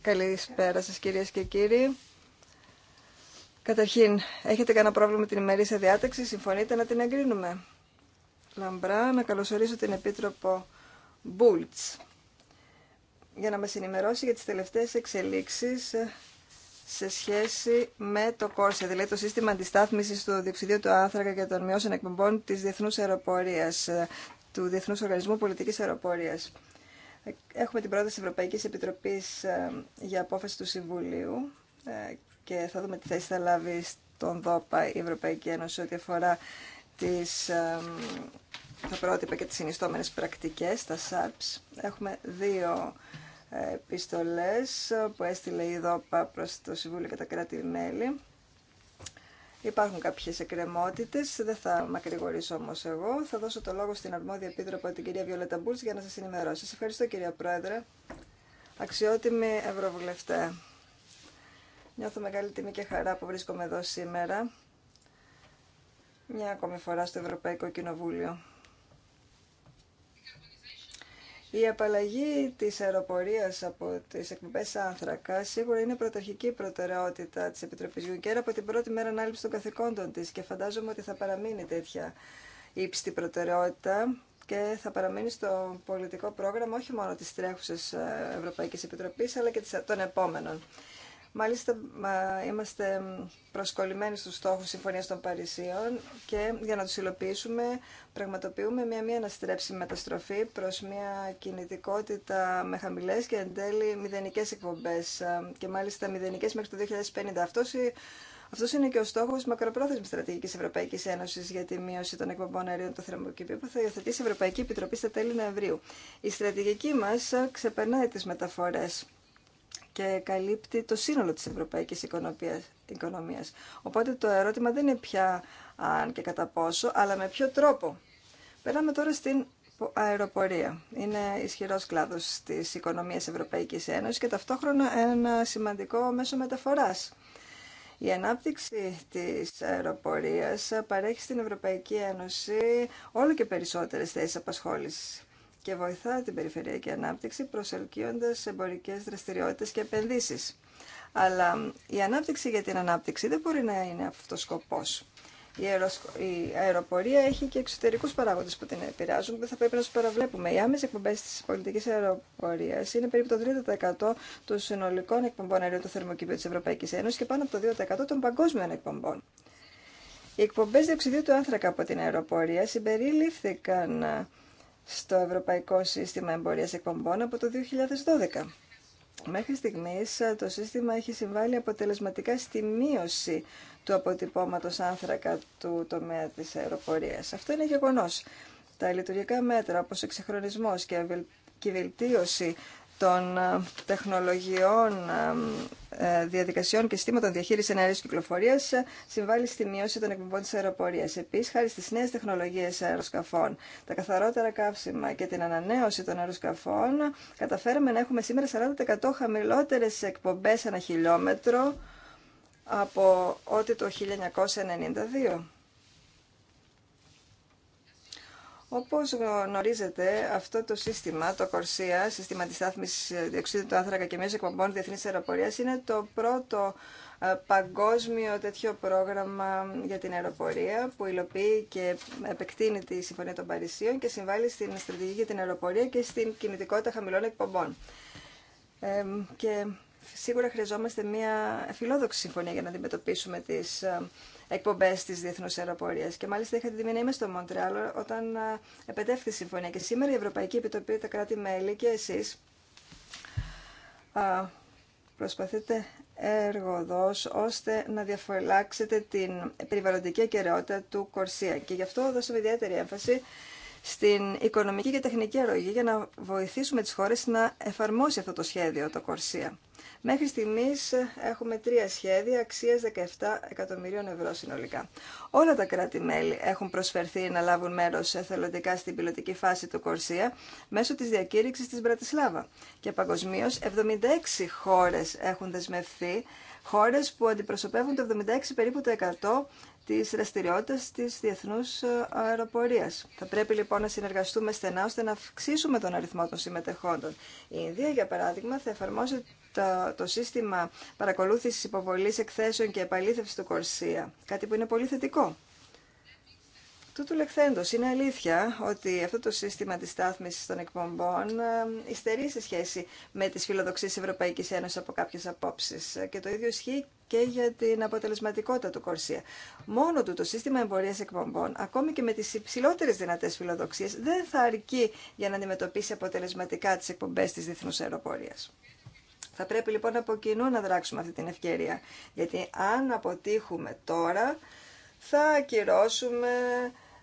Καλησπέρα σας κυρίες και κύριοι. Καταρχήν, έχετε κανένα πρόβλημα με την ημερήσια διάταξη, συμφωνείτε να την εγκρίνουμε. Λαμπρά, να καλωσορίσω την Επίτροπο Μπούλτς για να μας ενημερώσει για τις τελευταίες εξελίξεις ε, σε σχέση με το κόρσε, δηλαδή το σύστημα αντιστάθμισης του διοξιδίου του άνθρακα και των μειώσεων εκπομπών τη διεθνού αεροπορία, του Διεθνούς Οργανισμού Πολιτικής Αεροπορία. Έχουμε την πρόταση Ευρωπαϊκής Επιτροπής ε, για απόφαση του Συμβουλίου ε, και θα δούμε τι θέση θα λάβει στον ΔΟΠΑ η Ευρωπαϊκή Ένωση ό,τι αφορά ε, τα πρότυπα και τι συνιστόμενε πρακτικέ, τα SARPS. Έχουμε δύο επιστολές που έστειλε η ΔΟΠΑ προς το Συμβούλιο και τα κράτη-μέλη. Υπάρχουν κάποιες εκκρεμότητες, δεν θα μακρηγορήσω όμως εγώ. Θα δώσω το λόγο στην αρμόδια επίτροπο την κυρία Βιολέτα Μπούλς για να σας ενημερώσω. Σας ευχαριστώ κυρία Πρόεδρε. Αξιότιμη Ευρωβουλευτέ. Νιώθω μεγάλη τιμή και χαρά που βρίσκομαι εδώ σήμερα. Μια ακόμη φορά στο Ευρωπαϊκό Κοινοβούλιο. Η απαλλαγή της αεροπορίας από τις εκπομπές άνθρακα σίγουρα είναι πρωταρχική προτεραιότητα της Επιτροπής και από την πρώτη μέρα ανάληψη των καθηκόντων της και φαντάζομαι ότι θα παραμείνει τέτοια ύψιστη προτεραιότητα και θα παραμείνει στο πολιτικό πρόγραμμα όχι μόνο της τρέχουσας Ευρωπαϊκής Επιτροπής αλλά και των επόμενων. Μάλιστα, είμαστε προσκολλημένοι στους στόχους Συμφωνίας των Παρισίων και για να τους υλοποιήσουμε πραγματοποιούμε μια μία αναστρέψη μεταστροφή προς μια κινητικότητα με χαμηλές και εν τέλει μηδενικές εκπομπές ε, και μάλιστα μηδενικές μέχρι το 2050. Αυτός, αυτός είναι και ο στόχος μακροπρόθεσμης στρατηγικής Ευρωπαϊκής Ένωσης για τη μείωση των εκπομπών αερίων του θερμοκηπίου που θα υιοθετήσει η Ευρωπαϊκή Επιτροπή στα τέλη Νοεμβρίου. Η στρατηγική μας ξεπερνάει τις μεταφορές και καλύπτει το σύνολο της ευρωπαϊκής οικονομίας. Οπότε το ερώτημα δεν είναι πια αν και κατά πόσο, αλλά με ποιο τρόπο. Περάμε τώρα στην αεροπορία. Είναι ισχυρός κλάδος της οικονομίας Ευρωπαϊκής Ένωσης και ταυτόχρονα ένα σημαντικό μέσο μεταφοράς. Η ανάπτυξη της αεροπορίας παρέχει στην Ευρωπαϊκή Ένωση όλο και περισσότερες θέσεις απασχόλησης και βοηθά την περιφερειακή ανάπτυξη προσελκύοντας εμπορικέ δραστηριότητε και επενδύσει. Αλλά η ανάπτυξη για την ανάπτυξη δεν μπορεί να είναι αυτό ο σκοπός. Η, αεροπορία έχει και εξωτερικού παράγοντε που την επηρεάζουν που θα πρέπει να του παραβλέπουμε. Οι άμεσε εκπομπέ τη πολιτική αεροπορία είναι περίπου το 30% των συνολικών εκπομπών αερίου του θερμοκηπίου τη Ευρωπαϊκή Ένωση και πάνω από το 2% των παγκόσμιων εκπομπών. Οι εκπομπέ διοξιδίου του άνθρακα από την αεροπορία συμπερίληφθηκαν στο Ευρωπαϊκό Σύστημα Εμπορίας Εκπομπών από το 2012. Μέχρι στιγμής ε, το σύστημα έχει συμβάλει αποτελεσματικά στη μείωση του αποτυπώματος άνθρακα του τομέα της αεροπορίας. Αυτό είναι γεγονός. Τα λειτουργικά μέτρα όπως ξεχρονισμό και η βελτίωση των ε, τεχνολογιών ε, ε, διαδικασιών και συστήματων διαχείριση ενέργεια κυκλοφορία συμβάλλει στη μείωση των εκπομπών τη αεροπορία. Επίση, χάρη στι νέε τεχνολογίε αεροσκαφών, τα καθαρότερα καύσιμα και την ανανέωση των αεροσκαφών, καταφέραμε να έχουμε σήμερα 40% χαμηλότερε εκπομπέ ανά χιλιόμετρο από ό,τι το 1992. Όπως γνωρίζετε, αυτό το σύστημα, το Κορσία, σύστημα στάθμισης διοξείδου του άνθρακα και μιας εκπομπών διεθνής αεροπορίας, είναι το πρώτο ε, παγκόσμιο τέτοιο πρόγραμμα για την αεροπορία που υλοποιεί και επεκτείνει τη Συμφωνία των Παρισίων και συμβάλλει στην στρατηγική για την αεροπορία και στην κινητικότητα χαμηλών εκπομπών. και σίγουρα χρειαζόμαστε μια φιλόδοξη συμφωνία για να αντιμετωπίσουμε τις ε, εκπομπέ τη διεθνού αεροπορία. Και μάλιστα είχα την τιμή να είμαι στο Μοντρεάλ όταν ε, επετέφθη η συμφωνία. Και σήμερα η Ευρωπαϊκή Επιτροπή, τα κράτη-μέλη και εσεί ε, προσπαθείτε εργοδός ώστε να διαφυλάξετε την περιβαλλοντική αικαιρεότητα του Κορσία. Και γι' αυτό δώσαμε ιδιαίτερη έμφαση στην οικονομική και τεχνική αρρωγή για να βοηθήσουμε τις χώρες να εφαρμόσει αυτό το σχέδιο, το Κορσία. Μέχρι στιγμής έχουμε τρία σχέδια αξίας 17 εκατομμυρίων ευρώ συνολικά. Όλα τα κράτη-μέλη έχουν προσφερθεί να λάβουν μέρος εθελοντικά στην πιλωτική φάση του Κορσία μέσω της διακήρυξης της Μπρατισλάβα. Και παγκοσμίω 76 χώρες έχουν δεσμευθεί, χώρες που αντιπροσωπεύουν το 76 περίπου το 100 της δραστηριότητας της διεθνούς ε, αεροπορίας. Θα πρέπει λοιπόν να συνεργαστούμε στενά ώστε να αυξήσουμε τον αριθμό των συμμετεχόντων. Η Ινδία, για παράδειγμα, θα εφαρμόσει το, σύστημα παρακολούθησης υποβολής εκθέσεων και επαλήθευσης του Κορσία, κάτι που είναι πολύ θετικό. Τούτου λεχθέντος, είναι αλήθεια ότι αυτό το σύστημα της στάθμισης των εκπομπών ειστερεί σε σχέση με τις φιλοδοξίες Ευρωπαϊκής Ένωσης από κάποιες απόψεις και το ίδιο ισχύει και για την αποτελεσματικότητα του Κορσία. Μόνο του το σύστημα εμπορία εκπομπών, ακόμη και με τι υψηλότερε δυνατέ φιλοδοξίε, δεν θα αρκεί για να αντιμετωπίσει αποτελεσματικά τι εκπομπέ τη διεθνού αεροπορία. Θα πρέπει λοιπόν από κοινού να δράξουμε αυτή την ευκαιρία. Γιατί αν αποτύχουμε τώρα, θα ακυρώσουμε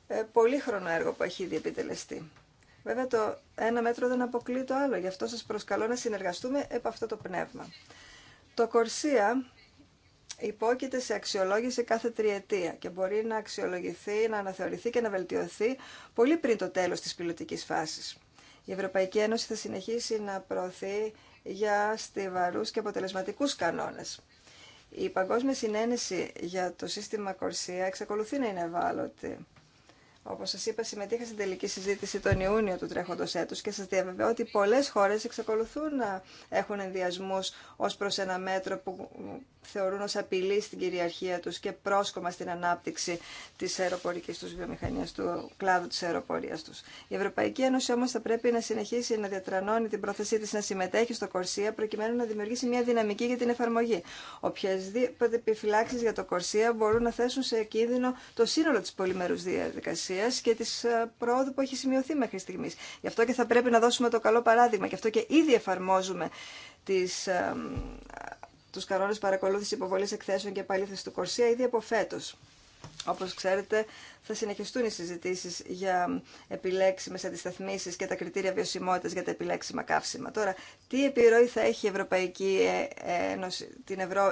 ε, πολύχρονο έργο που έχει ήδη επιτελεστεί. Βέβαια το ένα μέτρο δεν αποκλεί το άλλο, γι' αυτό σας προσκαλώ να συνεργαστούμε επ' αυτό το πνεύμα. Το Κορσία υπόκειται σε αξιολόγηση κάθε τριετία και μπορεί να αξιολογηθεί, να αναθεωρηθεί και να βελτιωθεί πολύ πριν το τέλος της πιλωτικής φάσης. Η Ευρωπαϊκή Ένωση θα συνεχίσει να προωθεί για στιβαρούς και αποτελεσματικούς κανόνες. Η παγκόσμια συνένεση για το σύστημα Κορσία εξακολουθεί να είναι ευάλωτη όπως σας είπα, συμμετείχα στην τελική συζήτηση τον Ιούνιο του τρέχοντος έτους και σας διαβεβαιώ ότι πολλές χώρες εξακολουθούν να έχουν ενδιασμούς ως προς ένα μέτρο που θεωρούν ως απειλή στην κυριαρχία τους και πρόσκομα στην ανάπτυξη της αεροπορικής τους βιομηχανίας, του κλάδου της αεροπορίας τους. Η Ευρωπαϊκή Ένωση όμως θα πρέπει να συνεχίσει να διατρανώνει την πρόθεσή της να συμμετέχει στο Κορσία προκειμένου να δημιουργήσει μια δυναμική για την εφαρμογή. Οποιασδήποτε επιφυλάξεις για το Κορσία μπορούν να θέσουν σε κίνδυνο το σύνολο της πολυμερούς διαδικασίας και τη ε, πρόοδου που έχει σημειωθεί μέχρι στιγμή. Γι' αυτό και θα πρέπει να δώσουμε το καλό παράδειγμα. Γι' αυτό και ήδη εφαρμόζουμε τις, ε, τους κανόνες παρακολούθησης υποβολής εκθέσεων και επαλήθευση του Κορσία ήδη από φέτος. Όπως ξέρετε, θα συνεχιστούν οι συζητήσει για επιλέξιμες αντισταθμίσει και τα κριτήρια βιωσιμότητας για τα επιλέξιμα καύσιμα. Τώρα, τι επιρροή θα έχει η Ευρωπαϊκή ε, ε, Ένωση,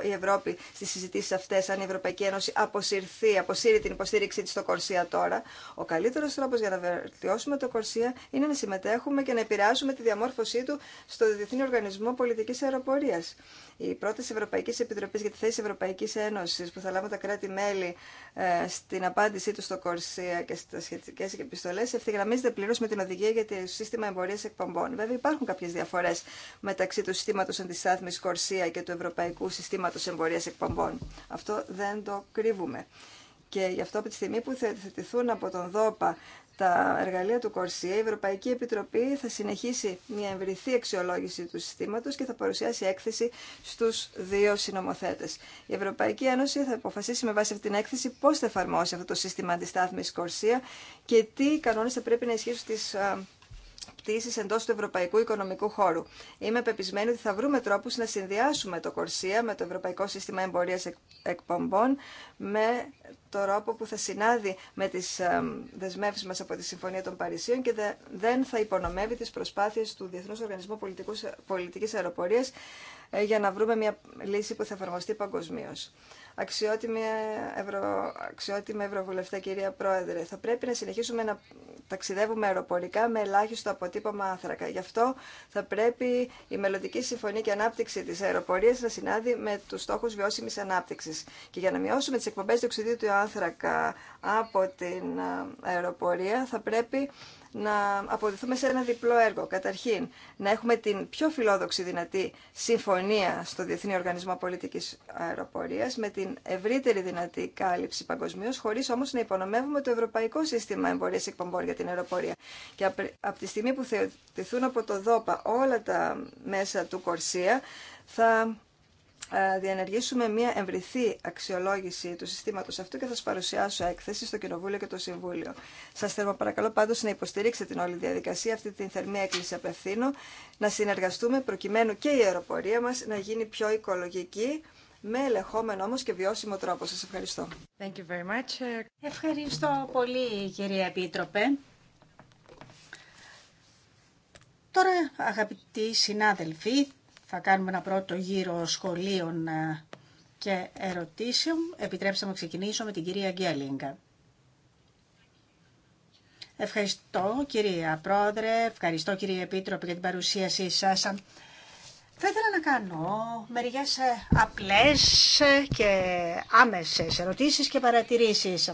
η Ευρώπη στι συζητήσει αυτέ αν η Ευρωπαϊκή Ένωση αποσυρθεί, αποσύρει την υποστήριξή τη στο Κορσία τώρα. Ο καλύτερο τρόπο για να βελτιώσουμε το Κορσία είναι να συμμετέχουμε και να επηρεάζουμε τη διαμόρφωσή του στο Διεθνή Οργανισμό πολιτική αεροπορία. Η πρώτη Ευρωπαϊκή Επιτροπή για τη θέση Ευρωπαϊκή Ένωση που θα λάβουν τα κράτη-μέλη ε, στην απάντησή του στο Κορσία και στι σχετικέ επιστολέ ευθυγραμμίζεται πλήρω με την οδηγία για το σύστημα εμπορία εκπομπών. Βέβαια, υπάρχουν κάποιε διαφορέ μεταξύ του συστήματο αντιστάθμιση Κορσία και του Ευρωπαϊκού Συστήματο Εμπορία Εκπομπών. Αυτό δεν το κρύβουμε. Και γι' αυτό από τη στιγμή που θα θετηθούν από τον ΔΟΠΑ τα εργαλεία του Κορσία, η Ευρωπαϊκή Επιτροπή θα συνεχίσει μια ευρυθή αξιολόγηση του συστήματος και θα παρουσιάσει έκθεση στους δύο συνομοθέτε. Η Ευρωπαϊκή Ένωση θα αποφασίσει με βάση αυτή την έκθεση πώς θα εφαρμόσει αυτό το σύστημα αντιστάθμιση Κορσία και τι κανόνες θα πρέπει να ισχύσουν στις πτήσει εντός του Ευρωπαϊκού Οικονομικού Χώρου. Είμαι πεπισμένη ότι θα βρούμε τρόπου να συνδυάσουμε το Κορσία με το Ευρωπαϊκό Σύστημα Εμπορία Εκπομπών με το τρόπο που θα συνάδει με τι ε, δεσμεύσει μα από τη Συμφωνία των Παρισίων και δεν θα υπονομεύει τι προσπάθειε του Διεθνούς Οργανισμού Πολιτική Αεροπορία ε, για να βρούμε μια λύση που θα εφαρμοστεί παγκοσμίω. Αξιότιμη, Ευρω... Αξιότιμη κυρία Πρόεδρε, θα πρέπει να συνεχίσουμε να ταξιδεύουμε αεροπορικά με ελάχιστο αποτύπωμα άνθρακα. Γι' αυτό θα πρέπει η μελλοντική συμφωνία και ανάπτυξη τη αεροπορία να συνάδει με του στόχου βιώσιμη ανάπτυξη. Και για να μειώσουμε τι εκπομπέ διοξιδίου του άνθρακα από την ε, αεροπορία, θα πρέπει να αποδεθούμε σε ένα διπλό έργο. Καταρχήν, να έχουμε την πιο φιλόδοξη δυνατή συμφωνία στο Διεθνή Οργανισμό Πολιτική Αεροπορίας με την ευρύτερη δυνατή κάλυψη παγκοσμίω, χωρί όμως να υπονομεύουμε το Ευρωπαϊκό Σύστημα Εμπορία Εκπομπών για την Αεροπορία. Και από τη στιγμή που θεωρηθούν από το ΔΟΠΑ όλα τα μέσα του Κορσία, θα ε, διενεργήσουμε μια ευρυθή αξιολόγηση του συστήματο αυτού και θα σα παρουσιάσω έκθεση στο Κοινοβούλιο και το Συμβούλιο. Σα θέλω παρακαλώ πάντως να υποστηρίξετε την όλη διαδικασία, αυτή την θερμή έκκληση απευθύνω, να συνεργαστούμε προκειμένου και η αεροπορία μα να γίνει πιο οικολογική, με ελεγχόμενο όμως και βιώσιμο τρόπο. Σας ευχαριστώ. Thank you very much. Ευχαριστώ πολύ κυρία Επίτροπε. Τώρα αγαπητοί συνάδελφοι, θα κάνουμε ένα πρώτο γύρο σχολείων ε, και ερωτήσεων. Επιτρέψτε μου να ξεκινήσω με την κυρία Γκέλιγκα. Ευχαριστώ κυρία Πρόεδρε, ευχαριστώ κύριε Επίτροπε για την παρουσίασή σας. Θα ήθελα να κάνω μερικές ε, απλές ε, και άμεσες ερωτήσεις και παρατηρήσεις.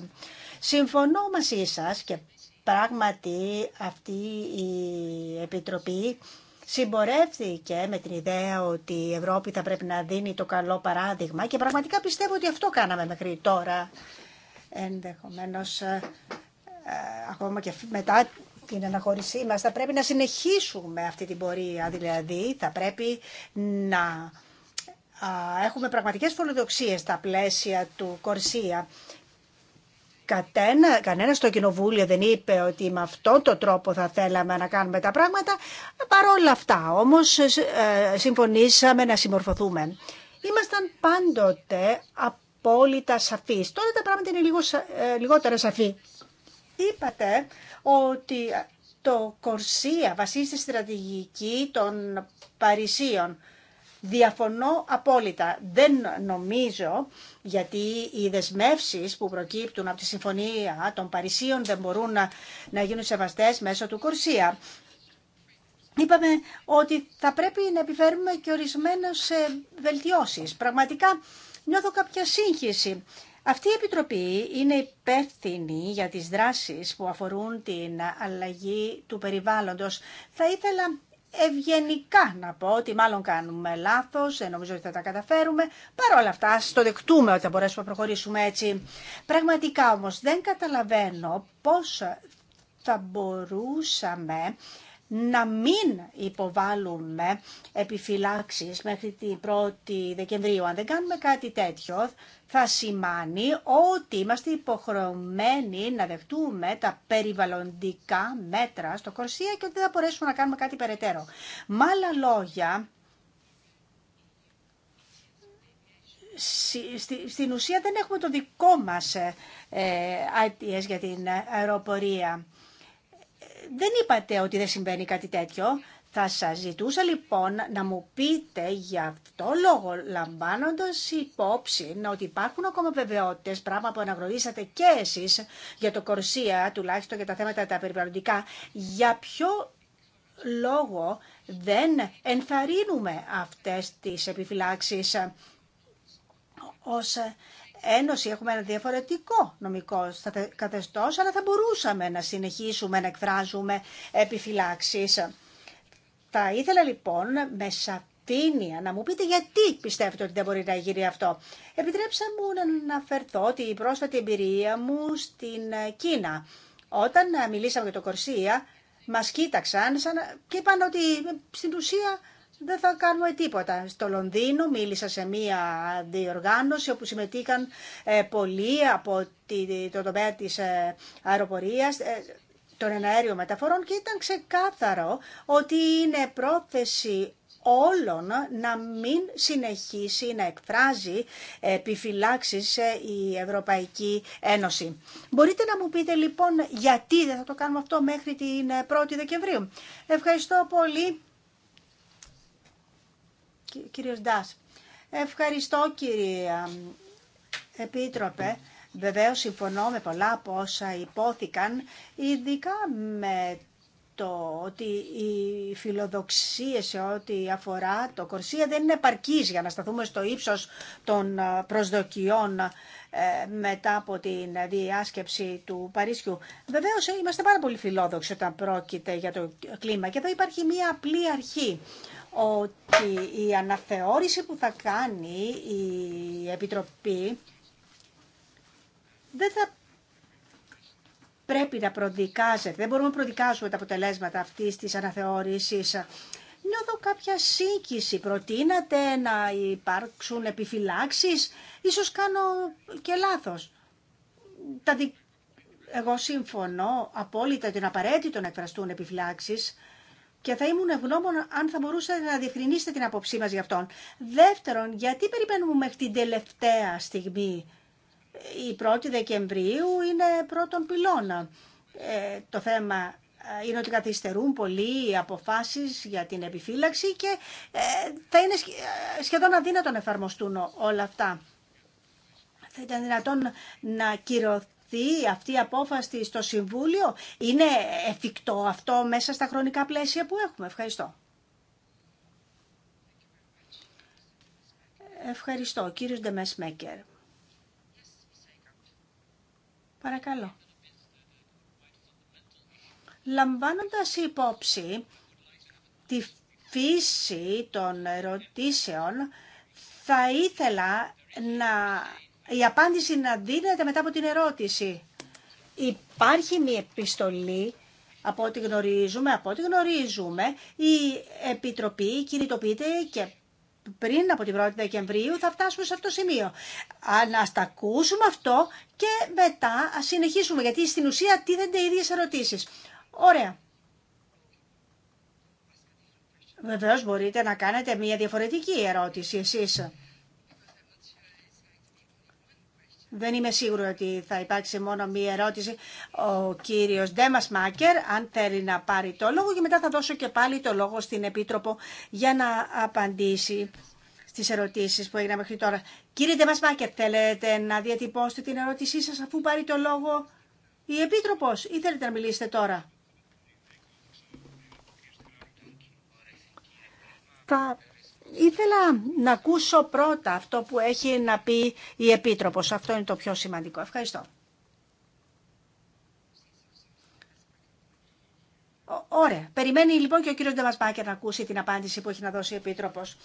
Συμφωνώ μαζί σας και πράγματι αυτή η Επιτροπή συμπορεύθηκε με την ιδέα ότι η Ευρώπη θα πρέπει να δίνει το καλό παράδειγμα και πραγματικά πιστεύω ότι αυτό κάναμε μέχρι τώρα. Ενδεχομένως, ε, ε, ακόμα και μετά την αναχωρησή μας, θα πρέπει να συνεχίσουμε αυτή την πορεία. Δηλαδή, θα πρέπει να έχουμε πραγματικές φιλοδοξίες στα πλαίσια του Κορσία Κατένα, κανένα στο κοινοβούλιο δεν είπε ότι με αυτόν τον τρόπο θα θέλαμε να κάνουμε τα πράγματα. Παρόλα αυτά, όμως, ε, συμφωνήσαμε να συμμορφωθούμε. Ήμασταν πάντοτε απόλυτα σαφείς. Τώρα τα πράγματα είναι λίγο, ε, λιγότερα σαφή. Είπατε ότι το Κορσία βασίζεται στη στρατηγική των Παρισίων. Διαφωνώ απόλυτα. Δεν νομίζω, γιατί οι δεσμεύσει που προκύπτουν από τη Συμφωνία των Παρισίων δεν μπορούν να, να γίνουν σεβαστές μέσω του Κορσία. Είπαμε ότι θα πρέπει να επιφέρουμε και ορισμένες ε, βελτιώσεις. Πραγματικά νιώθω κάποια σύγχυση. Αυτή η Επιτροπή είναι υπεύθυνη για τις δράσεις που αφορούν την αλλαγή του περιβάλλοντος. Θα ήθελα ευγενικά να πω ότι μάλλον κάνουμε λάθος, δεν νομίζω ότι θα τα καταφέρουμε. Παρ' όλα αυτά, α το δεκτούμε ότι θα μπορέσουμε να προχωρήσουμε έτσι. Πραγματικά όμως δεν καταλαβαίνω πώς θα μπορούσαμε να μην υποβάλουμε επιφυλάξεις μέχρι την 1η Δεκεμβρίου. Αν δεν κάνουμε κάτι τέτοιο θα σημάνει ότι είμαστε υποχρεωμένοι να δεχτούμε τα περιβαλλοντικά μέτρα στο Κορσία και ότι δεν θα μπορέσουμε να κάνουμε κάτι περαιτέρω. Με άλλα λόγια, στην ουσία δεν έχουμε το δικό μας ITS ε, ε, για την αεροπορία δεν είπατε ότι δεν συμβαίνει κάτι τέτοιο. Θα σας ζητούσα λοιπόν να μου πείτε για αυτό λόγο, λαμβάνοντας υπόψη ότι υπάρχουν ακόμα βεβαιότητες, πράγμα που αναγνωρίσατε και εσείς για το Κορσία, τουλάχιστον για τα θέματα τα περιβαλλοντικά, για ποιο λόγο δεν ενθαρρύνουμε αυτές τις επιφυλάξεις ως Ένωση έχουμε ένα διαφορετικό νομικό καθεστώ, αλλά θα μπορούσαμε να συνεχίσουμε να εκφράζουμε επιφυλάξεις. Θα ήθελα λοιπόν με σαφήνεια να μου πείτε γιατί πιστεύετε ότι δεν μπορεί να γίνει αυτό. Επιτρέψα μου να αναφερθώ η πρόσφατη εμπειρία μου στην Κίνα. Όταν μιλήσαμε για το Κορσία, μας κοίταξαν και είπαν ότι στην ουσία δεν θα κάνουμε τίποτα. Στο Λονδίνο μίλησα σε μία διοργάνωση όπου συμμετείχαν ε, πολλοί από το τομέα της ε, αεροπορίας ε, των εναέριων μεταφορών και ήταν ξεκάθαρο ότι είναι πρόθεση όλων να μην συνεχίσει να εκφράζει επιφυλάξεις η Ευρωπαϊκή Ένωση. Μπορείτε να μου πείτε λοιπόν γιατί δεν θα το κάνουμε αυτό μέχρι την 1η Δεκεμβρίου. Ευχαριστώ πολύ κύριος Ντάς. Ευχαριστώ κύριε Επίτροπε. Βεβαίως συμφωνώ με πολλά από όσα υπόθηκαν, ειδικά με το ότι οι φιλοδοξίες σε ό,τι αφορά το Κορσία δεν είναι επαρκής για να σταθούμε στο ύψος των προσδοκιών μετά από την διάσκεψη του Παρίσιου. Βεβαίως ε, είμαστε πάρα πολύ φιλόδοξοι όταν πρόκειται για το κλίμα και εδώ υπάρχει μία απλή αρχή ότι η αναθεώρηση που θα κάνει η Επιτροπή δεν θα πρέπει να προδικάζεται. Δεν μπορούμε να προδικάζουμε τα αποτελέσματα αυτής της αναθεώρησης. Νιώθω κάποια σύγκυση. Προτείνατε να υπάρξουν επιφυλάξεις. Ίσως κάνω και λάθος. Τα Εγώ σύμφωνο απόλυτα ότι είναι απαραίτητο να εκφραστούν επιφυλάξεις, και θα ήμουν ευγνώμων αν θα μπορούσατε να διευκρινίσετε την άποψή μας γι' αυτόν. Δεύτερον, γιατί περιμένουμε μέχρι την τελευταία στιγμή. Η 1η Δεκεμβρίου είναι πρώτον πυλώνα. Ε, το θέμα ε, είναι ότι καθυστερούν πολύ οι αποφάσεις για την επιφύλαξη και ε, θα είναι ε, σχεδόν αδύνατον να εφαρμοστούν όλα αυτά. Θα ήταν δυνατόν να κυρωθεί αυτή η απόφαση στο Συμβούλιο. Είναι εφικτό αυτό μέσα στα χρονικά πλαίσια που έχουμε. Ευχαριστώ. Ευχαριστώ. Κύριος Ντεμεσμέκερ. Παρακαλώ. Λαμβάνοντας υπόψη τη φύση των ερωτήσεων, θα ήθελα να η απάντηση να δίνεται μετά από την ερώτηση. Υπάρχει μια επιστολή από ό,τι γνωρίζουμε, από ό,τι γνωρίζουμε, η Επιτροπή κινητοποιείται και πριν από την 1η Δεκεμβρίου θα φτάσουμε σε αυτό το σημείο. Να τα ακούσουμε αυτό και μετά συνεχίσουμε, γιατί στην ουσία τίδενται οι ίδιες ερωτήσεις. Ωραία. Βεβαίως μπορείτε να κάνετε μια διαφορετική ερώτηση εσείς. Δεν είμαι σίγουρη ότι θα υπάρξει μόνο μία ερώτηση. Ο κύριος Ντέμας Μάκερ, αν θέλει να πάρει το λόγο και μετά θα δώσω και πάλι το λόγο στην Επίτροπο για να απαντήσει στις ερωτήσεις που έγιναν μέχρι τώρα. Κύριε Ντέμας Μάκερ, θέλετε να διατυπώσετε την ερώτησή σας αφού πάρει το λόγο η Επίτροπος ή θέλετε να μιλήσετε τώρα. Ήθελα να ακούσω πρώτα αυτό που έχει να πει η Επίτροπος. Αυτό είναι το πιο σημαντικό. Ευχαριστώ. Ωραία. Περιμένει λοιπόν και ο κύριος Ντεμασπάκερ να ακούσει την απάντηση που έχει να δώσει η Επίτροπος.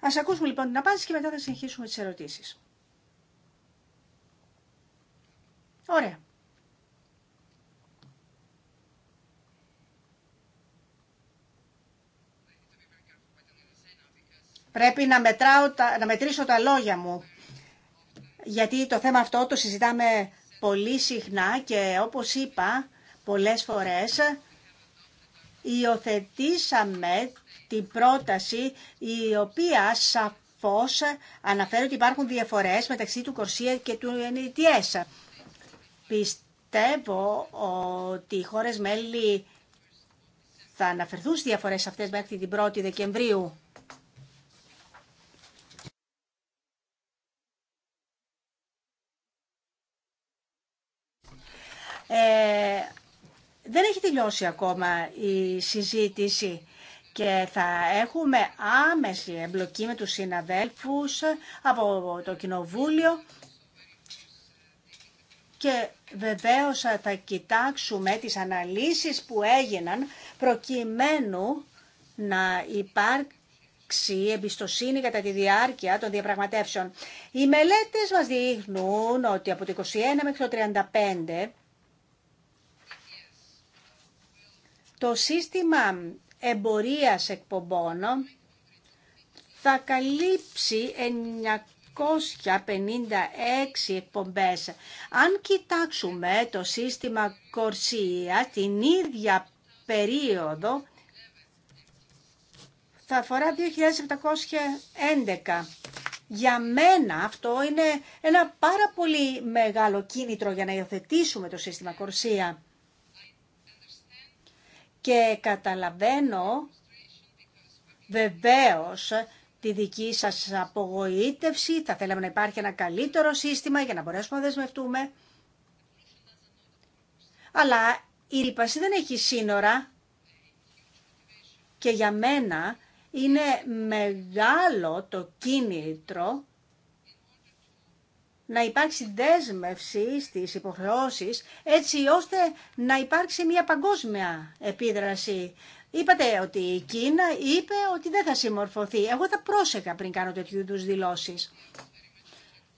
Ας ακούσουμε λοιπόν την απάντηση και μετά θα συνεχίσουμε τις ερωτήσεις. Ωραία. Πρέπει να, μετράω, να μετρήσω τα λόγια μου. Γιατί το θέμα αυτό το συζητάμε πολύ συχνά και όπως είπα πολλές φορές υιοθετήσαμε την πρόταση η οποία σαφώς αναφέρει ότι υπάρχουν διαφορές μεταξύ του Κορσία και του NETS. Πιστεύω ότι οι χώρες μέλη θα αναφερθούν στις διαφορές αυτές μέχρι την 1η Δεκεμβρίου. Ε, δεν έχει τελειώσει ακόμα η συζήτηση και θα έχουμε άμεση εμπλοκή με τους συναδέλφους από το Κοινοβούλιο και βεβαίως θα κοιτάξουμε τις αναλύσεις που έγιναν προκειμένου να υπάρξει εμπιστοσύνη κατά τη διάρκεια των διαπραγματεύσεων. Οι μελέτες μας δείχνουν ότι από το 21 μέχρι το 35 Το σύστημα εμπορίας εκπομπών θα καλύψει 956 εκπομπές. Αν κοιτάξουμε το σύστημα Κορσία την ίδια περίοδο, θα αφορά 2.711. Για μένα αυτό είναι ένα πάρα πολύ μεγάλο κίνητρο για να υιοθετήσουμε το σύστημα Κορσία και καταλαβαίνω βεβαίως τη δική σας απογοήτευση. Θα θέλαμε να υπάρχει ένα καλύτερο σύστημα για να μπορέσουμε να δεσμευτούμε. Αλλά η ρήπαση δεν έχει σύνορα και για μένα είναι μεγάλο το κίνητρο να υπάρξει δέσμευση στις υποχρεώσεις έτσι ώστε να υπάρξει μια παγκόσμια επίδραση. Είπατε ότι η Κίνα είπε ότι δεν θα συμμορφωθεί. Εγώ θα πρόσεχα πριν κάνω τέτοιου είδου δηλώσεις.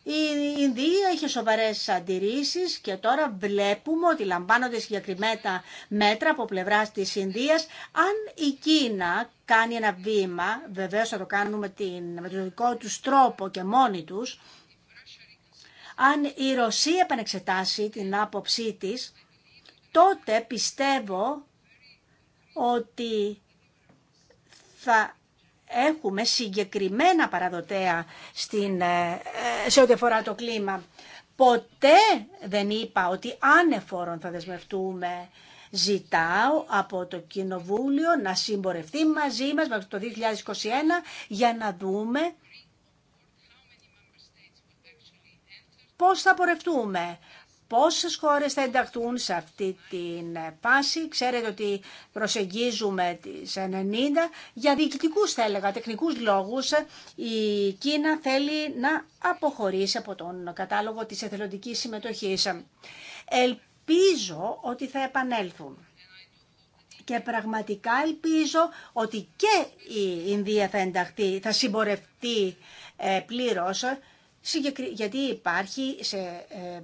Η Ινδία είχε σοβαρές αντιρρήσεις και τώρα βλέπουμε ότι λαμβάνονται συγκεκριμένα μέτρα από πλευράς της Ινδίας. Αν η Κίνα κάνει ένα βήμα, βεβαίως θα το κάνουμε τον δικό τους τρόπο και μόνοι τους, αν η Ρωσία επανεξετάσει την άποψή της, τότε πιστεύω ότι θα έχουμε συγκεκριμένα παραδοτέα στην, ε, σε ό,τι αφορά το κλίμα. Ποτέ δεν είπα ότι ανεφόρον θα δεσμευτούμε. Ζητάω από το Κοινοβούλιο να συμπορευτεί μαζί μας μέχρι το 2021 για να δούμε πώς θα πορευτούμε, πόσες χώρες θα ενταχθούν σε αυτή την πάση. Ξέρετε ότι προσεγγίζουμε τις 90. Για διοικητικούς θα έλεγα, τεχνικούς λόγους, η Κίνα θέλει να αποχωρήσει από τον κατάλογο της εθελοντικής συμμετοχής. Ελπίζω ότι θα επανέλθουν. Και πραγματικά ελπίζω ότι και η Ινδία θα ενταχθεί, θα συμπορευτεί ε, πλήρως γιατί υπάρχει σε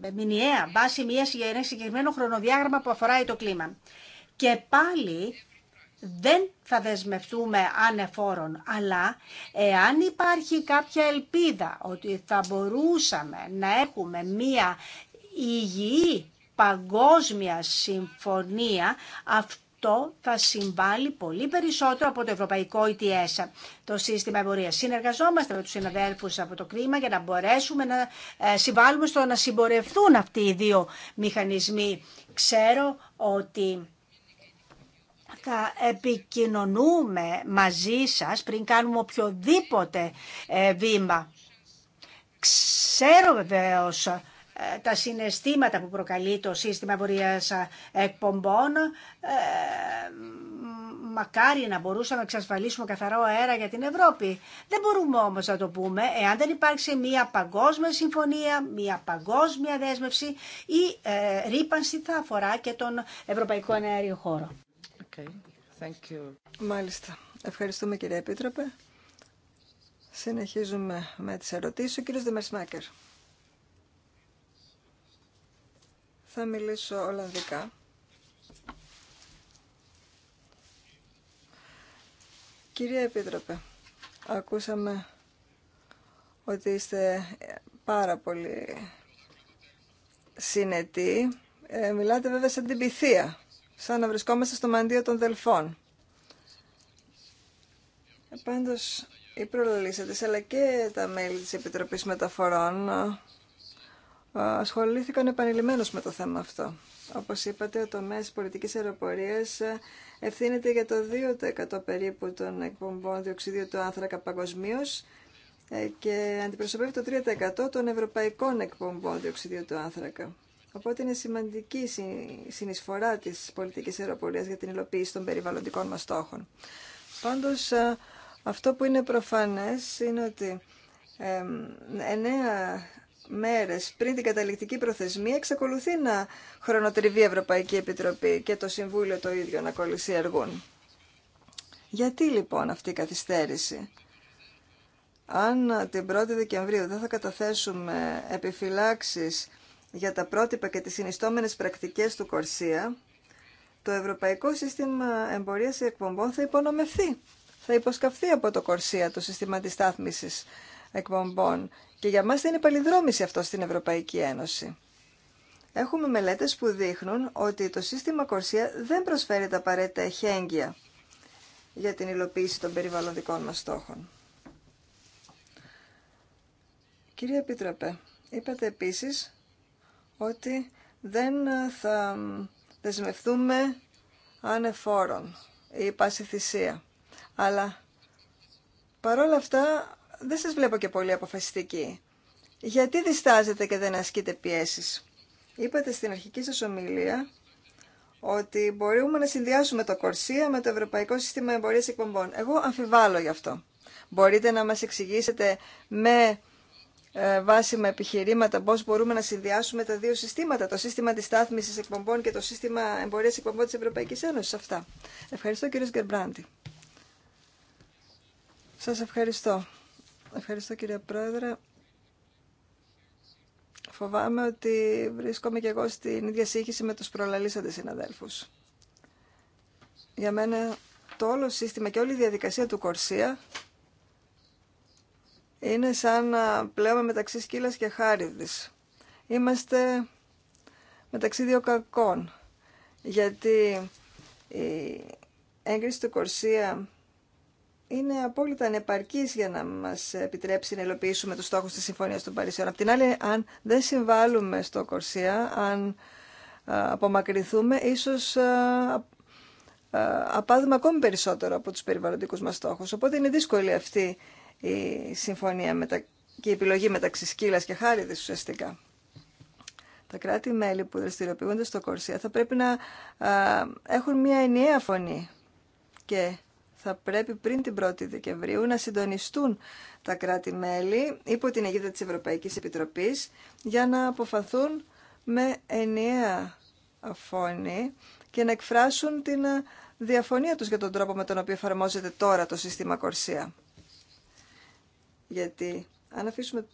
ε, μηνιαία βάση μια, ένα συγκεκριμένο χρονοδιάγραμμα που αφορά το κλίμα. Και πάλι δεν θα δεσμευτούμε ανεφόρων, αλλά εάν υπάρχει κάποια ελπίδα ότι θα μπορούσαμε να έχουμε μία υγιή παγκόσμια συμφωνία, αυτό αυτό θα συμβάλλει πολύ περισσότερο από το ευρωπαϊκό ETS, ε το σύστημα εμπορία. Συνεργαζόμαστε με του συναδέλφου από το κλίμα για να μπορέσουμε να ε, συμβάλλουμε στο να συμπορευτούν αυτοί οι δύο μηχανισμοί. Ξέρω ότι θα επικοινωνούμε μαζί σας πριν κάνουμε οποιοδήποτε ε, βήμα. Ξέρω βεβαίως τα συναισθήματα που προκαλεί το σύστημα εμπορίας εκπομπών. Ε, μακάρι να μπορούσαμε να εξασφαλίσουμε καθαρό αέρα για την Ευρώπη. Δεν μπορούμε όμως να το πούμε εάν δεν υπάρξει μια παγκόσμια συμφωνία, μια παγκόσμια δέσμευση ή ε, ρήπανση θα αφορά και τον Ευρωπαϊκό Ενέργειο Χώρο. Okay. Thank you. Μάλιστα. Ευχαριστούμε κύριε Επίτροπε. Συνεχίζουμε με τις ερωτήσεις. Ο κύριος Δημερσμάκερ. Θα μιλήσω Ολλανδικά. Κυρία Επίτροπε, ακούσαμε ότι είστε πάρα πολύ συνετοί. Ε, μιλάτε βέβαια σαν την πυθία, σαν να βρισκόμαστε στο μαντίο των Δελφών. Ε, πάντως, οι προλαλήσατες, αλλά και τα μέλη της Επιτροπής Μεταφορών ασχολήθηκαν επανειλημμένως με το θέμα αυτό. Όπως είπατε, ο τομέας πολιτικής αεροπορίας ευθύνεται για το 2% περίπου των εκπομπών διοξιδίου του άνθρακα παγκοσμίω ε, και αντιπροσωπεύει το 3% των ευρωπαϊκών εκπομπών διοξιδίου του άνθρακα. Οπότε είναι σημαντική η συνεισφορά της πολιτικής αεροπορίας για την υλοποίηση των περιβαλλοντικών μας στόχων. Πάντως, ε, αυτό που είναι προφανές είναι ότι ε, εννέα μέρες πριν την καταληκτική προθεσμία εξακολουθεί να χρονοτριβεί η Ευρωπαϊκή Επιτροπή και το Συμβούλιο το ίδιο να κολλησιεργούν. Γιατί λοιπόν αυτή η καθυστέρηση. Αν την 1η Δεκεμβρίου δεν θα καταθέσουμε επιφυλάξεις για τα πρότυπα και τις συνιστόμενες πρακτικές του Κορσία, το Ευρωπαϊκό Σύστημα Εμπορίας Εκπομπών θα υπονομευθεί. Θα υποσκαφθεί από το Κορσία το σύστημα της εκπομπών. Και για μας δεν είναι παλιδρόμηση αυτό στην Ευρωπαϊκή Ένωση. Έχουμε μελέτες που δείχνουν ότι το σύστημα Κορσία δεν προσφέρει τα απαραίτητα εχέγγυα για την υλοποίηση των περιβαλλοντικών μας στόχων. Κύριε Επίτροπε, είπατε επίσης ότι δεν θα δεσμευτούμε ανεφόρων ή πάση θυσία. Αλλά παρόλα αυτά δεν σας βλέπω και πολύ αποφασιστική. Γιατί διστάζετε και δεν ασκείτε πιέσεις. Είπατε στην αρχική σας ομιλία ότι μπορούμε να συνδυάσουμε το Κορσία με το Ευρωπαϊκό Σύστημα εμπορία Εκπομπών. Εγώ αμφιβάλλω γι' αυτό. Μπορείτε να μας εξηγήσετε με ε, βάση με επιχειρήματα πώς μπορούμε να συνδυάσουμε τα δύο συστήματα, το σύστημα της στάθμισης εκπομπών και το σύστημα εμπορίας εκπομπών της Ευρωπαϊκής Ένωσης. Αυτά. Ευχαριστώ κύριος Γκερμπράντη. Σας ευχαριστώ. Ευχαριστώ κύριε Πρόεδρε. Φοβάμαι ότι βρίσκομαι και εγώ στην ίδια σύγχυση με τους προλαλήσαντες συναδέλφους. Για μένα το όλο σύστημα και όλη η διαδικασία του Κορσία είναι σαν να πλέουμε μεταξύ σκύλας και χάριδης. Είμαστε μεταξύ δύο κακών, γιατί η έγκριση του Κορσία είναι απόλυτα ανεπαρκή για να μα επιτρέψει να υλοποιήσουμε του στόχου τη συμφωνία των Παρισιών. Απ' την άλλη, αν δεν συμβάλλουμε στο Κορσία, αν απομακρυνθούμε, ίσω απάδουμε ακόμη περισσότερο από του περιβαλλοντικού μα στόχου. Οπότε είναι δύσκολη αυτή η συμφωνία και η επιλογή μεταξύ σκύλα και χάριδης ουσιαστικά. Τα κράτη-μέλη που δραστηριοποιούνται στο Κορσία θα πρέπει να έχουν μια ενιαία φωνή και θα πρέπει πριν την 1η Δεκεμβρίου να συντονιστούν τα κράτη-μέλη υπό την αιγύδα της Ευρωπαϊκής Επιτροπής για να αποφαθούν με ενιαία φόνη και να εκφράσουν την διαφωνία τους για τον τρόπο με τον οποίο εφαρμόζεται τώρα το σύστημα Κορσία. Γιατί αν αφήσουμε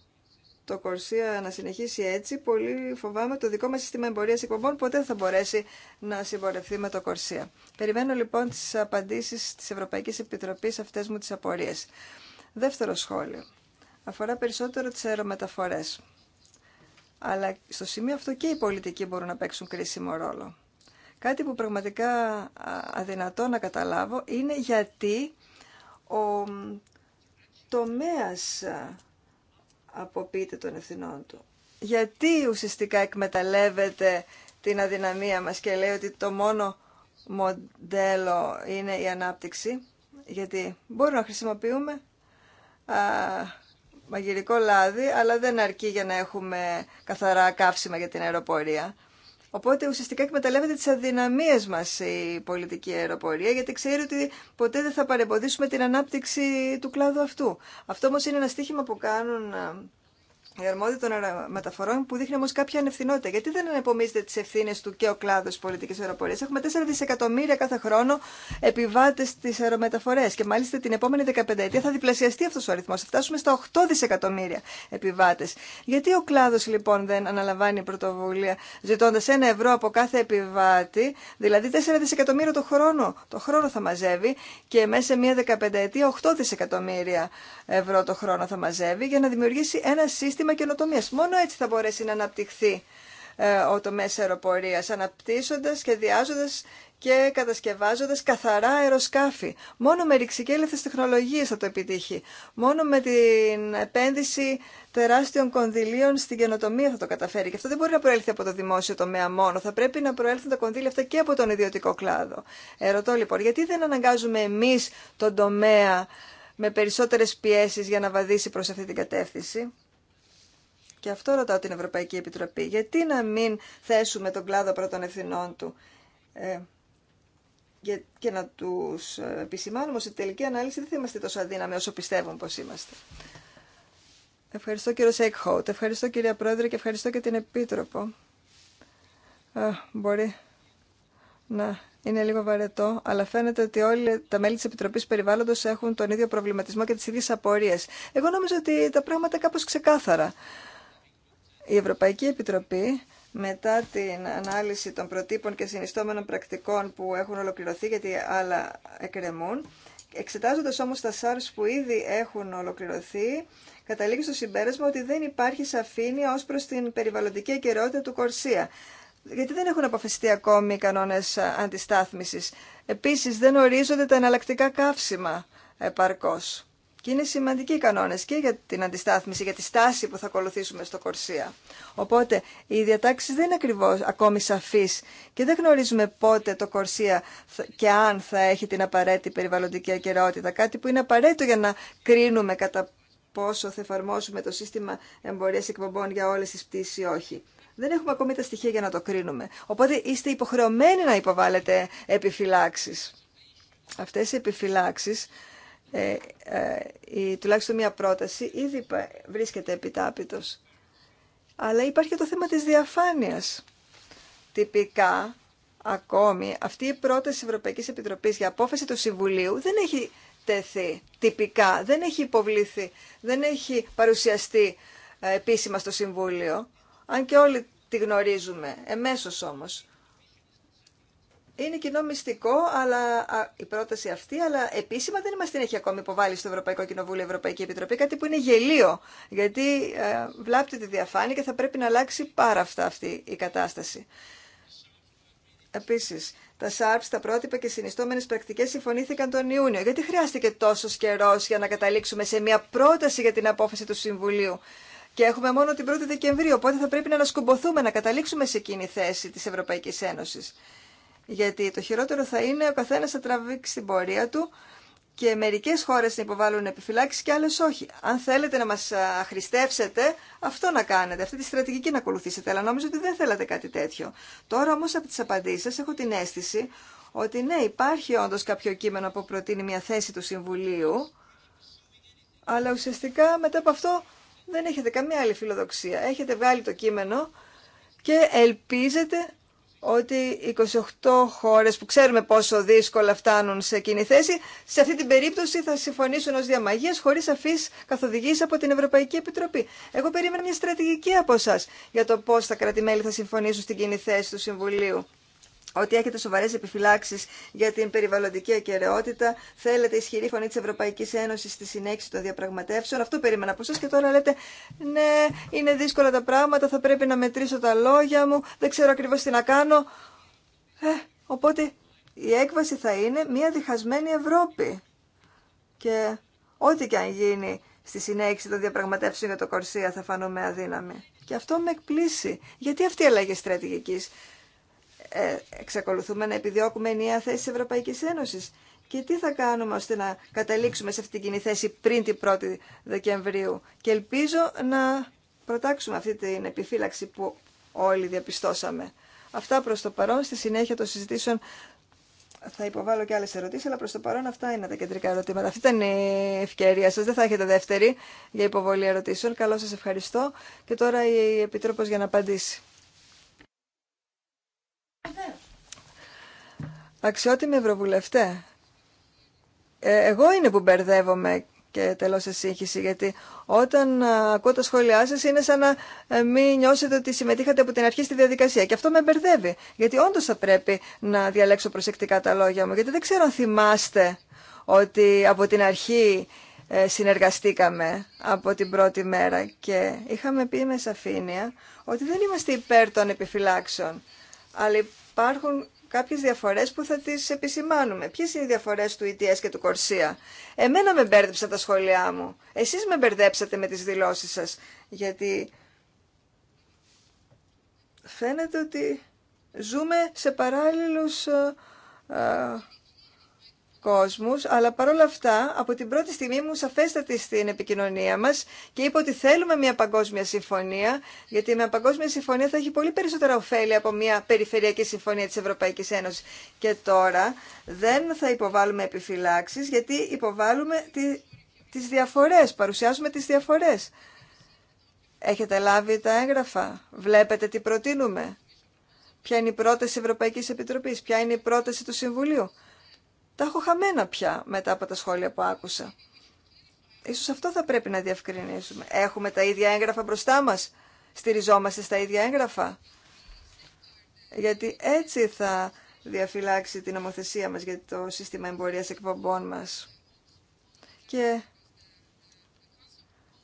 το Κορσία να συνεχίσει έτσι, πολύ φοβάμαι το δικό μας σύστημα εμπορίας εκπομπών ποτέ δεν θα μπορέσει να συμπορευθεί με το Κορσία. Περιμένω λοιπόν τις απαντήσεις της Ευρωπαϊκής Επιτροπής αυτές μου τις απορίες. Δεύτερο σχόλιο. Αφορά περισσότερο τις αερομεταφορές. Αλλά στο σημείο αυτό και οι πολιτικοί μπορούν να παίξουν κρίσιμο ρόλο. Κάτι που πραγματικά αδυνατό να καταλάβω είναι γιατί ο τομέας αποποιείται των ευθυνών του. Γιατί ουσιαστικά εκμεταλλεύεται την αδυναμία μας και λέει ότι το μόνο μοντέλο είναι η ανάπτυξη, γιατί μπορούμε να χρησιμοποιούμε α, μαγειρικό λάδι, αλλά δεν αρκεί για να έχουμε καθαρά καύσιμα για την αεροπορία. Οπότε ουσιαστικά εκμεταλλεύεται τις αδυναμίες μας η πολιτική αεροπορία γιατί ξέρει ότι ποτέ δεν θα παρεμποδίσουμε την ανάπτυξη του κλάδου αυτού. Αυτό όμω είναι ένα στίχημα που κάνουν η αρμόδια των μεταφορών που δείχνει όμω κάποια ανευθυνότητα. Γιατί δεν ανεπομίζεται τι ευθύνε του και ο κλάδο πολιτική αεροπορία. Έχουμε 4 δισεκατομμύρια κάθε χρόνο επιβάτε στι αερομεταφορέ και μάλιστα την επόμενη 15 ετία θα διπλασιαστεί αυτό ο αριθμό. Θα φτάσουμε στα 8 δισεκατομμύρια επιβάτε. Γιατί ο κλάδο λοιπόν δεν αναλαμβάνει πρωτοβουλία ζητώντα ένα ευρώ από κάθε επιβάτη, δηλαδή 4 δισεκατομμύρια το χρόνο. Το χρόνο θα μαζεύει και μέσα σε μία 15 8 δισεκατομμύρια ευρώ το χρόνο θα μαζεύει για να δημιουργήσει ένα σύστημα σύστημα καινοτομία. Μόνο έτσι θα μπορέσει να αναπτυχθεί ε, ο τομέα αεροπορία, αναπτύσσοντα, σχεδιάζοντα και κατασκευάζοντα καθαρά αεροσκάφη. Μόνο με ρηξικέλευτε τεχνολογίε θα το επιτύχει. Μόνο με την επένδυση τεράστιων κονδυλίων στην καινοτομία θα το καταφέρει. Και αυτό δεν μπορεί να προέλθει από το δημόσιο τομέα μόνο. Θα πρέπει να προέλθουν τα κονδύλια αυτά και από τον ιδιωτικό κλάδο. Ερωτώ λοιπόν, γιατί δεν αναγκάζουμε εμεί τον τομέα με περισσότερες πιέσεις για να βαδίσει προς αυτή την κατεύθυνση. Και αυτό ρωτάω την Ευρωπαϊκή Επιτροπή. Γιατί να μην θέσουμε τον κλάδο πρώτων ευθυνών του ε, και να τους ε, επισημάνουμε ότι τελική ανάλυση δεν θα είμαστε τόσο αδύναμοι όσο πιστεύουν πως είμαστε. Ευχαριστώ κύριο Σέικχοουτ, ευχαριστώ κυρία Πρόεδρε και ευχαριστώ και την Επίτροπο. μπορεί να είναι λίγο βαρετό, αλλά φαίνεται ότι όλοι τα μέλη τη Επιτροπή Περιβάλλοντο έχουν τον ίδιο προβληματισμό και τι ίδιε απορίε. Εγώ νόμιζα ότι τα πράγματα κάπω ξεκάθαρα. Η Ευρωπαϊκή Επιτροπή μετά την ανάλυση των προτύπων και συνιστόμενων πρακτικών που έχουν ολοκληρωθεί γιατί άλλα εκκρεμούν, εξετάζοντας όμως τα SARS που ήδη έχουν ολοκληρωθεί, καταλήγει στο συμπέρασμα ότι δεν υπάρχει σαφήνεια ως προς την περιβαλλοντική αικαιρεότητα του Κορσία. Γιατί δεν έχουν αποφασιστεί ακόμη οι κανόνες αντιστάθμισης. Επίσης δεν ορίζονται τα εναλλακτικά καύσιμα επαρκώς. Και είναι σημαντικοί οι κανόνες και για την αντιστάθμιση, για τη στάση που θα ακολουθήσουμε στο Κορσία. Οπότε οι διατάξει δεν είναι ακριβώς ακόμη σαφεί και δεν γνωρίζουμε πότε το Κορσία και αν θα έχει την απαραίτητη περιβαλλοντική ακαιρεότητα. Κάτι που είναι απαραίτητο για να κρίνουμε κατά πόσο θα εφαρμόσουμε το σύστημα εμπορία εκπομπών για όλε τι πτήσει ή όχι. Δεν έχουμε ακόμη τα στοιχεία για να το κρίνουμε. Οπότε είστε υποχρεωμένοι να υποβάλλετε επιφυλάξει. Αυτέ οι επιφυλάξει ε, ε τουλάχιστον μια πρόταση ήδη βρίσκεται επιτάπητος. Αλλά υπάρχει και το θέμα της διαφάνειας. Τυπικά, ακόμη, αυτή η πρόταση της Ευρωπαϊκής Επιτροπής για απόφαση του Συμβουλίου δεν έχει τεθεί τυπικά, δεν έχει υποβληθεί, δεν έχει παρουσιαστεί ε, επίσημα στο Συμβούλιο, αν και όλοι τη γνωρίζουμε, εμέσως όμως είναι κοινό μυστικό, αλλά η πρόταση αυτή, αλλά επίσημα δεν μας την έχει ακόμη υποβάλει στο Ευρωπαϊκό Κοινοβούλιο, η Ευρωπαϊκή Επιτροπή, κάτι που είναι γελίο, γιατί ε, βλάπτει τη διαφάνεια και θα πρέπει να αλλάξει πάρα αυτά αυτή η κατάσταση. Επίσης, τα ΣΑΡΠΣ, τα πρότυπα και συνιστόμενες πρακτικές συμφωνήθηκαν τον Ιούνιο. Γιατί χρειάστηκε τόσο καιρό για να καταλήξουμε σε μια πρόταση για την απόφαση του Συμβουλίου. Και έχουμε μόνο την 1η Δεκεμβρίου, οπότε θα πρέπει να ανασκουμποθούμε, να καταλήξουμε σε εκείνη θέση της Ευρωπαϊκής Ένωσης. Γιατί το χειρότερο θα είναι ο καθένα θα τραβήξει την πορεία του και μερικέ χώρε να υποβάλουν επιφυλάξει και άλλε όχι. Αν θέλετε να μα χρηστεύσετε, αυτό να κάνετε, αυτή τη στρατηγική να ακολουθήσετε. Αλλά νομίζω ότι δεν θέλατε κάτι τέτοιο. Τώρα όμω από τι απαντήσει σα έχω την αίσθηση ότι ναι, υπάρχει όντω κάποιο κείμενο που προτείνει μια θέση του Συμβουλίου, αλλά ουσιαστικά μετά από αυτό δεν έχετε καμία άλλη φιλοδοξία. Έχετε βγάλει το κείμενο και ελπίζετε ότι 28 χώρες που ξέρουμε πόσο δύσκολα φτάνουν σε κοινή θέση, σε αυτή την περίπτωση θα συμφωνήσουν ως διαμαγείας χωρίς αφής καθοδηγής από την Ευρωπαϊκή Επιτροπή. Εγώ περίμενα μια στρατηγική από εσά για το πώς τα κράτη-μέλη θα συμφωνήσουν στην κοινή θέση του Συμβουλίου ότι έχετε σοβαρέ επιφυλάξει για την περιβαλλοντική ακαιρεότητα. Θέλετε ισχυρή φωνή τη Ευρωπαϊκή Ένωση στη συνέχιση των διαπραγματεύσεων. Αυτό περίμενα από εσά και τώρα λέτε ναι, είναι δύσκολα τα πράγματα, θα πρέπει να μετρήσω τα λόγια μου, δεν ξέρω ακριβώ τι να κάνω. Ε, οπότε η έκβαση θα είναι μια διχασμένη Ευρώπη. Και ό,τι και αν γίνει στη συνέχιση των διαπραγματεύσεων για το Κορσία θα φανούμε αδύναμη. Και αυτό με εκπλήσει. Γιατί αυτή η αλλαγή στρατηγική. Ε, εξακολουθούμε να επιδιώκουμε ενιαία θέση της Ευρωπαϊκής Ένωσης. Και τι θα κάνουμε ώστε να καταλήξουμε σε αυτή την κοινή θέση πριν την 1η Δεκεμβρίου. Και ελπίζω να προτάξουμε αυτή την επιφύλαξη που όλοι διαπιστώσαμε. Αυτά προ το παρόν. Στη συνέχεια των συζητήσεων θα υποβάλω και άλλε ερωτήσει, αλλά προ το παρόν αυτά είναι τα κεντρικά ερωτήματα. Αυτή ήταν η ευκαιρία σα, Δεν θα έχετε δεύτερη για υποβολή ερωτήσεων. Καλώ σα ευχαριστώ. Και τώρα η Επιτρόπο για να απαντήσει. Αξιότιμη Ευρωβουλευτέ, ε, εγώ είναι που μπερδεύομαι και τελώ σε σύγχυση, γιατί όταν ε, ακούω τα σχόλιά σα είναι σαν να ε, μην νιώσετε ότι συμμετείχατε από την αρχή στη διαδικασία. Και αυτό με μπερδεύει, γιατί όντω θα πρέπει να διαλέξω προσεκτικά τα λόγια μου, γιατί δεν ξέρω αν θυμάστε ότι από την αρχή συνεργαστήκαμε από την πρώτη μέρα και είχαμε πει με σαφήνεια ότι δεν είμαστε υπέρ των επιφυλάξεων, αλλά υπάρχουν κάποιες διαφορές που θα τις επισημάνουμε. Ποιες είναι οι διαφορές του ETS και του Κορσία. Εμένα με μπέρδεψα τα σχόλιά μου. Εσείς με μπερδέψατε με τις δηλώσεις σας. Γιατί φαίνεται ότι ζούμε σε παράλληλους ε, ε, αλλά παρόλα αυτά από την πρώτη στιγμή μου σαφέστατη στην επικοινωνία μας και είπε ότι θέλουμε μια παγκόσμια συμφωνία, γιατί μια παγκόσμια συμφωνία θα έχει πολύ περισσότερα ωφέλη από μια περιφερειακή συμφωνία της Ευρωπαϊκής Ένωσης. Και τώρα δεν θα υποβάλουμε επιφυλάξεις, γιατί υποβάλλουμε τι τις διαφορές, παρουσιάζουμε τις διαφορές. Έχετε λάβει τα έγγραφα, βλέπετε τι προτείνουμε. Ποια είναι η πρόταση Ευρωπαϊκής Επιτροπής, ποια είναι η πρόταση του Συμβουλίου τα έχω χαμένα πια μετά από τα σχόλια που άκουσα. Ίσως αυτό θα πρέπει να διευκρινίσουμε. Έχουμε τα ίδια έγγραφα μπροστά μας. Στηριζόμαστε στα ίδια έγγραφα. Γιατί έτσι θα διαφυλάξει την ομοθεσία μας για το σύστημα εμπορίας εκπομπών μας. Και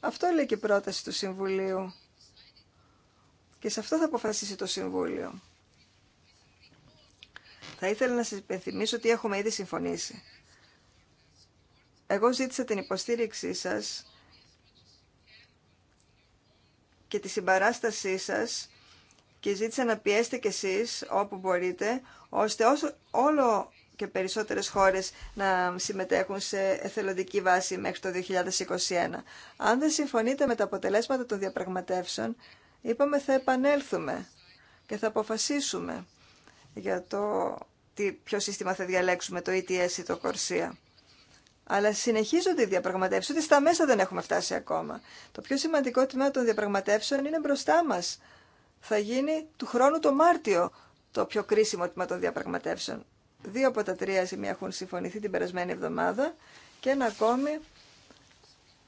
αυτό λέει και η πρόταση του Συμβουλίου. Και σε αυτό θα αποφασίσει το Συμβούλιο. Θα ήθελα να σα υπενθυμίσω ότι έχουμε ήδη συμφωνήσει. Εγώ ζήτησα την υποστήριξή σας και τη συμπαράστασή σας και ζήτησα να πιέσετε κι εσείς όπου μπορείτε, ώστε όλο και περισσότερες χώρες να συμμετέχουν σε εθελοντική βάση μέχρι το 2021. Αν δεν συμφωνείτε με τα αποτελέσματα των διαπραγματεύσεων, είπαμε θα επανέλθουμε και θα αποφασίσουμε για το τι, ποιο σύστημα θα διαλέξουμε, το ETS ή το Corsia. Αλλά συνεχίζονται οι διαπραγματεύσει ότι στα μέσα δεν έχουμε φτάσει ακόμα. Το πιο σημαντικό τμήμα των διαπραγματεύσεων είναι μπροστά μα. Θα γίνει του χρόνου το Μάρτιο το πιο κρίσιμο τμήμα των διαπραγματεύσεων. Δύο από τα τρία σημεία έχουν συμφωνηθεί την περασμένη εβδομάδα και ένα ακόμη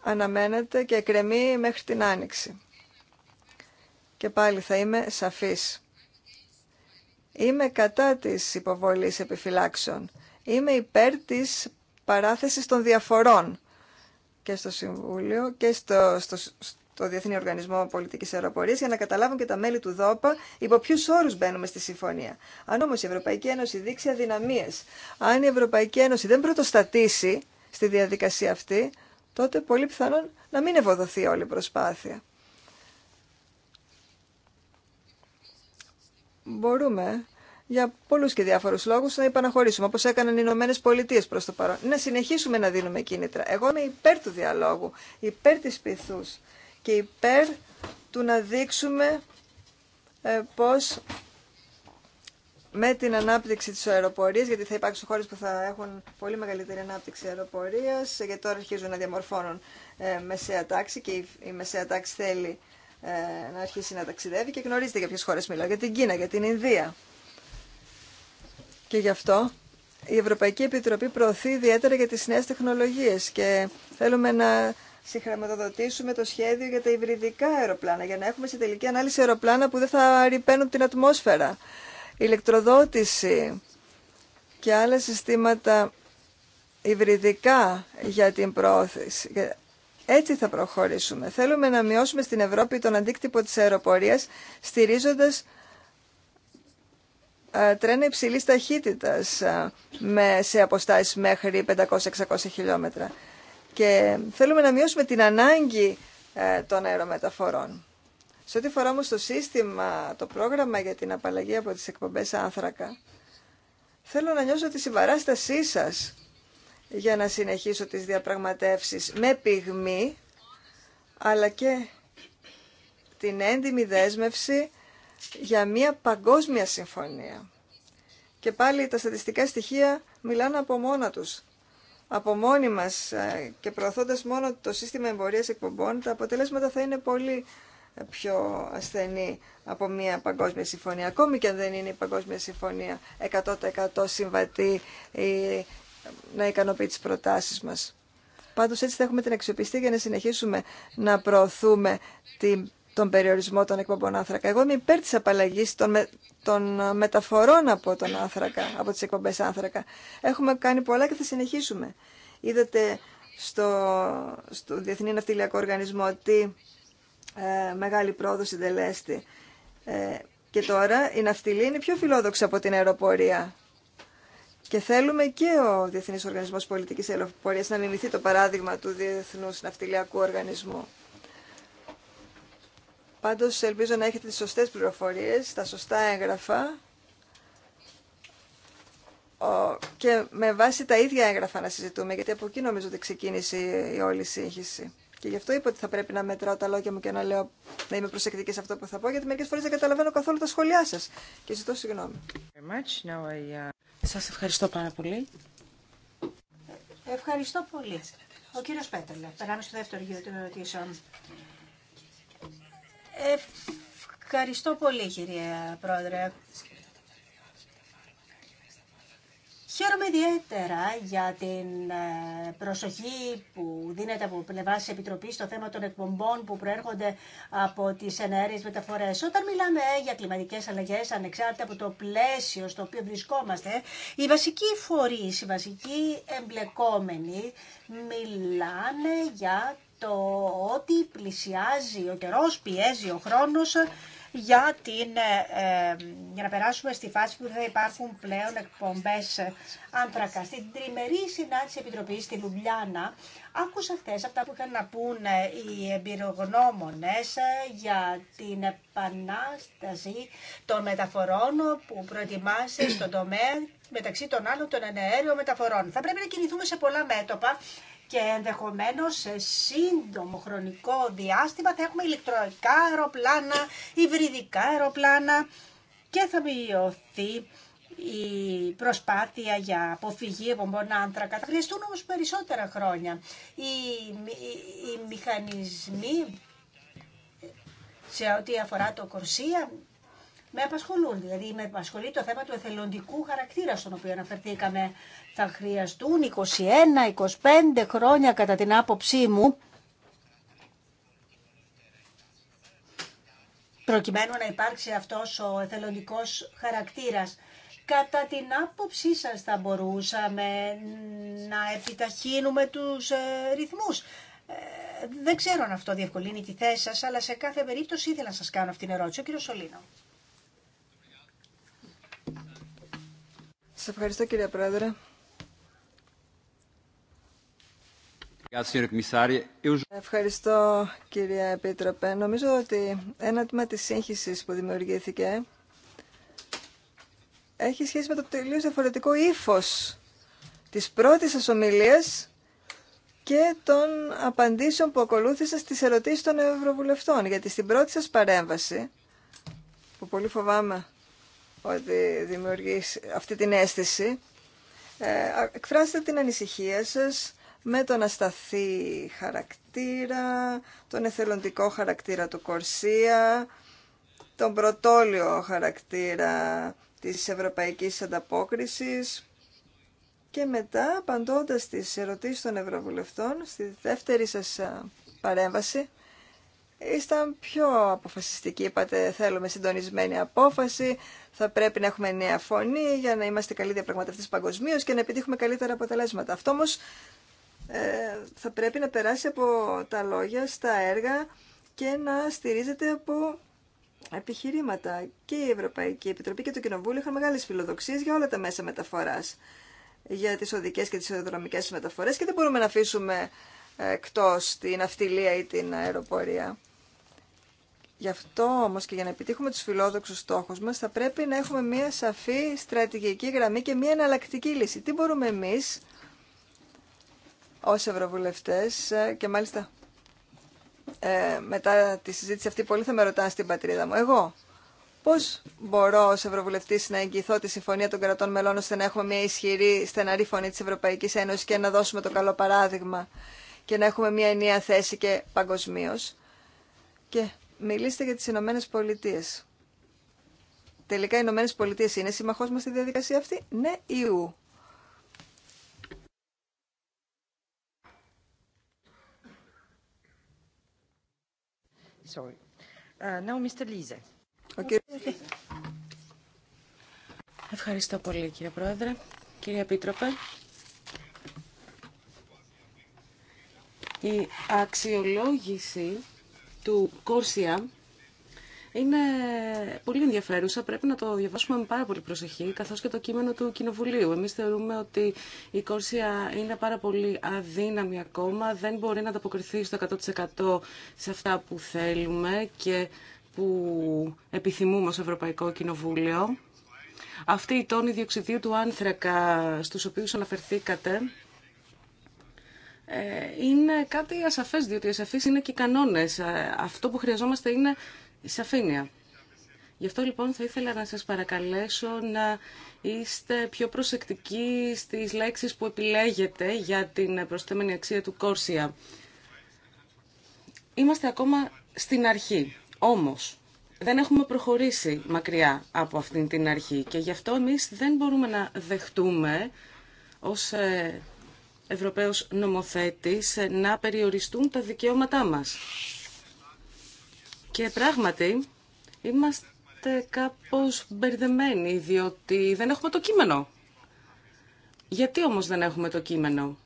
αναμένεται και εκρεμεί μέχρι την Άνοιξη. Και πάλι θα είμαι σαφής. Είμαι κατά της υποβολής επιφυλάξεων. Είμαι υπέρ της παράθεσης των διαφορών και στο Συμβούλιο και στο, στο, Διεθνή Οργανισμό Πολιτικής Αεροπορίας για να καταλάβουν και τα μέλη του ΔΟΠΑ υπό ποιου όρους μπαίνουμε στη συμφωνία. Αν όμως η Ευρωπαϊκή Ένωση δείξει αδυναμίες, αν η Ευρωπαϊκή Ένωση δεν πρωτοστατήσει στη διαδικασία αυτή, τότε πολύ πιθανόν να μην ευοδοθεί όλη η προσπάθεια. μπορούμε για πολλούς και διάφορους λόγους να υπαναχωρήσουμε, όπως έκαναν οι Ηνωμένε Πολιτείες προς το παρόν. Να συνεχίσουμε να δίνουμε κίνητρα. Εγώ είμαι υπέρ του διαλόγου, υπέρ της πυθού και υπέρ του να δείξουμε ε, πώς με την ανάπτυξη της αεροπορίας, γιατί θα υπάρξουν χώρες που θα έχουν πολύ μεγαλύτερη ανάπτυξη αεροπορίας, ε, γιατί τώρα αρχίζουν να διαμορφώνουν ε, μεσαία τάξη και η μεσαία τάξη θέλει ε, να αρχίσει να ταξιδεύει και γνωρίζετε για ποιες χώρες μιλάω, για την Κίνα, για την Ινδία. Και γι' αυτό η Ευρωπαϊκή Επιτροπή προωθεί ιδιαίτερα για τις νέες τεχνολογίες και θέλουμε να συγχρηματοδοτήσουμε το σχέδιο για τα υβριδικά αεροπλάνα, για να έχουμε σε τελική ανάλυση αεροπλάνα που δεν θα ρηπαίνουν την ατμόσφαιρα. Ηλεκτροδότηση και άλλα συστήματα υβριδικά για την, προώθηση, έτσι θα προχωρήσουμε. Θέλουμε να μειώσουμε στην Ευρώπη τον αντίκτυπο της αεροπορίας στηρίζοντας τρένα υψηλής ταχύτητας σε αποστάσεις μέχρι 500-600 χιλιόμετρα. Και θέλουμε να μειώσουμε την ανάγκη ε, των αερομεταφορών. Σε ό,τι φορά όμως το σύστημα, το πρόγραμμα για την απαλλαγή από τις εκπομπές άνθρακα, θέλω να νιώσω τη συμπαράστασή σας για να συνεχίσω τις διαπραγματεύσεις με πυγμή, αλλά και την έντιμη δέσμευση για μια παγκόσμια συμφωνία. Και πάλι τα στατιστικά στοιχεία μιλάνε από μόνα τους. Από μόνοι μας ε, και προωθώντας μόνο το σύστημα εμπορίας εκπομπών, τα αποτελέσματα θα είναι πολύ ε, πιο ασθενή από μια παγκόσμια συμφωνία. Ακόμη και αν δεν είναι η παγκόσμια συμφωνία 100% συμβατή να ικανοποιεί τι προτάσει μα. Πάντω έτσι θα έχουμε την αξιοπιστία για να συνεχίσουμε να προωθούμε την, τον περιορισμό των εκπομπών άνθρακα. Εγώ είμαι υπέρ της απαλλαγής των, με, ε, μεταφορών από τον άνθρακα, από τις εκπομπές άνθρακα. Έχουμε κάνει πολλά και θα συνεχίσουμε. Είδατε στο, στο Διεθνή Ναυτιλιακό Οργανισμό ότι ε, μεγάλη πρόοδο συντελέστη. Ε, και τώρα η ναυτιλία είναι πιο φιλόδοξη από την αεροπορία. Και θέλουμε και ο Διεθνή Οργανισμό Πολιτική Ελευθερία να μιμηθεί το παράδειγμα του Διεθνού Ναυτιλιακού Οργανισμού. Πάντω ελπίζω να έχετε τι σωστέ πληροφορίε, τα σωστά έγγραφα και με βάση τα ίδια έγγραφα να συζητούμε, γιατί από εκεί νομίζω ότι ξεκίνησε η όλη σύγχυση. Και γι' αυτό είπα ότι θα πρέπει να μετράω τα λόγια μου και να, λέω, να είμαι προσεκτική σε αυτό που θα πω, γιατί μερικέ φορέ δεν καταλαβαίνω καθόλου τα σχόλιά σα. Και ζητώ συγγνώμη. Uh, σας ευχαριστώ πάρα πολύ. Ευχαριστώ πολύ. Ο κύριος Πέτρελε. Περάμε στο δεύτερο γύρο των ερωτήσεων. Ευχαριστώ πολύ, κυρία Πρόεδρε. Χαίρομαι ιδιαίτερα για την ε, προσοχή που δίνεται από πλευρά τη Επιτροπή στο θέμα των εκπομπών που προέρχονται από τι εναέριε μεταφορέ. Όταν μιλάμε για κλιματικέ αλλαγέ, ανεξάρτητα από το πλαίσιο στο οποίο βρισκόμαστε, οι βασικοί φορεί, οι βασικοί εμπλεκόμενοι μιλάνε για το ότι πλησιάζει ο καιρό, πιέζει ο χρόνο για, την, ε, ε, για να περάσουμε στη φάση που θα υπάρχουν πλέον εκπομπέ άνθρακα. Στην τριμερή συνάντηση επιτροπή στη Λουμπλιάνα άκουσα χθε αυτά που είχαν να πούν ε, οι εμπειρογνώμονε για την επανάσταση των μεταφορών που προετοιμάσει στον τομέα μεταξύ των άλλων των εναέριων μεταφορών. Θα πρέπει να κινηθούμε σε πολλά μέτωπα και ενδεχομένω σε σύντομο χρονικό διάστημα θα έχουμε ηλεκτροϊκά αεροπλάνα, υβριδικά αεροπλάνα και θα μειωθεί η προσπάθεια για αποφυγή μόνο άνθρακα. Θα χρειαστούν όμως περισσότερα χρόνια. Οι, οι, οι μηχανισμοί σε ό,τι αφορά το Κορσία με απασχολούν. Δηλαδή με απασχολεί το θέμα του εθελοντικού χαρακτήρα στον οποίο αναφερθήκαμε. Θα χρειαστούν 21-25 χρόνια κατά την άποψή μου προκειμένου να υπάρξει αυτός ο εθελοντικός χαρακτήρας. Κατά την άποψή σας θα μπορούσαμε να επιταχύνουμε τους ε, ρυθμούς. Ε, δεν ξέρω αν αυτό διευκολύνει τη θέση σας, αλλά σε κάθε περίπτωση ήθελα να σας κάνω αυτήν την ερώτηση. Ο κύριος Σολίνο. ευχαριστώ κύριε Πρόεδρε. Ευχαριστώ κύριε Επίτροπε. Νομίζω ότι ένα τμήμα της σύγχυσης που δημιουργήθηκε έχει σχέση με το τελείως διαφορετικό ύφο της πρώτης σας ομιλίας και των απαντήσεων που ακολούθησαν στις ερωτήσεις των Ευρωβουλευτών. Γιατί στην πρώτη σας παρέμβαση, που πολύ φοβάμαι ότι δημιουργεί αυτή την αίσθηση. Ε, εκφράστε την ανησυχία σας με τον ασταθή χαρακτήρα, τον εθελοντικό χαρακτήρα του Κορσία, τον πρωτόλιο χαρακτήρα της ευρωπαϊκής ανταπόκρισης και μετά, απαντώντας τις ερωτήσεις των Ευρωβουλευτών, στη δεύτερη σας ε, παρέμβαση, ήσταν πιο αποφασιστικοί. Είπατε θέλουμε συντονισμένη απόφαση, θα πρέπει να έχουμε νέα φωνή για να είμαστε καλοί διαπραγματευτές παγκοσμίω και να επιτύχουμε καλύτερα αποτελέσματα. Αυτό όμως ε, θα πρέπει να περάσει από τα λόγια στα έργα και να στηρίζεται από επιχειρήματα. Και η Ευρωπαϊκή Επιτροπή και το Κοινοβούλιο είχαν μεγάλες φιλοδοξίες για όλα τα μέσα μεταφοράς, για τις οδικές και τις οδοδρομικές μεταφορές και δεν μπορούμε να αφήσουμε ε, εκτός την αυτιλία ή την αεροπορία. Γι' αυτό όμω και για να επιτύχουμε του φιλόδοξου στόχου μα θα πρέπει να έχουμε μια σαφή στρατηγική γραμμή και μια εναλλακτική λύση. Τι μπορούμε εμεί, ω ευρωβουλευτέ, ε, και μάλιστα ε, μετά τη συζήτηση αυτή πολύ θα με ρωτάνε στην πατρίδα μου. Εγώ πώ μπορώ ω ευρωβουλευτή να εγγυηθώ τη συμφωνία των κρατών μελών ώστε να έχουμε μια ισχυρή στεναρή φωνή τη Ευρωπαϊκή Ένωση και να δώσουμε το καλό παράδειγμα και να έχουμε μια ενιαία θέση και παγκοσμίω. Και Μιλήστε για τις Ηνωμένε Πολιτείε. Τελικά οι Ηνωμένε Πολιτείε είναι συμμαχός μας στη διαδικασία αυτή, ναι ή Sorry. Uh, Ευχαριστώ πολύ κύριε Πρόεδρε. Κύριε Επίτροπε, η αξιολόγηση του Κόρσια είναι πολύ ενδιαφέρουσα. Πρέπει να το διαβάσουμε με πάρα πολύ προσοχή, καθώ και το κείμενο του Κοινοβουλίου. Εμεί θεωρούμε ότι η Κόρσια είναι πάρα πολύ αδύναμη ακόμα. Δεν μπορεί να ανταποκριθεί στο 100% σε αυτά που θέλουμε και που επιθυμούμε ως Ευρωπαϊκό Κοινοβούλιο. Αυτή η τόνη διοξιδίου του άνθρακα στους οποίους αναφερθήκατε ε, είναι κάτι ασαφές, διότι ασαφείς είναι και οι κανόνες. Ε, αυτό που χρειαζόμαστε είναι η σαφήνεια. Γι' αυτό λοιπόν θα ήθελα να σας παρακαλέσω να είστε πιο προσεκτικοί στις λέξεις που επιλέγετε για την προσθέμενη αξία του Κόρσια. Είμαστε ακόμα στην αρχή, όμως δεν έχουμε προχωρήσει μακριά από αυτήν την αρχή και γι' αυτό εμείς δεν μπορούμε να δεχτούμε ως ε, Ευρωπαίος νομοθέτης ε, να περιοριστούν τα δικαιώματά μας. Και πράγματι είμαστε κάπως μπερδεμένοι διότι δεν έχουμε το κείμενο. Γιατί όμως δεν έχουμε το κείμενο.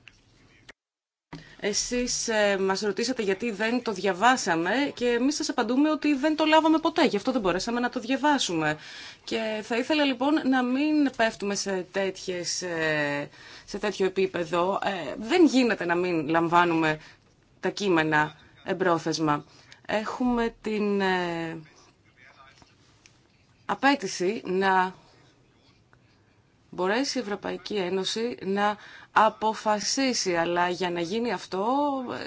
Εσείς ε, μας ρωτήσατε γιατί δεν το διαβάσαμε και εμείς σας απαντούμε ότι δεν το λάβαμε ποτέ, γι' αυτό δεν μπορέσαμε να το διαβάσουμε. Και θα ήθελα λοιπόν να μην πέφτουμε σε, τέτοιες, ε, σε τέτοιο επίπεδο. Ε, δεν γίνεται να μην λαμβάνουμε τα κείμενα εμπρόθεσμα. Έχουμε την απέτηση να μπορέσει η Ευρωπαϊκή Ένωση να αποφασίσει. Αλλά για να γίνει αυτό,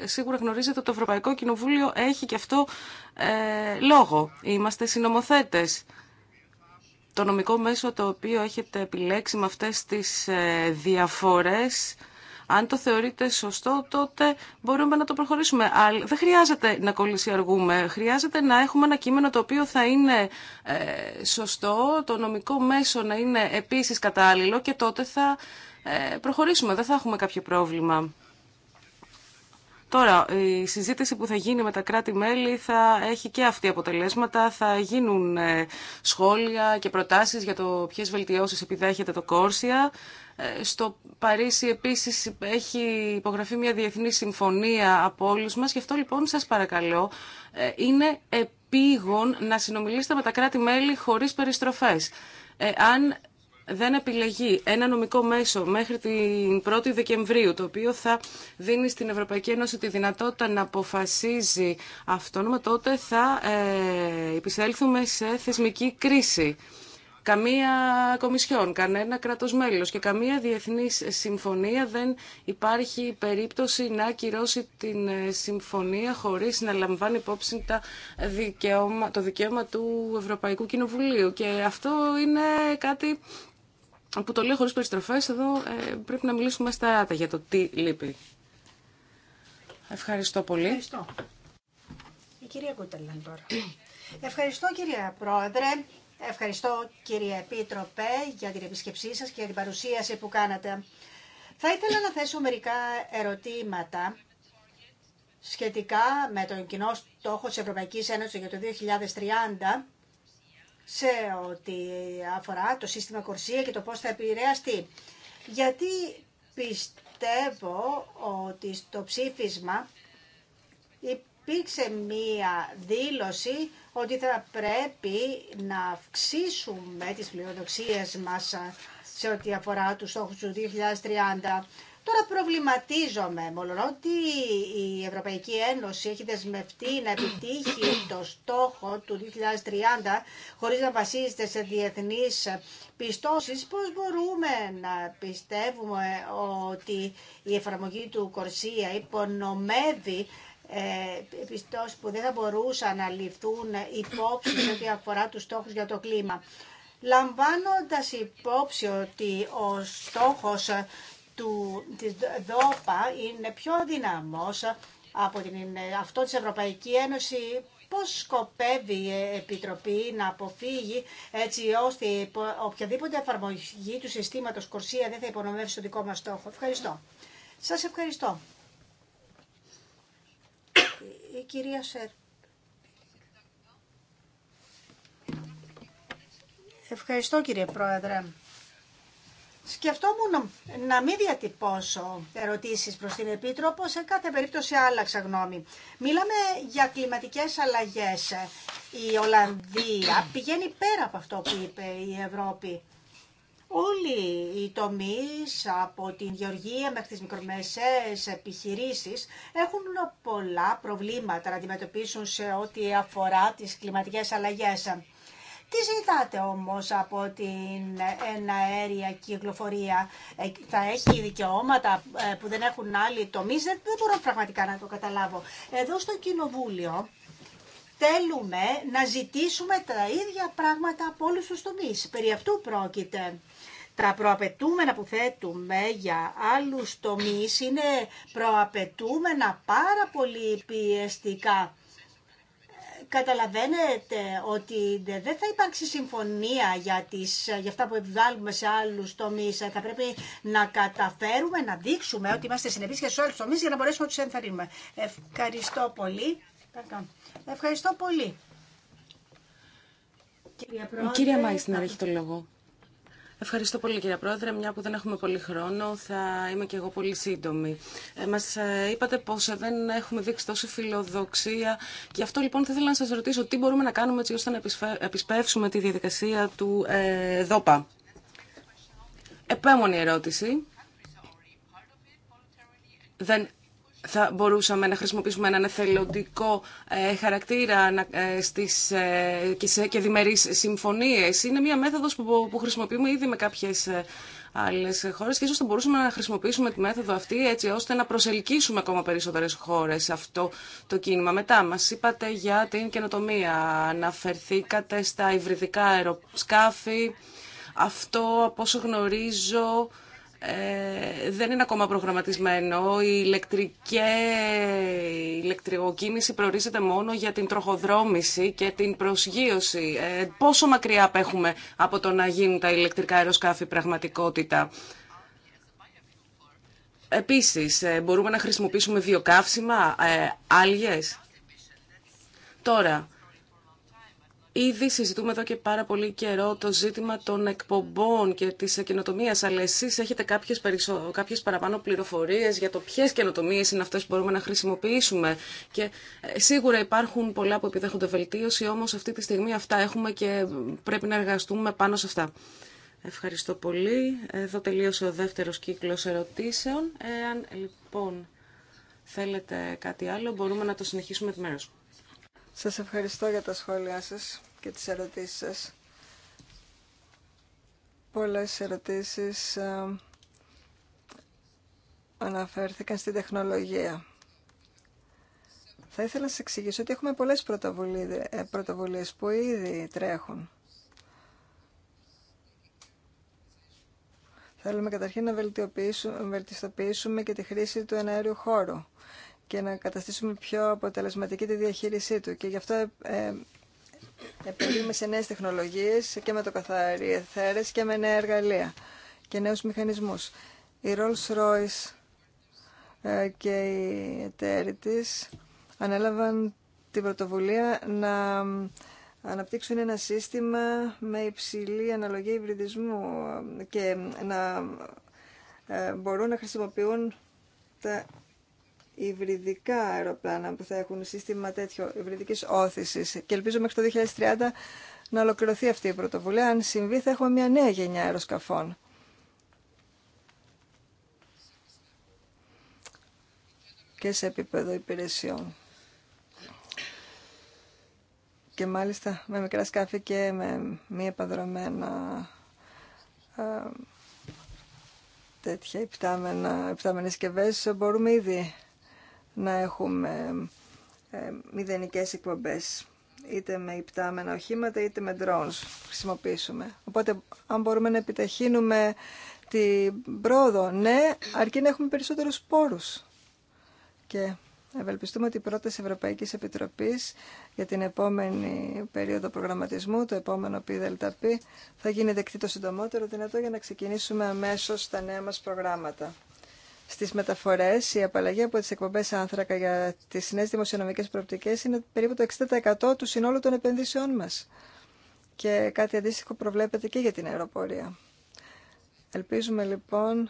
ε, σίγουρα γνωρίζετε ότι το Ευρωπαϊκό Κοινοβούλιο έχει και αυτό ε, λόγο. Είμαστε συνομοθέτες. Το νομικό μέσο το οποίο έχετε επιλέξει με αυτές τις ε, διαφορές... Αν το θεωρείτε σωστό, τότε μπορούμε να το προχωρήσουμε. Αλλά δεν χρειάζεται να κολλησιαργούμε. Χρειάζεται να έχουμε ένα κείμενο το οποίο θα είναι ε, σωστό, το νομικό μέσο να είναι επίσης κατάλληλο και τότε θα ε, προχωρήσουμε, δεν θα έχουμε κάποιο πρόβλημα. Τώρα, η συζήτηση που θα γίνει με τα κράτη-μέλη θα έχει και αυτή αποτελέσματα. Θα γίνουν ε, σχόλια και προτάσεις για το ποιες βελτιώσεις επιδέχεται το Κόρσια. Ε, στο Παρίσι επίσης έχει υπογραφεί μια διεθνή συμφωνία από όλους μας και αυτό λοιπόν σας παρακαλώ είναι επίγον να συνομιλήσετε με τα κράτη-μέλη χωρίς περιστροφές. αν δεν επιλεγεί ένα νομικό μέσο μέχρι την 1η Δεκεμβρίου, το οποίο θα δίνει στην Ευρωπαϊκή Ένωση τη δυνατότητα να αποφασίζει αυτόνομα, τότε θα ε, επισέλθουμε σε θεσμική κρίση. Καμία κομισιόν, κανένα κράτος μέλος και καμία διεθνής συμφωνία δεν υπάρχει περίπτωση να ακυρώσει την ε, συμφωνία χωρίς να λαμβάνει υπόψη τα το δικαίωμα του Ευρωπαϊκού Κοινοβουλίου. Και αυτό είναι κάτι που το λέω χωρίς περιστροφές, εδώ ε, πρέπει να μιλήσουμε στα άτα για το τι λείπει. Ευχαριστώ πολύ. Ευχαριστώ. Η κυρία Κούτελαν τώρα. Ευχαριστώ κυρία Πρόεδρε. Ευχαριστώ κύριε Επίτροπε για την επισκεψή σας και για την παρουσίαση που κάνατε. Θα ήθελα να θέσω μερικά ερωτήματα σχετικά με τον κοινό στόχο της Ευρωπαϊκής Ένωσης για το 2030 σε ό,τι αφορά το σύστημα Κορσία και το πώς θα επηρεαστεί. Γιατί πιστεύω ότι στο ψήφισμα υπήρξε μία δήλωση ότι θα πρέπει να αυξήσουμε τις πλειοδοξίες μας σε ό,τι αφορά τους στόχους του 2030. Τώρα προβληματίζομαι, μόνο ότι η Ευρωπαϊκή Ένωση έχει δεσμευτεί να επιτύχει το στόχο του 2030 χωρίς να βασίζεται σε διεθνείς πιστώσεις, πώς μπορούμε να πιστεύουμε ότι η εφαρμογή του Κορσία υπονομεύει ε, πιστώσεις που δεν θα μπορούσαν να ληφθούν υπόψη σε ό,τι αφορά τους στόχους για το κλίμα λαμβάνοντας υπόψη ότι ο στόχος του, της ΔΟΠΑ είναι πιο δυναμός από την, ε, αυτό της Ευρωπαϊκή Ένωση πώς σκοπεύει η Επιτροπή να αποφύγει έτσι ώστε οποιαδήποτε εφαρμογή του συστήματος Κορσία δεν θα υπονομεύσει το δικό μας στόχο. Ευχαριστώ. Σας ευχαριστώ. Η κυρία Σερ. Ευχαριστώ κύριε Πρόεδρε. Σκεφτόμουν να μην διατυπώσω ερωτήσεις προς την Επίτροπο, σε κάθε περίπτωση άλλαξα γνώμη. Μίλαμε για κλιματικές αλλαγές. Η Ολλανδία πηγαίνει πέρα από αυτό που είπε η Ευρώπη. Όλοι οι τομείς από την γεωργία μέχρι τις μικρομεσαίες επιχειρήσεις έχουν πολλά προβλήματα να αντιμετωπίσουν σε ό,τι αφορά τις κλιματικές αλλαγές. Τι ζητάτε όμως από την εναέρια κυκλοφορία. Ε, θα έχει δικαιώματα ε, που δεν έχουν άλλοι τομείς. Δεν μπορώ πραγματικά να το καταλάβω. Εδώ στο Κοινοβούλιο θέλουμε να ζητήσουμε τα ίδια πράγματα από όλους τους τομείς. Περί αυτού πρόκειται. Τα προαπαιτούμενα που θέτουμε για άλλους τομείς είναι προαπαιτούμενα πάρα πολύ πιεστικά καταλαβαίνετε ότι δεν θα υπάρξει συμφωνία για, τις, για αυτά που επιβάλλουμε σε άλλους τομείς. Θα πρέπει να καταφέρουμε να δείξουμε ότι είμαστε συνεπείς και σε όλους τους τομείς για να μπορέσουμε να τους ενθαρρύνουμε. Ευχαριστώ πολύ. Ευχαριστώ πολύ. Κυρία, Πρόεδρε, Η κυρία έχει το λόγο. Ευχαριστώ πολύ κύριε Πρόεδρε. Μια που δεν έχουμε πολύ χρόνο, θα είμαι και εγώ πολύ σύντομη. Ε, μας ε, είπατε πως ε, δεν έχουμε δείξει τόση φιλοδοξία και γι' αυτό λοιπόν θα ήθελα να σα ρωτήσω τι μπορούμε να κάνουμε έτσι ώστε να επισπεύσουμε τη διαδικασία του ε, ΔΟΠΑ. Επέμονη ερώτηση. Δεν θα μπορούσαμε να χρησιμοποιήσουμε έναν εθελοντικό ε, χαρακτήρα ε, στις ε, και διμερείς συμφωνίες. Είναι μια μέθοδος που χρησιμοποιούμε ήδη με κάποιες άλλες χώρες και ίσως θα μπορούσαμε να χρησιμοποιήσουμε τη μέθοδο αυτή έτσι ώστε να προσελκύσουμε ακόμα περισσότερες χώρες σε αυτό το κίνημα. Μετά μας είπατε για την καινοτομία. Αναφερθήκατε στα υβριδικά αεροσκάφη. Αυτό, από όσο γνωρίζω, ε, δεν είναι ακόμα προγραμματισμένο. Η ηλεκτρική ηλεκτροκίνηση προορίζεται μόνο για την τροχοδρόμηση και την προσγείωση. Ε, πόσο μακριά απέχουμε από το να γίνουν τα ηλεκτρικά αεροσκάφη πραγματικότητα. Επίσης, ε, μπορούμε να χρησιμοποιήσουμε βιοκαύσιμα, άλγες. Τώρα, Ήδη συζητούμε εδώ και πάρα πολύ καιρό το ζήτημα των εκπομπών και της καινοτομία, αλλά εσείς έχετε κάποιες, περισσο... παραπάνω πληροφορίες για το ποιες καινοτομίε είναι αυτές που μπορούμε να χρησιμοποιήσουμε. Και ε, σίγουρα υπάρχουν πολλά που επιδέχονται βελτίωση, όμως αυτή τη στιγμή αυτά έχουμε και πρέπει να εργαστούμε πάνω σε αυτά. Ευχαριστώ πολύ. Εδώ τελείωσε ο δεύτερος κύκλος ερωτήσεων. Εάν λοιπόν θέλετε κάτι άλλο, μπορούμε να το συνεχίσουμε μέρο. Σας ευχαριστώ για τα σχόλιά σας και τις ερωτήσεις σας. Πολλές ερωτήσεις ε, αναφέρθηκαν στην τεχνολογία. Θα ήθελα να σας εξηγήσω ότι έχουμε πολλές ε, πρωτοβουλίες που ήδη τρέχουν. Θέλουμε καταρχήν να βελτιστοποιήσουμε και τη χρήση του εναέριου χώρου και να καταστήσουμε πιο αποτελεσματική τη διαχείρισή του. Και γι' αυτό ε, Επενδύουμε σε νέες τεχνολογίες και με το καθαρή εθέρες και με νέα εργαλεία και νέους μηχανισμούς. Η Rolls-Royce ε, και οι εταίροι της ανέλαβαν την πρωτοβουλία να αναπτύξουν ένα σύστημα με υψηλή αναλογία υβριδισμού ε, και να ε, μπορούν να χρησιμοποιούν τα υβριδικά αεροπλάνα που θα έχουν σύστημα τέτοιο υβριδική όθησης και ελπίζω μέχρι το 2030 να ολοκληρωθεί αυτή η πρωτοβουλία. Αν συμβεί θα έχουμε μια νέα γενιά αεροσκαφών. και σε επίπεδο υπηρεσιών. Και μάλιστα με μικρά σκάφη και με μη επαδρομένα ε, τέτοια υπτάμενα, υπτάμενες συσκευέ μπορούμε ήδη να έχουμε ε, μηδενικές εκπομπές είτε με υπτάμενα οχήματα είτε με drones χρησιμοποιήσουμε. Οπότε αν μπορούμε να επιταχύνουμε την πρόοδο, ναι, αρκεί να έχουμε περισσότερους πόρους. Και ευελπιστούμε ότι η πρόταση Ευρωπαϊκής Επιτροπής για την επόμενη περίοδο προγραμματισμού, το επόμενο ΠΔΠ, θα γίνει δεκτή το συντομότερο δυνατό για να ξεκινήσουμε αμέσως τα νέα μας προγράμματα. Στις μεταφορές, η απαλλαγή από τι εκπομπέ άνθρακα για τις νέες δημοσιονομικές προοπτικέ είναι περίπου το 60% του συνόλου των επενδύσεών μας. Και κάτι αντίστοιχο προβλέπεται και για την αεροπορία. Ελπίζουμε λοιπόν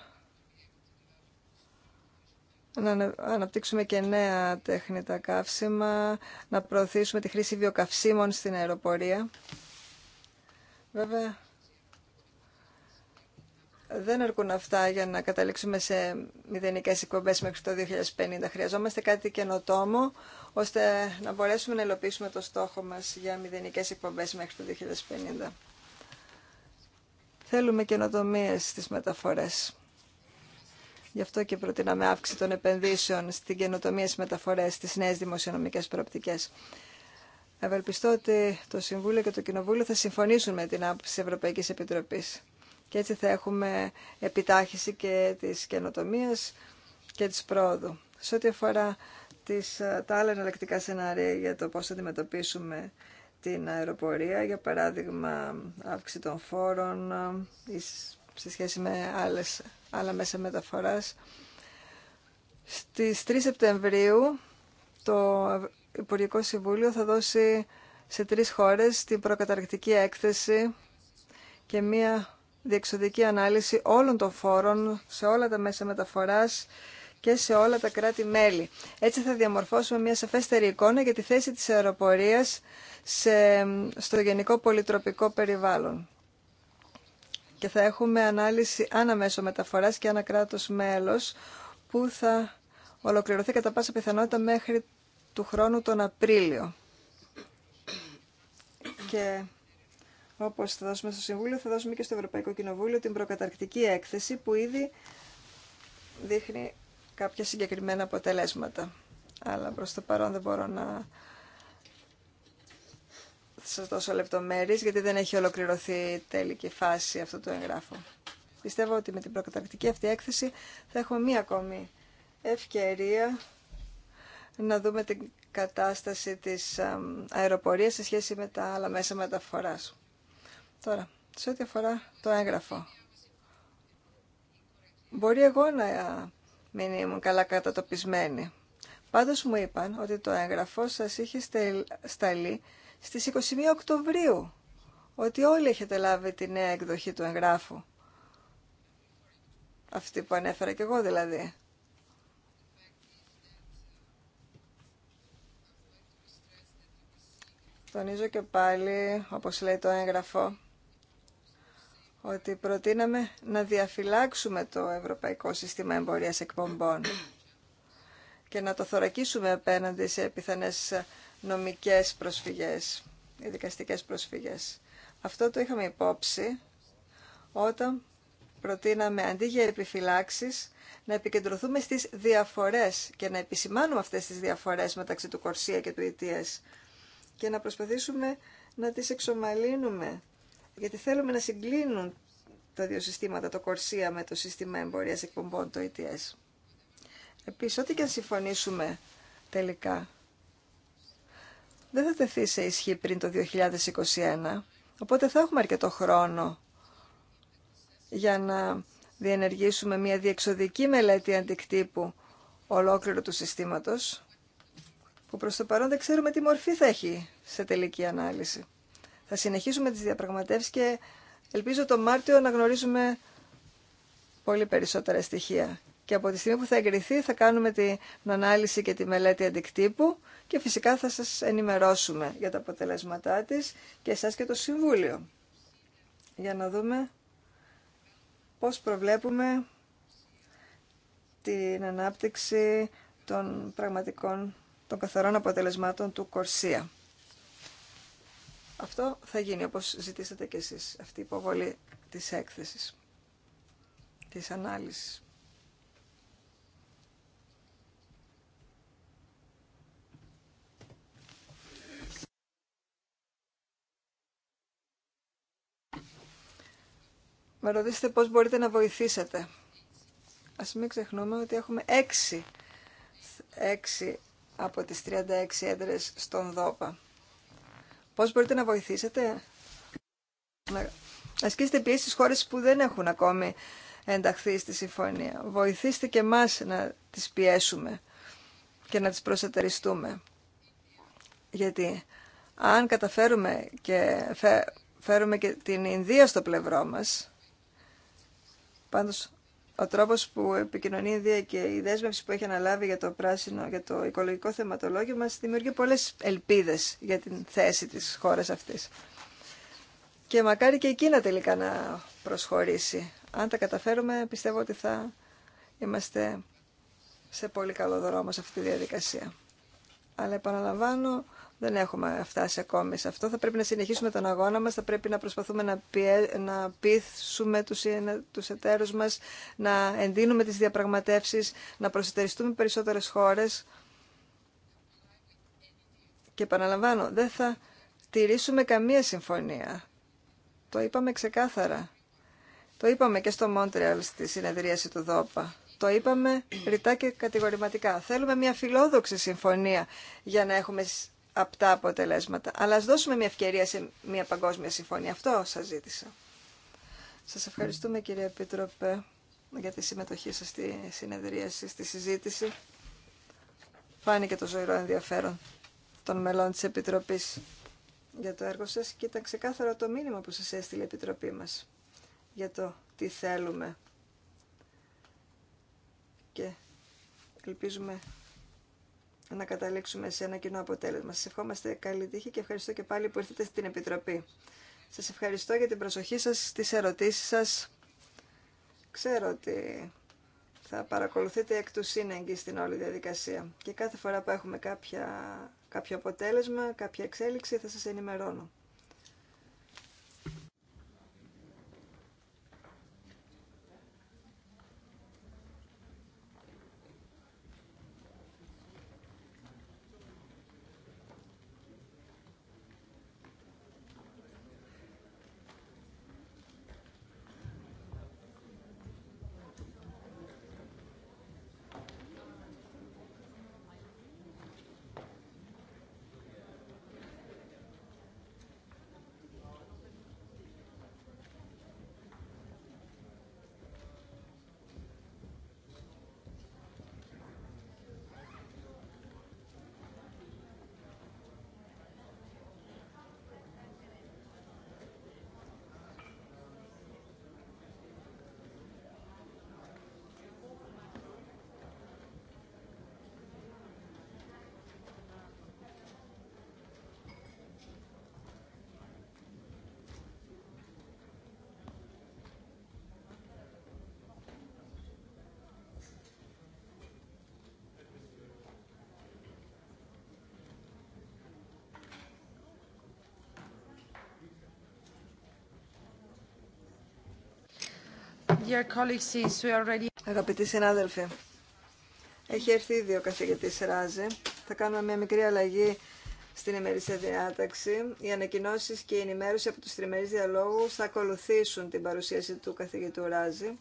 να αναπτύξουμε και νέα τέχνητα καύσιμα, να προωθήσουμε τη χρήση βιοκαυσίμων στην αεροπορία. Βέβαια, δεν αρκούν αυτά για να καταλήξουμε σε μηδενικέ εκπομπέ μέχρι το 2050. Χρειαζόμαστε κάτι καινοτόμο ώστε να μπορέσουμε να υλοποιήσουμε το στόχο μα για μηδενικέ εκπομπέ μέχρι το 2050. Θέλουμε καινοτομίε στι μεταφορέ. Γι' αυτό και προτείναμε αύξηση των επενδύσεων στην καινοτομία στι μεταφορέ, στι νέε δημοσιονομικέ προοπτικέ. Ευελπιστώ ότι το Συμβούλιο και το Κοινοβούλιο θα συμφωνήσουν με την άποψη τη Ευρωπαϊκή Επιτροπή. Και έτσι θα έχουμε επιτάχυση και της καινοτομίας και της πρόοδου. Σε ό,τι αφορά τις, ε, τα άλλα εναλλακτικά σενάρια για το πώς θα αντιμετωπίσουμε την αεροπορία, για παράδειγμα αύξηση των φόρων ε, ή σε σχέση με άλλες, άλλα μέσα μεταφοράς. Στις 3 Σεπτεμβρίου το Υπουργικό Συμβούλιο θα δώσει σε τρεις χώρες την προκαταρκτική έκθεση και μία διεξοδική ανάλυση όλων των φόρων σε όλα τα μέσα μεταφοράς και σε όλα τα κράτη-μέλη. Έτσι θα διαμορφώσουμε μια σαφέστερη εικόνα για τη θέση της αεροπορίας σε, στο γενικό πολυτροπικό περιβάλλον. Και θα έχουμε ανάλυση ανά μέσο μεταφοράς και ανά κράτος μέλος που θα ολοκληρωθεί κατά πάσα πιθανότητα μέχρι του χρόνου τον Απρίλιο. Και Όπω θα δώσουμε στο Συμβούλιο, θα δώσουμε και στο Ευρωπαϊκό Κοινοβούλιο την προκαταρκτική έκθεση που ήδη δείχνει κάποια συγκεκριμένα αποτελέσματα. Αλλά προς το παρόν δεν μπορώ να σας δώσω λεπτομέρειες γιατί δεν έχει ολοκληρωθεί η τελική φάση αυτό του εγγράφου. Πιστεύω ότι με την προκαταρκτική αυτή έκθεση θα έχουμε μία ακόμη ευκαιρία να δούμε την κατάσταση της αεροπορίας σε σχέση με τα άλλα μέσα μεταφοράς. Τώρα, σε ό,τι αφορά το έγγραφο. Μπορεί εγώ να μην ήμουν καλά κατατοπισμένη. Πάντως μου είπαν ότι το έγγραφο σας είχε σταλεί στις 21 Οκτωβρίου. Ότι όλοι έχετε λάβει τη νέα εκδοχή του εγγράφου. Αυτή που ανέφερα και εγώ δηλαδή. Τονίζω και πάλι, όπως λέει το έγγραφο, ότι προτείναμε να διαφυλάξουμε το Ευρωπαϊκό Σύστημα Εμπορίας Εκπομπών και να το θωρακίσουμε απέναντι σε πιθανές νομικές προσφυγές, δικαστικές προσφυγές. Αυτό το είχαμε υπόψη όταν προτείναμε αντί για επιφυλάξεις να επικεντρωθούμε στις διαφορές και να επισημάνουμε αυτές τις διαφορές μεταξύ του Κορσία και του ETS και να προσπαθήσουμε να τις εξομαλύνουμε γιατί θέλουμε να συγκλίνουν τα δύο συστήματα, το Κορσία με το σύστημα εμπορίας εκπομπών, το ETS. Επίσης, ό,τι και αν συμφωνήσουμε τελικά, δεν θα τεθεί σε ισχύ πριν το 2021, οπότε θα έχουμε αρκετό χρόνο για να διενεργήσουμε μια διεξοδική μελέτη αντικτύπου ολόκληρου του συστήματος, που προς το παρόν δεν ξέρουμε τι μορφή θα έχει σε τελική ανάλυση. Θα συνεχίσουμε τις διαπραγματεύσεις και ελπίζω το Μάρτιο να γνωρίζουμε πολύ περισσότερα στοιχεία. Και από τη στιγμή που θα εγκριθεί θα κάνουμε την ανάλυση και τη μελέτη αντικτύπου και φυσικά θα σας ενημερώσουμε για τα αποτελέσματά της και εσάς και το Συμβούλιο. Για να δούμε πώς προβλέπουμε την ανάπτυξη των πραγματικών των καθαρών αποτελεσμάτων του Κορσία. Αυτό θα γίνει όπως ζητήσατε και εσείς, αυτή η υποβολή της έκθεσης, της ανάλυσης. Με ρωτήσετε πώς μπορείτε να βοηθήσετε. Ας μην ξεχνούμε ότι έχουμε έξι, έξι από τις 36 έντρες στον ΔΟΠΑ. Πώς μπορείτε να βοηθήσετε να ασκήσετε πίεση στις που δεν έχουν ακόμη ενταχθεί στη συμφωνία. Βοηθήστε και εμά να τις πιέσουμε και να τις προσετεριστούμε. Γιατί αν καταφέρουμε και φέρουμε και την Ινδία στο πλευρό μας, πάντως ο τρόπος που επικοινωνεί η Ινδία και η δέσμευση που έχει αναλάβει για το πράσινο, για το οικολογικό θεματολόγιο μας δημιουργεί πολλές ελπίδες για την θέση της χώρας αυτής. Και μακάρι και η Κίνα τελικά να προσχωρήσει. Αν τα καταφέρουμε πιστεύω ότι θα είμαστε σε πολύ καλό δρόμο σε αυτή τη διαδικασία. Αλλά επαναλαμβάνω δεν έχουμε φτάσει ακόμη σε αυτό. Θα πρέπει να συνεχίσουμε τον αγώνα μας, θα πρέπει να προσπαθούμε να, πιέ, να πείθουμε τους, εταίρους μας, να εντείνουμε τις διαπραγματεύσεις, να προσετεριστούμε περισσότερες χώρες. Και επαναλαμβάνω, δεν θα τηρήσουμε καμία συμφωνία. Το είπαμε ξεκάθαρα. Το είπαμε και στο Μόντρεαλ στη συνεδρίαση του ΔΟΠΑ. Το είπαμε ρητά και κατηγορηματικά. Θέλουμε μια φιλόδοξη συμφωνία για να έχουμε απτά αποτελέσματα. Αλλά ας δώσουμε μια ευκαιρία σε μια παγκόσμια συμφωνία. Αυτό σας ζήτησα. Σας ευχαριστούμε κύριε Επίτροπε για τη συμμετοχή σας στη συνεδρίαση, στη συζήτηση. Φάνηκε το ζωηρό ενδιαφέρον των μελών της Επιτροπής για το έργο σας και ήταν ξεκάθαρο το μήνυμα που σας έστειλε η Επιτροπή μας για το τι θέλουμε. Και ελπίζουμε να καταλήξουμε σε ένα κοινό αποτέλεσμα. Σας ευχόμαστε καλή τύχη και ευχαριστώ και πάλι που ήρθατε στην Επιτροπή. Σας ευχαριστώ για την προσοχή σας, τις ερωτήσεις σας. Ξέρω ότι θα παρακολουθείτε εκ του σύνεγγυ στην όλη διαδικασία και κάθε φορά που έχουμε κάποια, κάποιο αποτέλεσμα, κάποια εξέλιξη θα σας ενημερώνω. Αγαπητοί συνάδελφοι, έχει έρθει ήδη ο καθηγητή Ράζη. Θα κάνουμε μια μικρή αλλαγή στην ημερήσια διάταξη. Οι ανακοινώσει και η ενημέρωση από του τριμερεί διαλόγου θα ακολουθήσουν την παρουσίαση του καθηγητού Ράζη.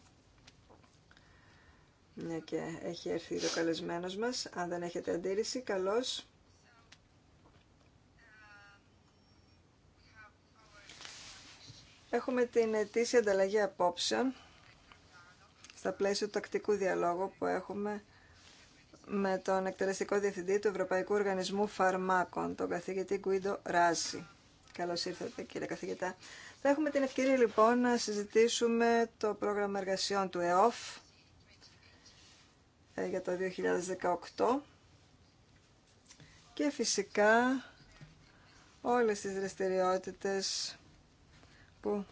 Μια και έχει έρθει ο καλεσμένο μα. Αν δεν έχετε αντίρρηση, καλώ. Έχουμε την αιτήσια ανταλλαγή απόψεων στα πλαίσια του τακτικού διαλόγου που έχουμε με τον εκτελεστικό διευθυντή του Ευρωπαϊκού Οργανισμού Φαρμάκων, τον καθηγητή Γκουίντο Ράζι. Καλώ ήρθατε, κύριε καθηγητά. Θα έχουμε την ευκαιρία λοιπόν να συζητήσουμε το πρόγραμμα εργασιών του ΕΟΦ ε, για το 2018 και φυσικά όλες τις δραστηριότητες που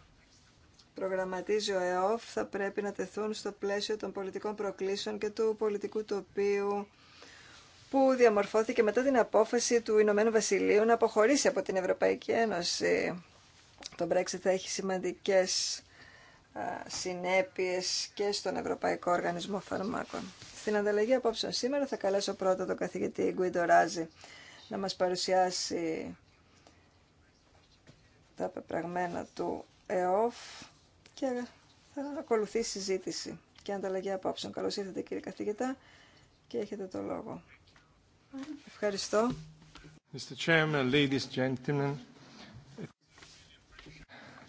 προγραμματίζει ο ΕΟΦ θα πρέπει να τεθούν στο πλαίσιο των πολιτικών προκλήσεων και του πολιτικού τοπίου που διαμορφώθηκε μετά την απόφαση του Ηνωμένου Βασιλείου να αποχωρήσει από την Ευρωπαϊκή Ένωση. Το Brexit θα έχει σημαντικές συνέπειες και στον Ευρωπαϊκό Οργανισμό Φαρμάκων. Στην ανταλλαγή απόψεων σήμερα θα καλέσω πρώτα τον καθηγητή Γκουίντο Ράζη να μας παρουσιάσει τα πεπραγμένα του ΕΟΦ και θα ακολουθήσει συζήτηση και ανταλλαγή απόψεων. Καλώ ήρθατε κύριε καθηγητά και έχετε το λόγο. Ευχαριστώ. Mr. Chairman, ladies, and gentlemen,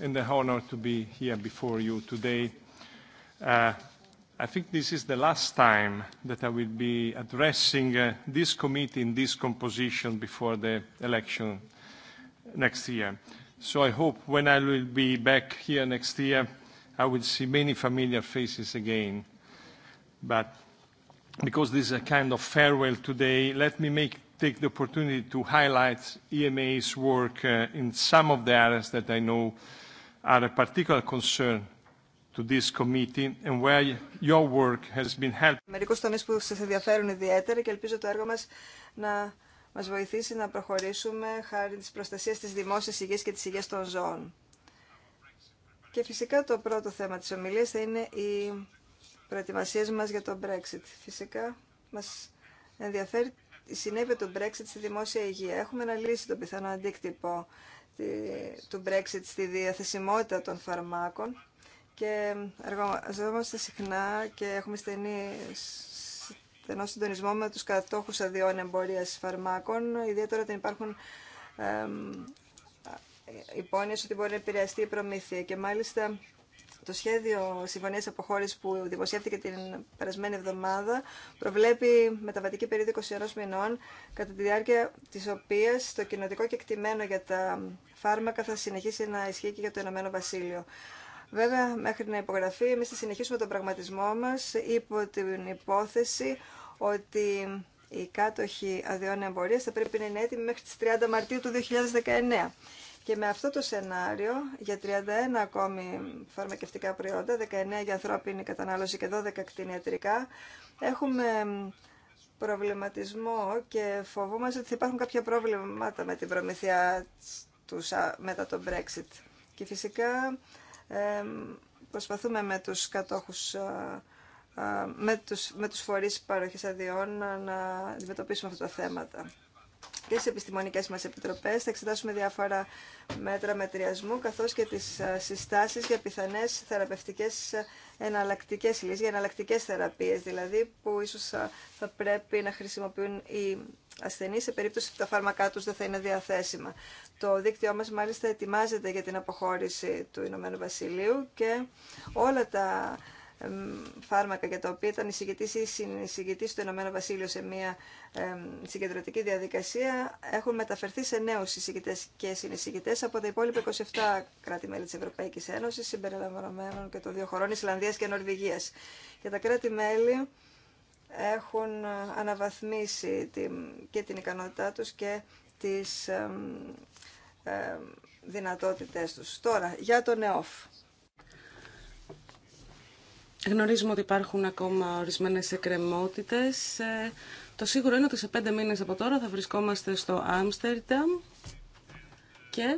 and the honor to be here before you today. Uh, I think this is the last time that I will be addressing this committee in this composition before the election next year. So I hope when I will be back here next year, I will see many familiar faces again. But because this is a kind of farewell today, let me make take the opportunity to highlight EMA's work in some of the areas that I know are a particular concern to this committee and where your work has been helped. Μα βοηθήσει να προχωρήσουμε χάρη της προστασία της δημόσιας υγεία και της υγείας των ζώων. Και φυσικά το πρώτο θέμα της ομιλίας θα είναι οι προετοιμασίε μας για το Brexit. Φυσικά μας ενδιαφέρει η συνέπεια του Brexit στη δημόσια υγεία. Έχουμε αναλύσει το πιθανό αντίκτυπο του Brexit στη διαθεσιμότητα των φαρμάκων και εργαζόμαστε συχνά και έχουμε στενή στενό συντονισμό με τους κατόχους αδειών εμπορίας φαρμάκων, ιδιαίτερα όταν υπάρχουν ε, υπόνοιες ότι μπορεί να επηρεαστεί η προμήθεια. Και μάλιστα το σχέδιο συμφωνία αποχώρησης που δημοσιεύτηκε την περασμένη εβδομάδα προβλέπει μεταβατική περίοδο 21 μηνών, κατά τη διάρκεια της οποίας το κοινοτικό κεκτημένο για τα φάρμακα θα συνεχίσει να ισχύει και για το Ηνωμένο Βασίλειο. Βέβαια, μέχρι να υπογραφεί, εμεί θα συνεχίσουμε τον πραγματισμό μα υπό την υπόθεση ότι οι κάτοχοι αδειών εμπορίας θα πρέπει να είναι έτοιμοι μέχρι τις 30 Μαρτίου του 2019. Και με αυτό το σενάριο, για 31 ακόμη φαρμακευτικά προϊόντα, 19 για ανθρώπινη κατανάλωση και 12 κτηνιατρικά, έχουμε προβληματισμό και φοβούμαστε ότι θα υπάρχουν κάποια προβλήματα με την προμηθεία τους μετά το Brexit. Και φυσικά προσπαθούμε με τους κατόχους με τους, με τους φορείς παροχής αδειών να, να αντιμετωπίσουμε αυτά τα θέματα. Και στις επιστημονικές μας επιτροπές θα εξετάσουμε διάφορα μέτρα μετριασμού καθώς και τις συστάσεις για πιθανές θεραπευτικές εναλλακτικές λύσεις, για εναλλακτικές θεραπείες δηλαδή που ίσως θα πρέπει να χρησιμοποιούν οι ασθενείς σε περίπτωση που τα φάρμακά τους δεν θα είναι διαθέσιμα. Το δίκτυό μας μάλιστα ετοιμάζεται για την αποχώρηση του Ηνωμένου Βασιλείου και όλα τα φάρμακα για τα οποία ήταν εισηγητής ή συνεισηγητή του Ηνωμένου Βασίλειου σε μια συγκεντρωτική διαδικασία έχουν μεταφερθεί σε νέους εισηγητές και συνεισηγητές από τα υπόλοιπα 27 κράτη-μέλη της Ευρωπαϊκής Ένωσης συμπεριλαμβανομένων και των δύο χωρών Ισλανδίας και Νορβηγίας. Και τα κράτη-μέλη έχουν αναβαθμίσει και την ικανότητά τους και τις δυνατότητές τους. Τώρα, για τον ΕΟΦ. Γνωρίζουμε ότι υπάρχουν ακόμα ορισμένες εκκρεμότητες. Ε, το σίγουρο είναι ότι σε πέντε μήνε από τώρα θα βρισκόμαστε στο Άμστερνταμ και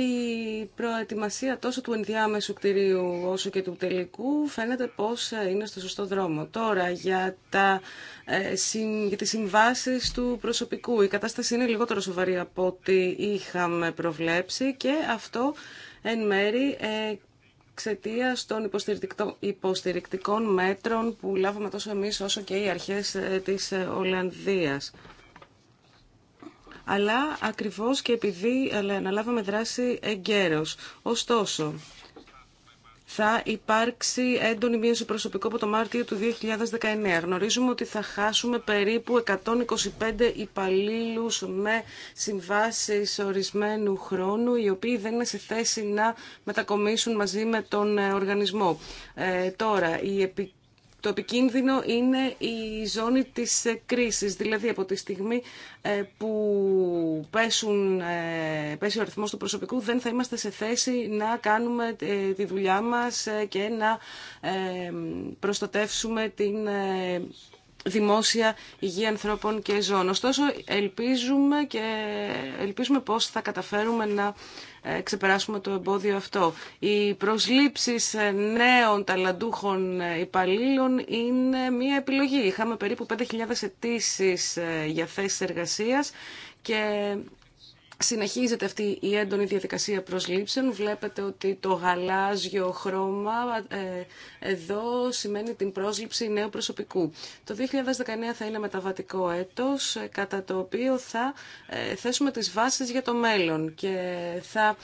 η προετοιμασία τόσο του ενδιάμεσου κτηρίου όσο και του τελικού φαίνεται πως ε, είναι στο σωστό δρόμο. Τώρα για, τα, ε, για τις συμβάσεις του προσωπικού η κατάσταση είναι λιγότερο σοβαρή από ό,τι είχαμε προβλέψει και αυτό εν μέρη εξαιτία των υποστηρικτικών μέτρων που λάβαμε τόσο εμείς όσο και οι αρχές ε, της ε, Ολλανδίας. Αλλά ακριβώς και επειδή ε, αναλάβαμε δράση εγκαίρως. Ωστόσο, θα υπάρξει έντονη μείωση προσωπικού από το Μάρτιο του 2019. Γνωρίζουμε ότι θα χάσουμε περίπου 125 υπαλλήλου με συμβάσει ορισμένου χρόνου, οι οποίοι δεν είναι σε θέση να μετακομίσουν μαζί με τον ε, οργανισμό. Ε, τώρα, η επικοινωνία το επικίνδυνο είναι η ζώνη της ε, κρίσης, δηλαδή από τη στιγμή ε, που πέσουν, ε, πέσει ο αριθμός του προσωπικού δεν θα είμαστε σε θέση να κάνουμε τη δουλειά μας και να προστατεύσουμε την δημόσια υγεία ανθρώπων και ζώων. Ωστόσο, ελπίζουμε, και ελπίζουμε πώς θα καταφέρουμε να ε, ξεπεράσουμε το εμπόδιο αυτό. Οι προσλήψεις ε, νέων ταλαντούχων ε, υπαλλήλων είναι μια επιλογή. Είχαμε περίπου 5.000 αιτήσει για θέσεις εργασίας και Συνεχίζεται αυτή η έντονη διαδικασία προσλήψεων. Βλέπετε ότι το γαλάζιο χρώμα ε, εδώ σημαίνει την πρόσληψη νέου προσωπικού. Το 2019 θα είναι μεταβατικό έτος, ε, κατά το οποίο θα ε, θέσουμε τις βάσεις για το μέλλον και θα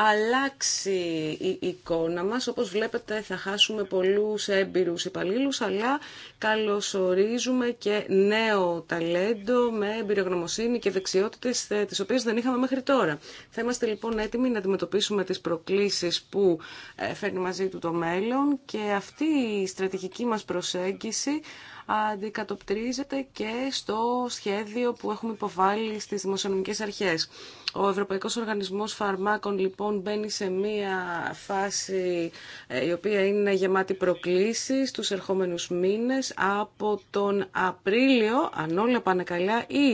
αλλάξει η εικόνα μας. Όπως βλέπετε θα χάσουμε πολλούς έμπειρους υπαλλήλου, αλλά καλωσορίζουμε και νέο ταλέντο με εμπειρογνωμοσύνη και δεξιότητες ε, τις οποίες δεν είχαμε μέχρι τώρα. Θα είμαστε λοιπόν έτοιμοι να αντιμετωπίσουμε τις προκλήσεις που ε, φέρνει μαζί του το μέλλον και αυτή η στρατηγική μας προσέγγιση αντικατοπτρίζεται και στο σχέδιο που έχουμε υποβάλει στις δημοσιονομικές αρχές. Ο Ευρωπαϊκός Οργανισμός Φαρμάκων λοιπόν μπαίνει σε μία φάση ε, η οποία είναι γεμάτη προκλήσεις τους ερχόμενους μήνες από τον Απρίλιο, αν όλα πάνε καλά, ή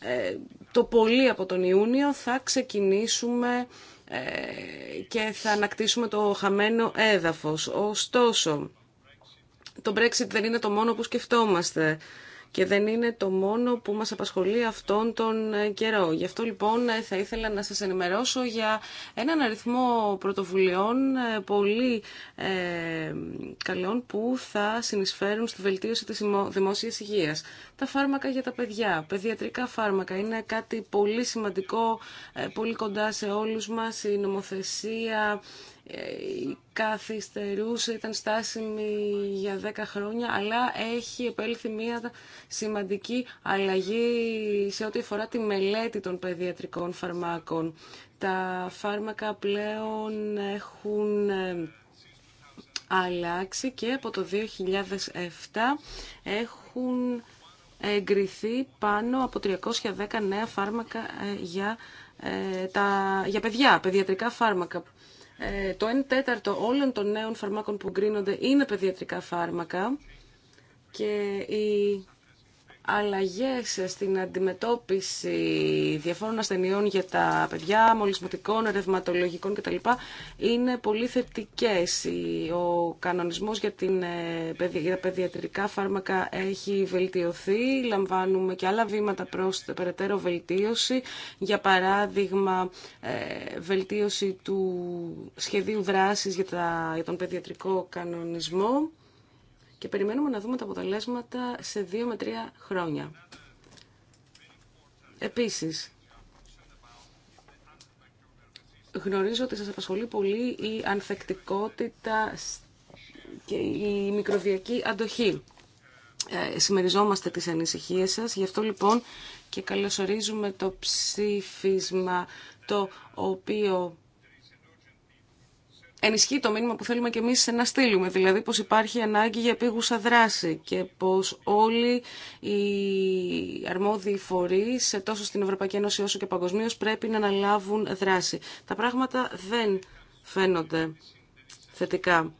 ε, το πολύ από τον Ιούνιο θα ξεκινήσουμε ε, και θα ανακτήσουμε το χαμένο έδαφος. Ωστόσο, το Brexit δεν είναι το μόνο που σκεφτόμαστε και δεν είναι το μόνο που μας απασχολεί αυτόν τον ε, καιρό. Γι' αυτό λοιπόν ε, θα ήθελα να σας ενημερώσω για έναν αριθμό πρωτοβουλειών ε, πολύ ε, καλών που θα συνεισφέρουν στη βελτίωση της δημόσιας υγείας. Τα φάρμακα για τα παιδιά, παιδιατρικά φάρμακα είναι κάτι πολύ σημαντικό, πολύ κοντά σε όλους μας, η νομοθεσία ε, καθυστερούσε, ήταν στάσιμη για 10 χρόνια, αλλά έχει επέλθει μια σημαντική αλλαγή σε ό,τι αφορά τη μελέτη των παιδιατρικών φαρμάκων. Τα φάρμακα πλέον έχουν ε, αλλάξει και από το 2007 έχουν εγκριθεί πάνω από 310 νέα φάρμακα ε, για, τα, για παιδιά, παιδιατρικά φάρμακα ε, το 1 τέταρτο όλων των νέων φαρμάκων που γκρίνονται είναι παιδιατρικά φάρμακα και η αλλαγές στην αντιμετώπιση διαφόρων ασθενειών για τα παιδιά, μολυσματικών, ρευματολογικών κτλ. είναι πολύ θετικές. Ο κανονισμός για, την, ε, τα παιδιατρικά φάρμακα έχει βελτιωθεί. Λαμβάνουμε και άλλα βήματα προς περαιτέρω βελτίωση. Για παράδειγμα, ε, βελτίωση του σχεδίου δράσης για, τα, για τον παιδιατρικό κανονισμό και περιμένουμε να δούμε τα αποτελέσματα σε δύο με τρία χρόνια. Επίσης, γνωρίζω ότι σας απασχολεί πολύ η ανθεκτικότητα και η μικροβιακή αντοχή. Ε, συμμεριζόμαστε τις ανησυχίες σας, γι' αυτό λοιπόν και καλωσορίζουμε το ψήφισμα το οποίο ενισχύει το μήνυμα που θέλουμε και εμείς να στείλουμε, δηλαδή πως υπάρχει ανάγκη για επίγουσα δράση και πως όλοι οι αρμόδιοι φορείς, ε, τόσο στην Ευρωπαϊκή Ένωση όσο και παγκοσμίω, πρέπει να αναλάβουν δράση. Τα πράγματα δεν φαίνονται θετικά.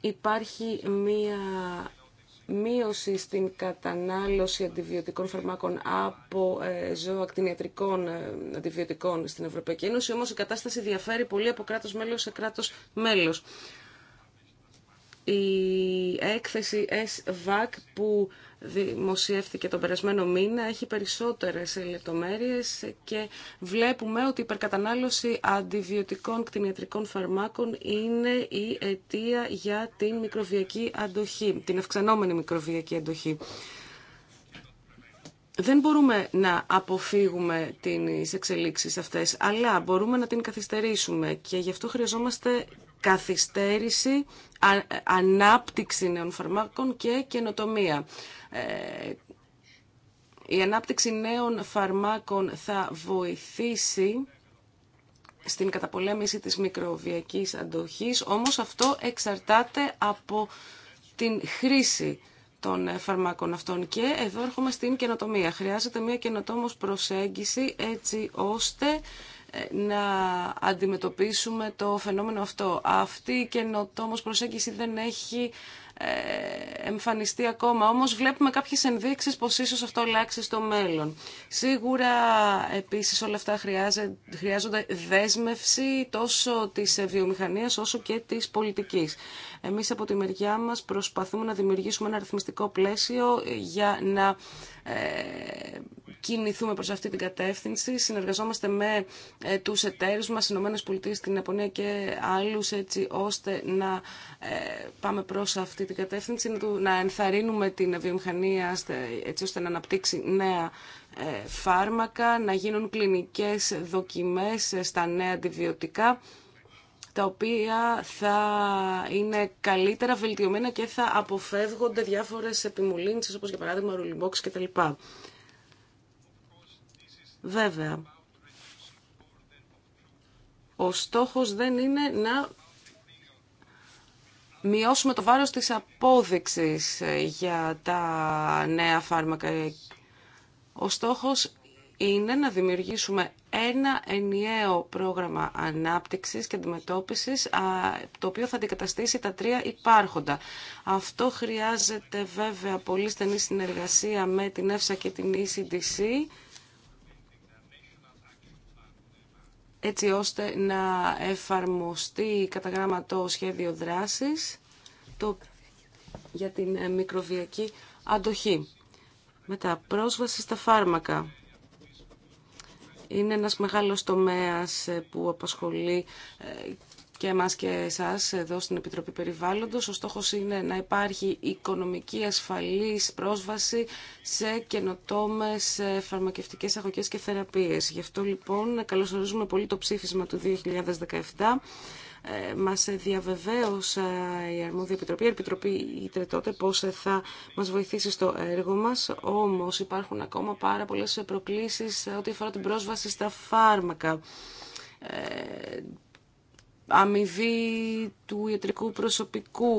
Υπάρχει μία μείωση στην κατανάλωση αντιβιωτικών φαρμάκων από ε, ζώα κτηνιατρικών ε, αντιβιωτικών στην Ευρωπαϊκή Ένωση, όμως η κατάσταση διαφέρει πολύ από κράτος μέλος σε κράτος μέλος. Η έκθεση SVAC που δημοσιεύθηκε τον περασμένο μήνα έχει περισσότερες λεπτομέρειες και βλέπουμε ότι η υπερκατανάλωση αντιβιωτικών κτηνιατρικών φαρμάκων είναι η αιτία για την μικροβιακή αντοχή, την αυξανόμενη μικροβιακή αντοχή. Δεν μπορούμε να αποφύγουμε τις εξελίξεις αυτές, αλλά μπορούμε να την καθυστερήσουμε και γι' αυτό χρειαζόμαστε καθυστέρηση, ανάπτυξη νέων φαρμάκων και καινοτομία. Ε, η ανάπτυξη νέων φαρμάκων θα βοηθήσει στην καταπολέμηση της μικροβιακής αντοχής, όμως αυτό εξαρτάται από την χρήση των ε, φαρμάκων αυτών. Και εδώ έρχομαι στην καινοτομία. Χρειάζεται μια καινοτόμως προσέγγιση έτσι ώστε να αντιμετωπίσουμε το φαινόμενο αυτό. Αυτή η καινοτόμως προσέγγιση δεν έχει ε, εμφανιστεί ακόμα, Όμω βλέπουμε κάποιες ενδείξεις πως ίσως αυτό αλλάξει στο μέλλον. Σίγουρα επίσης όλα αυτά χρειάζονται δέσμευση τόσο της βιομηχανία όσο και της πολιτικής. Εμείς από τη μεριά μας προσπαθούμε να δημιουργήσουμε ένα αριθμιστικό πλαίσιο για να ε, κινηθούμε προς αυτή την κατεύθυνση. Συνεργαζόμαστε με ε, τους εταίρους μας, Ηνωμένες Πολιτείες, την Ιαπωνία και άλλους, έτσι ώστε να ε, πάμε προς αυτή την κατεύθυνση, να ενθαρρύνουμε την βιομηχανία έτσι ώστε να αναπτύξει νέα ε, φάρμακα, να γίνουν κλινικές δοκιμές στα νέα αντιβιωτικά τα οποία θα είναι καλύτερα βελτιωμένα και θα αποφεύγονται διάφορες επιμολύνσεις όπως για παράδειγμα ρουλιμπόξ κτλ. Βέβαια, ο στόχος δεν είναι να μειώσουμε το βάρος της απόδειξης για τα νέα φάρμακα. Ο στόχος είναι να δημιουργήσουμε ένα ενιαίο πρόγραμμα ανάπτυξης και αντιμετώπισης, το οποίο θα αντικαταστήσει τα τρία υπάρχοντα. Αυτό χρειάζεται βέβαια πολύ στενή συνεργασία με την ΕΦΣΑ και την ECDC, έτσι ώστε να εφαρμοστεί κατά γράμμα το σχέδιο δράσης το, για την ε, μικροβιακή αντοχή. Μετά, πρόσβαση στα φάρμακα. Είναι ένας μεγάλος τομέας ε, που απασχολεί ε, και εμάς και εσάς εδώ στην Επιτροπή Περιβάλλοντος. Ο στόχος είναι να υπάρχει οικονομική ασφαλής πρόσβαση σε καινοτόμες ε, φαρμακευτικές αγωγές και θεραπείες. Γι' αυτό λοιπόν καλωσορίζουμε πολύ το ψήφισμα του 2017 ε, μας διαβεβαίωσε η Αρμόδια Επιτροπή, η Επιτροπή τότε πώς ε, θα μας βοηθήσει στο έργο μας, όμως υπάρχουν ακόμα πάρα πολλές προκλήσεις ό,τι αφορά την πρόσβαση στα φάρμακα. Ε, αμοιβή του ιατρικού προσωπικού,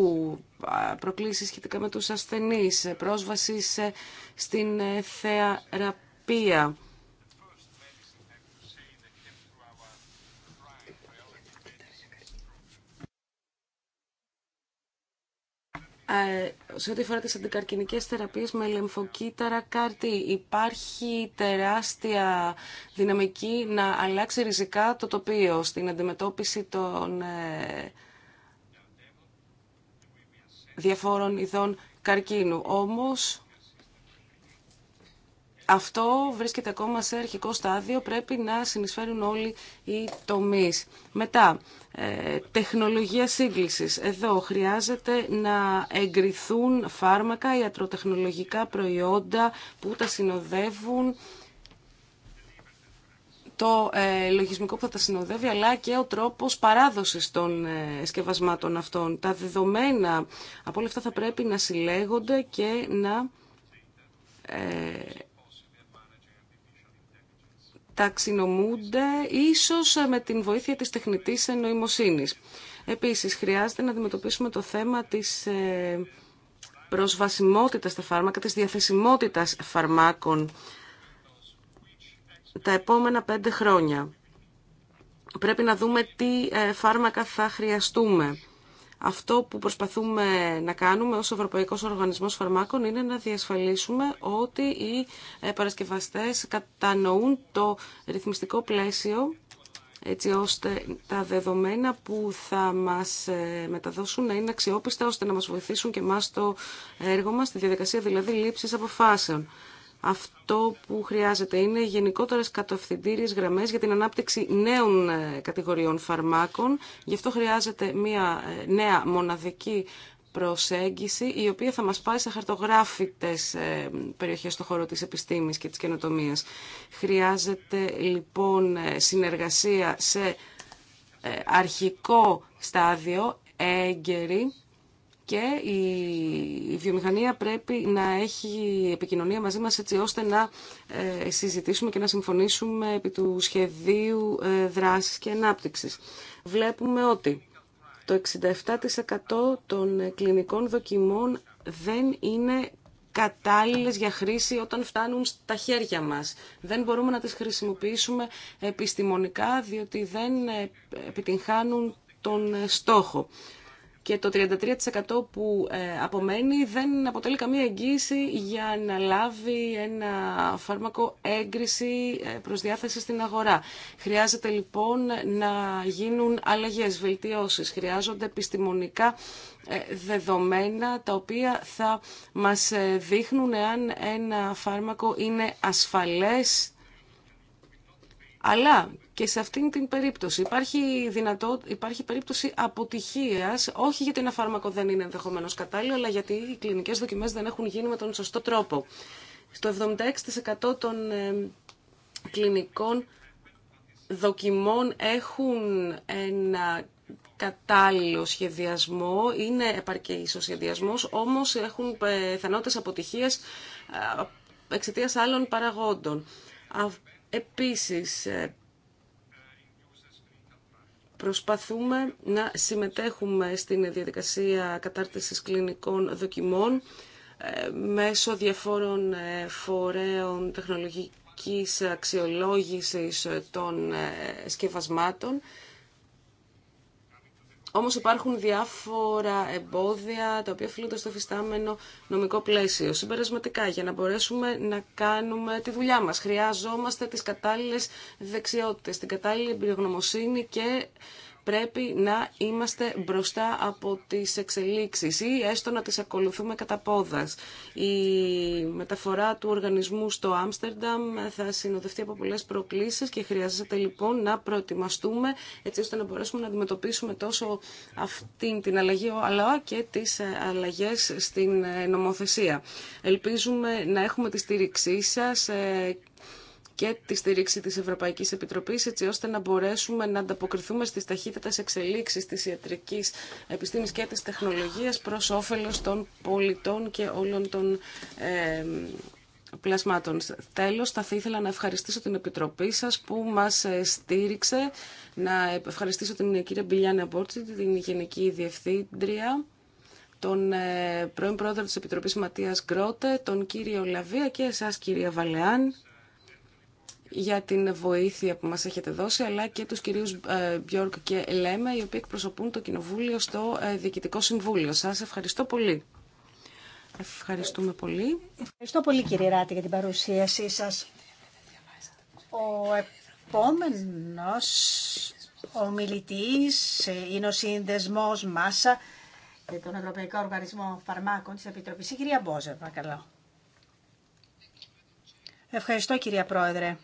προκλήσεις σχετικά με τους ασθενείς, ε, πρόσβαση στην ε, θεραπεία. σε ό,τι αφορά τις αντικαρκυνικές θεραπείες με λεμφοκύτταρα κάρτη, υπάρχει τεράστια δυναμική να αλλάξει ριζικά το τοπίο στην αντιμετώπιση των ε, διαφόρων ειδών καρκίνου. Όμως, αυτό βρίσκεται ακόμα σε αρχικό στάδιο, πρέπει να συνεισφέρουν όλοι οι τομείς. Μετά, ε, τεχνολογία σύγκλησης. Εδώ χρειάζεται να εγκριθούν φάρμακα, ιατροτεχνολογικά προϊόντα που τα συνοδεύουν, το ε, λογισμικό που θα τα συνοδεύει, αλλά και ο τρόπος παράδοσης των ε, σκευασμάτων αυτών. Τα δεδομένα από όλα αυτά θα πρέπει να συλλέγονται και να ταξινομούνται ίσως με την βοήθεια της τεχνητής νοημοσύνης. Επίσης, χρειάζεται να αντιμετωπίσουμε το θέμα της ε, προσβασιμότητας στα φάρμακα, της διαθεσιμότητας φαρμάκων τα επόμενα πέντε χρόνια. Πρέπει να δούμε τι ε, φάρμακα θα χρειαστούμε. Αυτό που προσπαθούμε να κάνουμε ως Ευρωπαϊκός Οργανισμός Φαρμάκων είναι να διασφαλίσουμε ότι οι ε, παρασκευαστές κατανοούν το ρυθμιστικό πλαίσιο έτσι ώστε τα δεδομένα που θα μας ε, μεταδώσουν να είναι αξιόπιστα ώστε να μας βοηθήσουν και εμάς το έργο μας, τη διαδικασία δηλαδή λήψης αποφάσεων. Αυτό που χρειάζεται είναι γενικότερες κατευθυντήριες γραμμές για την ανάπτυξη νέων ε, κατηγοριών φαρμάκων. Γι' αυτό χρειάζεται μια ε, νέα μοναδική προσέγγιση η οποία θα μας πάει σε χαρτογράφητες ε, περιοχές στον χώρο της επιστήμης και της καινοτομίας. Χρειάζεται λοιπόν συνεργασία σε αρχικό στάδιο, έγκαιρη, και η βιομηχανία πρέπει να έχει επικοινωνία μαζί μας έτσι ώστε να ε, συζητήσουμε και να συμφωνήσουμε επί του σχεδίου ε, δράσης και ανάπτυξης. Βλέπουμε ότι το 67% των κλινικών δοκιμών δεν είναι κατάλληλες για χρήση όταν φτάνουν στα χέρια μας. Δεν μπορούμε να τις χρησιμοποιήσουμε επιστημονικά διότι δεν ε, επιτυγχάνουν τον στόχο και το 33% που ε, απομένει δεν αποτελεί καμία εγγύηση για να λάβει ένα φάρμακο έγκριση ε, προς διάθεση στην αγορά. Χρειάζεται λοιπόν να γίνουν αλλαγές, βελτιώσεις. Χρειάζονται επιστημονικά ε, δεδομένα τα οποία θα μας δείχνουν εάν ένα φάρμακο είναι ασφαλές αλλά και σε αυτήν την περίπτωση υπάρχει, δυνατό, υπάρχει περίπτωση αποτυχία, όχι γιατί ένα φάρμακο δεν είναι ενδεχομένω κατάλληλο, αλλά γιατί οι κλινικέ δοκιμέ δεν έχουν γίνει με τον σωστό τρόπο. Στο 76% των κλινικών δοκιμών έχουν ένα κατάλληλο σχεδιασμό, είναι επαρκής ο σχεδιασμός, όμως έχουν ε, πιθανότητες αποτυχίες εξαιτία άλλων παραγόντων. Επίσης, ε, Προσπαθούμε να συμμετέχουμε στην διαδικασία κατάρτισης κλινικών δοκιμών ε, μέσω διαφόρων ε, φορέων τεχνολογικής αξιολόγησης ε, των σκευασμάτων όμως υπάρχουν διάφορα εμπόδια τα οποία φιλούνται στο φυστάμενο νομικό πλαίσιο. Συμπερασματικά, για να μπορέσουμε να κάνουμε τη δουλειά μας, χρειάζομαστε τις κατάλληλε δεξιότητε, την κατάλληλη εμπειρογνωμοσύνη και πρέπει να είμαστε μπροστά από τις εξελίξεις ή έστω να τις ακολουθούμε κατά πόδας. Η μεταφορά του οργανισμού στο Άμστερνταμ θα συνοδευτεί από πολλές προκλήσεις και χρειάζεται λοιπόν να προετοιμαστούμε έτσι ώστε να μπορέσουμε να αντιμετωπίσουμε τόσο αυτή την αλλαγή αλλά και τις αλλαγές στην νομοθεσία. Ελπίζουμε να έχουμε τη στήριξή σας ε, και τη στήριξη της Ευρωπαϊκής Επιτροπής έτσι ώστε να μπορέσουμε να ανταποκριθούμε στις ταχύτητες εξελίξεις της ιατρικής επιστήμης και της τεχνολογίας προς όφελος των πολιτών και όλων των πλασμάτων. Τέλος, θα ήθελα να ευχαριστήσω την Επιτροπή σας που μας ε, στήριξε, να ευχαριστήσω την ε, κυρία Μπιλιάννα Μπόρτσι, την Γενική Διευθύντρια, τον ε, πρώην πρόεδρο της Επιτροπής Ματίας Γκρότε, τον κύριο Λαβία και εσάς κυρία Βαλεάν για την βοήθεια που μας έχετε δώσει, αλλά και τους κυρίους Μπιόρκ ε, και Λέμε, οι οποίοι εκπροσωπούν το Κοινοβούλιο στο ε, Διοικητικό Συμβούλιο. Σας ευχαριστώ πολύ. Ευχαριστούμε πολύ. Ευχαριστώ πολύ κύριε Ράτη για την παρουσίασή σας. Ο επόμενος ομιλητής είναι ο σύνδεσμός Μάσα και τον Ευρωπαϊκό Οργανισμό Φαρμάκων της Επιτροπής. Η κυρία Μπόζερ, παρακαλώ. Ευχαριστώ κυρία Πρόεδρε.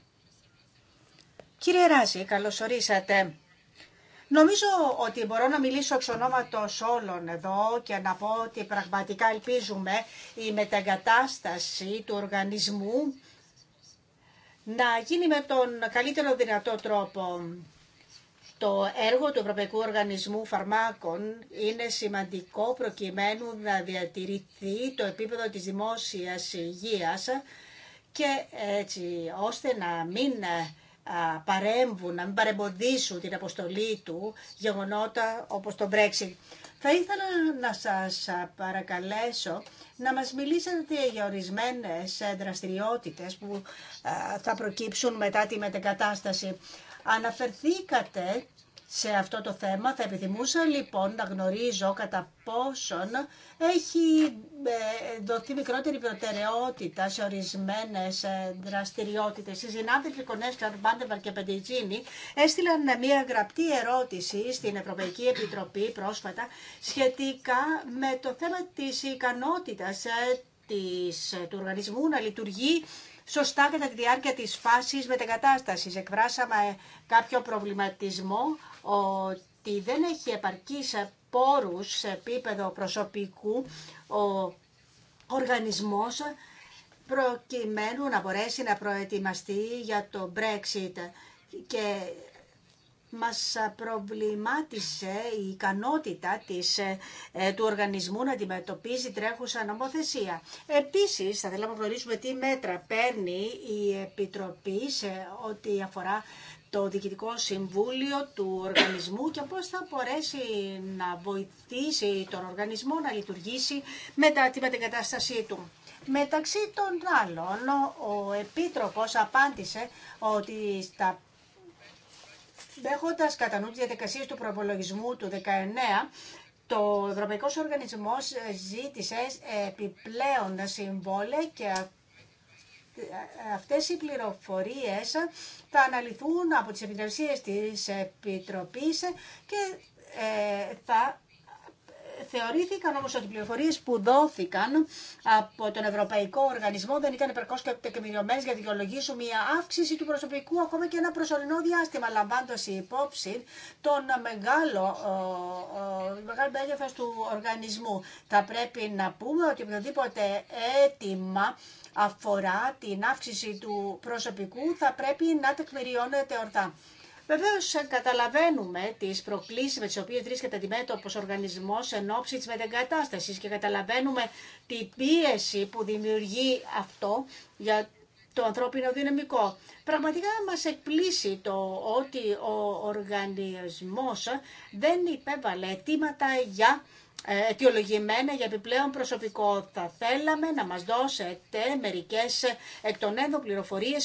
Κύριε Ράση, καλώς ορίσατε. Νομίζω ότι μπορώ να μιλήσω εξ ονόματος όλων εδώ και να πω ότι πραγματικά ελπίζουμε η μεταγκατάσταση του οργανισμού να γίνει με τον καλύτερο δυνατό τρόπο. Το έργο του Ευρωπαϊκού Οργανισμού Φαρμάκων είναι σημαντικό προκειμένου να διατηρηθεί το επίπεδο της δημόσιας υγείας και έτσι ώστε να μην παρέμβουν, να μην παρεμποδίσουν την αποστολή του γεγονότα όπως το Brexit. Θα ήθελα να σας παρακαλέσω να μας μιλήσετε για ορισμένες ε, δραστηριότητες που θα προκύψουν μετά τη μετεγκατάσταση. Αναφερθήκατε σε αυτό το θέμα. Θα επιθυμούσα λοιπόν να γνωρίζω κατά πόσον έχει ε, δοθεί μικρότερη προτεραιότητα σε ορισμένε ε, δραστηριότητες. Οι συνάδελφοι Κονέσκαρ, Μπάντεβαρ και Πεντιτζίνη έστειλαν μια γραπτή ερώτηση στην Ευρωπαϊκή Επιτροπή πρόσφατα σχετικά με το θέμα της ικανότητα ε, του οργανισμού να λειτουργεί σωστά κατά τη διάρκεια της φάσης μετεγκατάστασης. Εκφράσαμε κάποιο προβληματισμό ότι δεν έχει επαρκείς πόρους σε επίπεδο προσωπικού ο οργανισμός προκειμένου να μπορέσει να προετοιμαστεί για το Brexit και μας προβλημάτισε η ικανότητα της, ε, του οργανισμού να αντιμετωπίζει τρέχουσα νομοθεσία. Επίσης, θα θέλαμε να γνωρίσουμε τι μέτρα παίρνει η Επιτροπή σε ό,τι αφορά το Διοικητικό Συμβούλιο του οργανισμού και πώς θα μπορέσει να βοηθήσει τον οργανισμό να λειτουργήσει μετά την μετεγκατάστασή του. Μεταξύ των άλλων, ο Επίτροπος απάντησε ότι στα Έχοντας κατά νου τι του προπολογισμού του 19, το Ευρωπαϊκός Οργανισμός ζήτησε επιπλέον συμβόλαια και ε, αυτές οι πληροφορίες θα αναλυθούν από τις επιτροπές της Επιτροπής και ε, θα Θεωρήθηκαν όμως ότι οι πληροφορίες που δόθηκαν από τον Ευρωπαϊκό Οργανισμό δεν ήταν επαρκώς τεκμηριωμένες για να μια αύξηση του προσωπικού ακόμα και ένα προσωρινό διάστημα, λαμβάνοντας υπόψη τον μεγάλο, μεγάλο του οργανισμού. Θα πρέπει να πούμε ότι οποιοδήποτε αίτημα αφορά την αύξηση του προσωπικού θα πρέπει να τεκμηριώνεται ορθά. Βεβαίω καταλαβαίνουμε τι προκλήσει με τι οποίε βρίσκεται αντιμέτωπο ο οργανισμό εν ώψη τη μετεγκατάσταση και καταλαβαίνουμε την πίεση που δημιουργεί αυτό για το ανθρώπινο δυναμικό. Πραγματικά μας εκπλήσει το ότι ο οργανισμός δεν υπέβαλε αιτήματα για ε, αιτιολογημένα για επιπλέον προσωπικό. Θα θέλαμε να μας δώσετε μερικές ε, εκ των έδω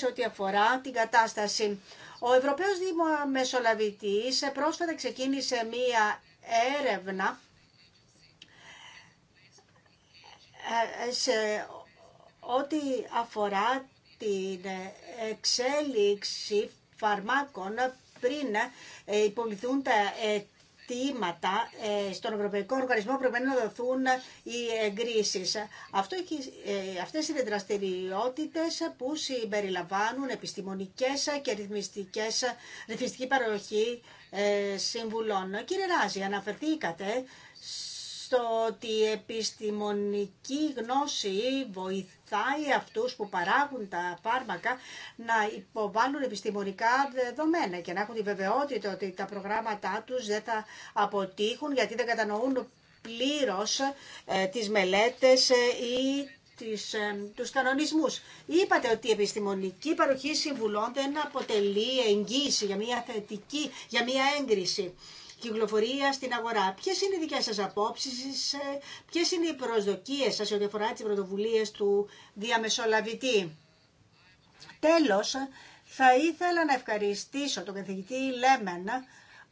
ό,τι αφορά την κατάσταση. Ο Ευρωπαίος Δήμο Μεσολαβητής πρόσφατα ξεκίνησε μία έρευνα ε, σε ό,τι αφορά την εξέλιξη φαρμάκων πριν ε, υποβληθούν τα ε, στον Ευρωπαϊκό Οργανισμό προκειμένου να δοθούν οι εγκρίσει. Ε, αυτές είναι δραστηριότητες που συμπεριλαμβάνουν επιστημονικές και ρυθμιστικές, ρυθμιστική παροχή ε, συμβουλών. Κύριε Ράζη, αναφερθήκατε στο ότι η επιστημονική γνώση βοηθάει αυτούς που παράγουν τα φάρμακα να υποβάλουν επιστημονικά δεδομένα και να έχουν τη βεβαιότητα ότι τα προγράμματά τους δεν θα αποτύχουν γιατί δεν κατανοούν πλήρως ε, τις μελέτες ε, ή τις, ε, τους κανονισμούς. Είπατε ότι η επιστημονική παροχή συμβουλών δεν αποτελεί εγγύηση για μια θετική, για μια έγκριση κυκλοφορία στην αγορά. Ποιες είναι οι δικές σας απόψεις, ε, ποιες είναι οι προσδοκίες σας ό,τι αφορά τις πρωτοβουλίες του διαμεσολαβητή. Τέλος, θα ήθελα να ευχαριστήσω τον καθηγητή Λέμεν,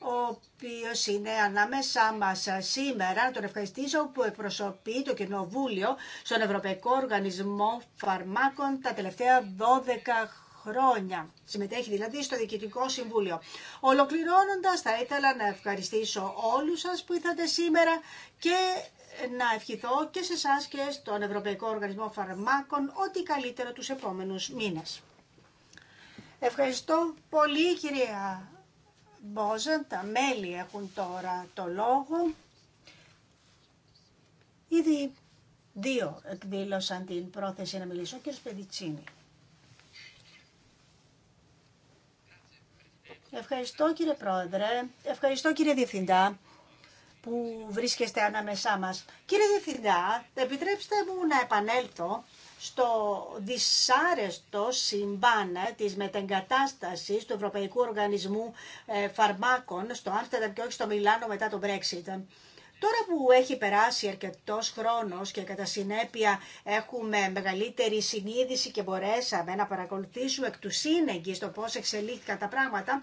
ο οποίος είναι ανάμεσά μας σήμερα, να τον ευχαριστήσω που εκπροσωπεί το Κοινοβούλιο στον Ευρωπαϊκό Οργανισμό Φαρμάκων τα τελευταία 12 χρόνια χρόνια. Συμμετέχει δηλαδή στο Διοικητικό Συμβούλιο. Ολοκληρώνοντας θα ήθελα να ευχαριστήσω όλους σα που ήρθατε σήμερα και να ευχηθώ και σε εσά και στον Ευρωπαϊκό Οργανισμό Φαρμάκων ό,τι καλύτερο τους επόμενου μήνε. Ευχαριστώ πολύ κυρία Μπόζεν. Τα μέλη έχουν τώρα το λόγο. Ήδη δύο εκδήλωσαν την πρόθεση να μιλήσουν. Ο κ. Ευχαριστώ κύριε Πρόεδρε, ευχαριστώ κύριε Διευθυντά που βρίσκεστε ανάμεσά μας. Κύριε Διευθυντά, επιτρέψτε μου να επανέλθω στο δυσάρεστο συμβάν της μετεγκατάστασης του Ευρωπαϊκού Οργανισμού ε, Φαρμάκων στο Άμστερνταμ και όχι στο Μιλάνο μετά το Brexit. Τώρα που έχει περάσει αρκετός χρόνος και κατά συνέπεια έχουμε μεγαλύτερη συνείδηση και μπορέσαμε να παρακολουθήσουμε εκ του σύνεγγυ το πώς εξελίχθηκαν τα πράγματα,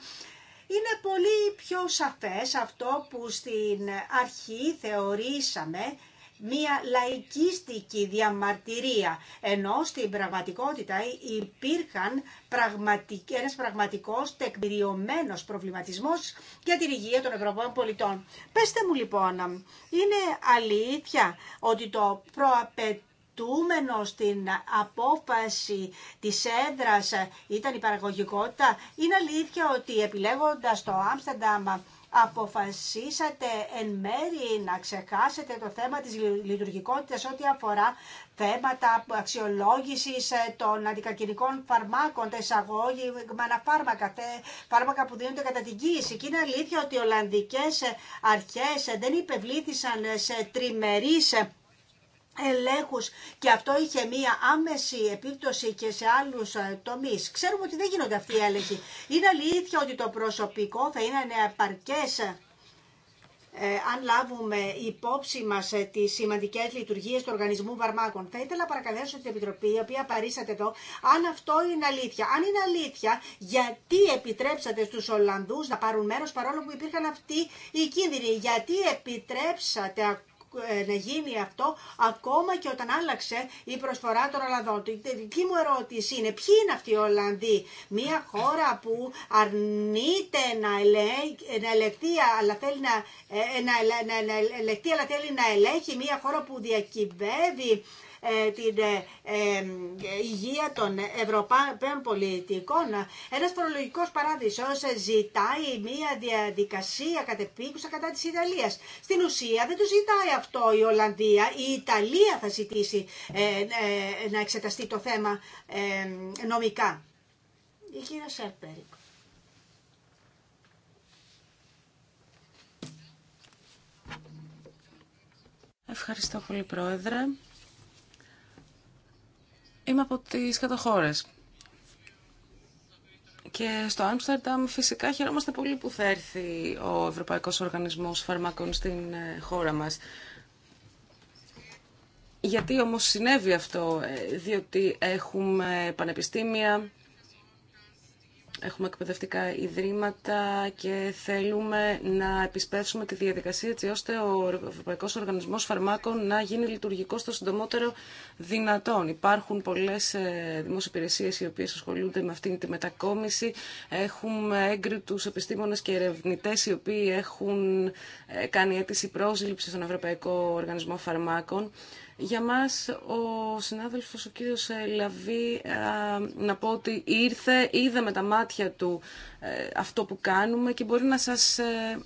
είναι πολύ πιο σαφές αυτό που στην αρχή θεωρήσαμε μία λαϊκίστικη διαμαρτυρία, ενώ στην πραγματικότητα υπήρχαν πραγματικ... ένας πραγματικός τεκμηριωμένος προβληματισμός για την υγεία των Ευρωπαίων πολιτών. Πεςτε μου λοιπόν, είναι αλήθεια ότι το προαπαιτούμενο στην απόφαση της έδρας ήταν η παραγωγικότητα. Είναι αλήθεια ότι επιλέγοντας το Άμστερνταμ αποφασίσατε εν μέρη να ξεχάσετε το θέμα της λειτουργικότητας ό,τι αφορά θέματα αξιολόγησης ε, των αντικακινικών φαρμάκων, τα εισαγώγη φάρμακα, φάρμακα που δίνονται κατά την κοίηση. Και είναι αλήθεια ότι οι Ολλανδικές ε, αρχές ε, δεν υπευλήθησαν σε τριμερείς ελέγχους και αυτό είχε μία άμεση επίπτωση και σε άλλους ε, τομείς. Ξέρουμε ότι δεν γίνονται αυτοί οι έλεγχοι. Είναι αλήθεια ότι το προσωπικό θα είναι επαρκές ε, αν λάβουμε υπόψη μας ε, τις σημαντικές λειτουργίες του οργανισμού βαρμάκων. Θα ήθελα να παρακαλέσω την Επιτροπή, η οποία παρήσατε εδώ, αν αυτό είναι αλήθεια. Αν είναι αλήθεια, γιατί επιτρέψατε στους Ολλανδούς να πάρουν μέρος παρόλο που υπήρχαν αυτοί οι κίνδυνοι. Γιατί επιτρέψατε ε, να γίνει αυτό ακόμα και όταν άλλαξε η προσφορά των Ολλανδών. Η δική μου ερώτηση είναι ποιοι είναι αυτοί οι Ολλανδοί. Μία χώρα που αρνείται να, ελε... να αλλά θέλει να, ε, ε, να, αλλά θέλει να ελέγχει. Μία χώρα που διακυβεύει ε, την ε, υγεία των Ευρωπαίων πολιτικών. Ένας προλογικός παράδεισος ζητάει μια διαδικασία κατεπίκουσα κατά της Ιταλίας. Στην ουσία δεν το ζητάει αυτό η Ολλανδία. Η Ιταλία θα ζητήσει ε, να εξεταστεί το θέμα νομικά. Η Ευχαριστώ πολύ, Πρόεδρε. Είμαι από τις κατοχώρες. Και στο Άμστερνταμ φυσικά χαιρόμαστε πολύ που θα έρθει ο Ευρωπαϊκός Οργανισμός Φαρμακών στην ε, χώρα μας. Γιατί όμως συνέβη αυτό, ε, διότι έχουμε πανεπιστήμια, Έχουμε εκπαιδευτικά ιδρύματα και θέλουμε να επισπεύσουμε τη διαδικασία έτσι ώστε ο Ευρωπαϊκός Οργανισμός Φαρμάκων να γίνει λειτουργικό το συντομότερο δυνατόν. Υπάρχουν πολλές ε, δημόσιες υπηρεσίες οι οποίες ασχολούνται με αυτήν τη μετακόμιση. Έχουμε έγκριτους επιστήμονες και ερευνητές οι οποίοι έχουν ε, κάνει αίτηση πρόσληψη στον Ευρωπαϊκό Οργανισμό Φαρμάκων. Για μας ο συνάδελφος ο κύριος ε, Λαβή να πω ότι ήρθε, είδε με τα μάτια του ε, αυτό που κάνουμε και μπορεί να σας ε,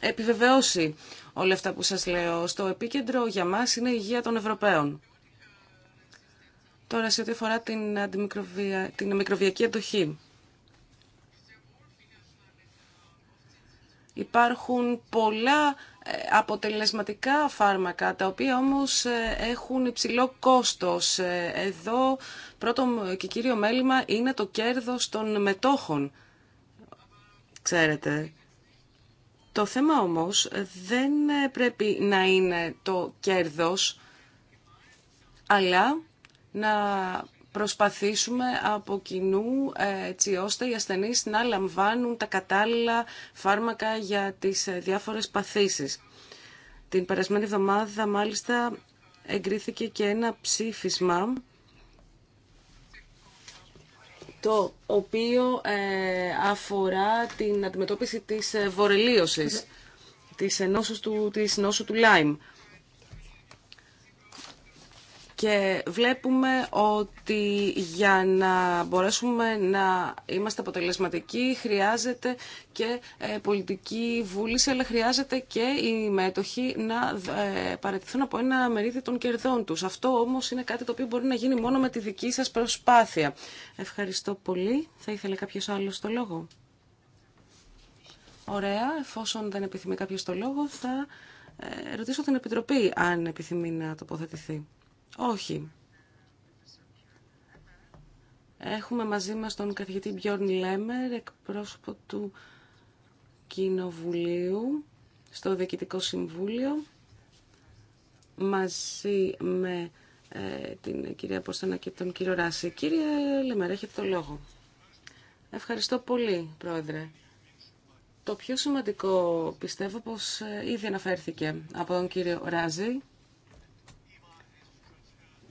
επιβεβαιώσει όλα αυτά που σας λέω. Στο επίκεντρο για μας είναι η υγεία των Ευρωπαίων. Τώρα σε ό,τι αφορά την, την μικροβιακή αντοχή. Υπάρχουν πολλά ε, αποτελεσματικά φάρμακα, τα οποία όμως ε, έχουν υψηλό κόστος. Ε, εδώ πρώτο και κύριο μέλημα είναι το κέρδος των μετόχων. Ξέρετε, το θέμα όμως δεν πρέπει να είναι το κέρδος, αλλά να προσπαθήσουμε από κοινού ε, έτσι ώστε οι ασθενείς να λαμβάνουν τα κατάλληλα φάρμακα για τις ε, διάφορες παθήσεις. Την περασμένη εβδομάδα μάλιστα εγκρίθηκε και ένα ψήφισμα το οποίο ε, αφορά την αντιμετώπιση της βορελίωσης, της, του, της νόσου του Lyme. Και βλέπουμε ότι για να μπορέσουμε να είμαστε αποτελεσματικοί χρειάζεται και ε, πολιτική βούληση, αλλά χρειάζεται και οι μέτοχοι να ε, παρατηθούν από ένα μερίδιο των κερδών τους. Αυτό όμως είναι κάτι το οποίο μπορεί να γίνει μόνο με τη δική σας προσπάθεια. Ευχαριστώ πολύ. Θα ήθελε κάποιος άλλος το λόγο. Ωραία. Εφόσον δεν επιθυμεί κάποιος το λόγο θα ε, ρωτήσω την Επιτροπή αν επιθυμεί να τοποθετηθεί. Όχι. Έχουμε μαζί μας τον καθηγητή Μπιόρν Λέμερ, εκπρόσωπο του Κοινοβουλίου στο Διοικητικό Συμβούλιο, μαζί με ε, την κυρία Πόστανα και τον κύριο Ράση. Κύριε Λέμερ, έχετε το λόγο. Ευχαριστώ πολύ, Πρόεδρε. Το πιο σημαντικό πιστεύω πως ε, ήδη αναφέρθηκε από τον κύριο Ράζη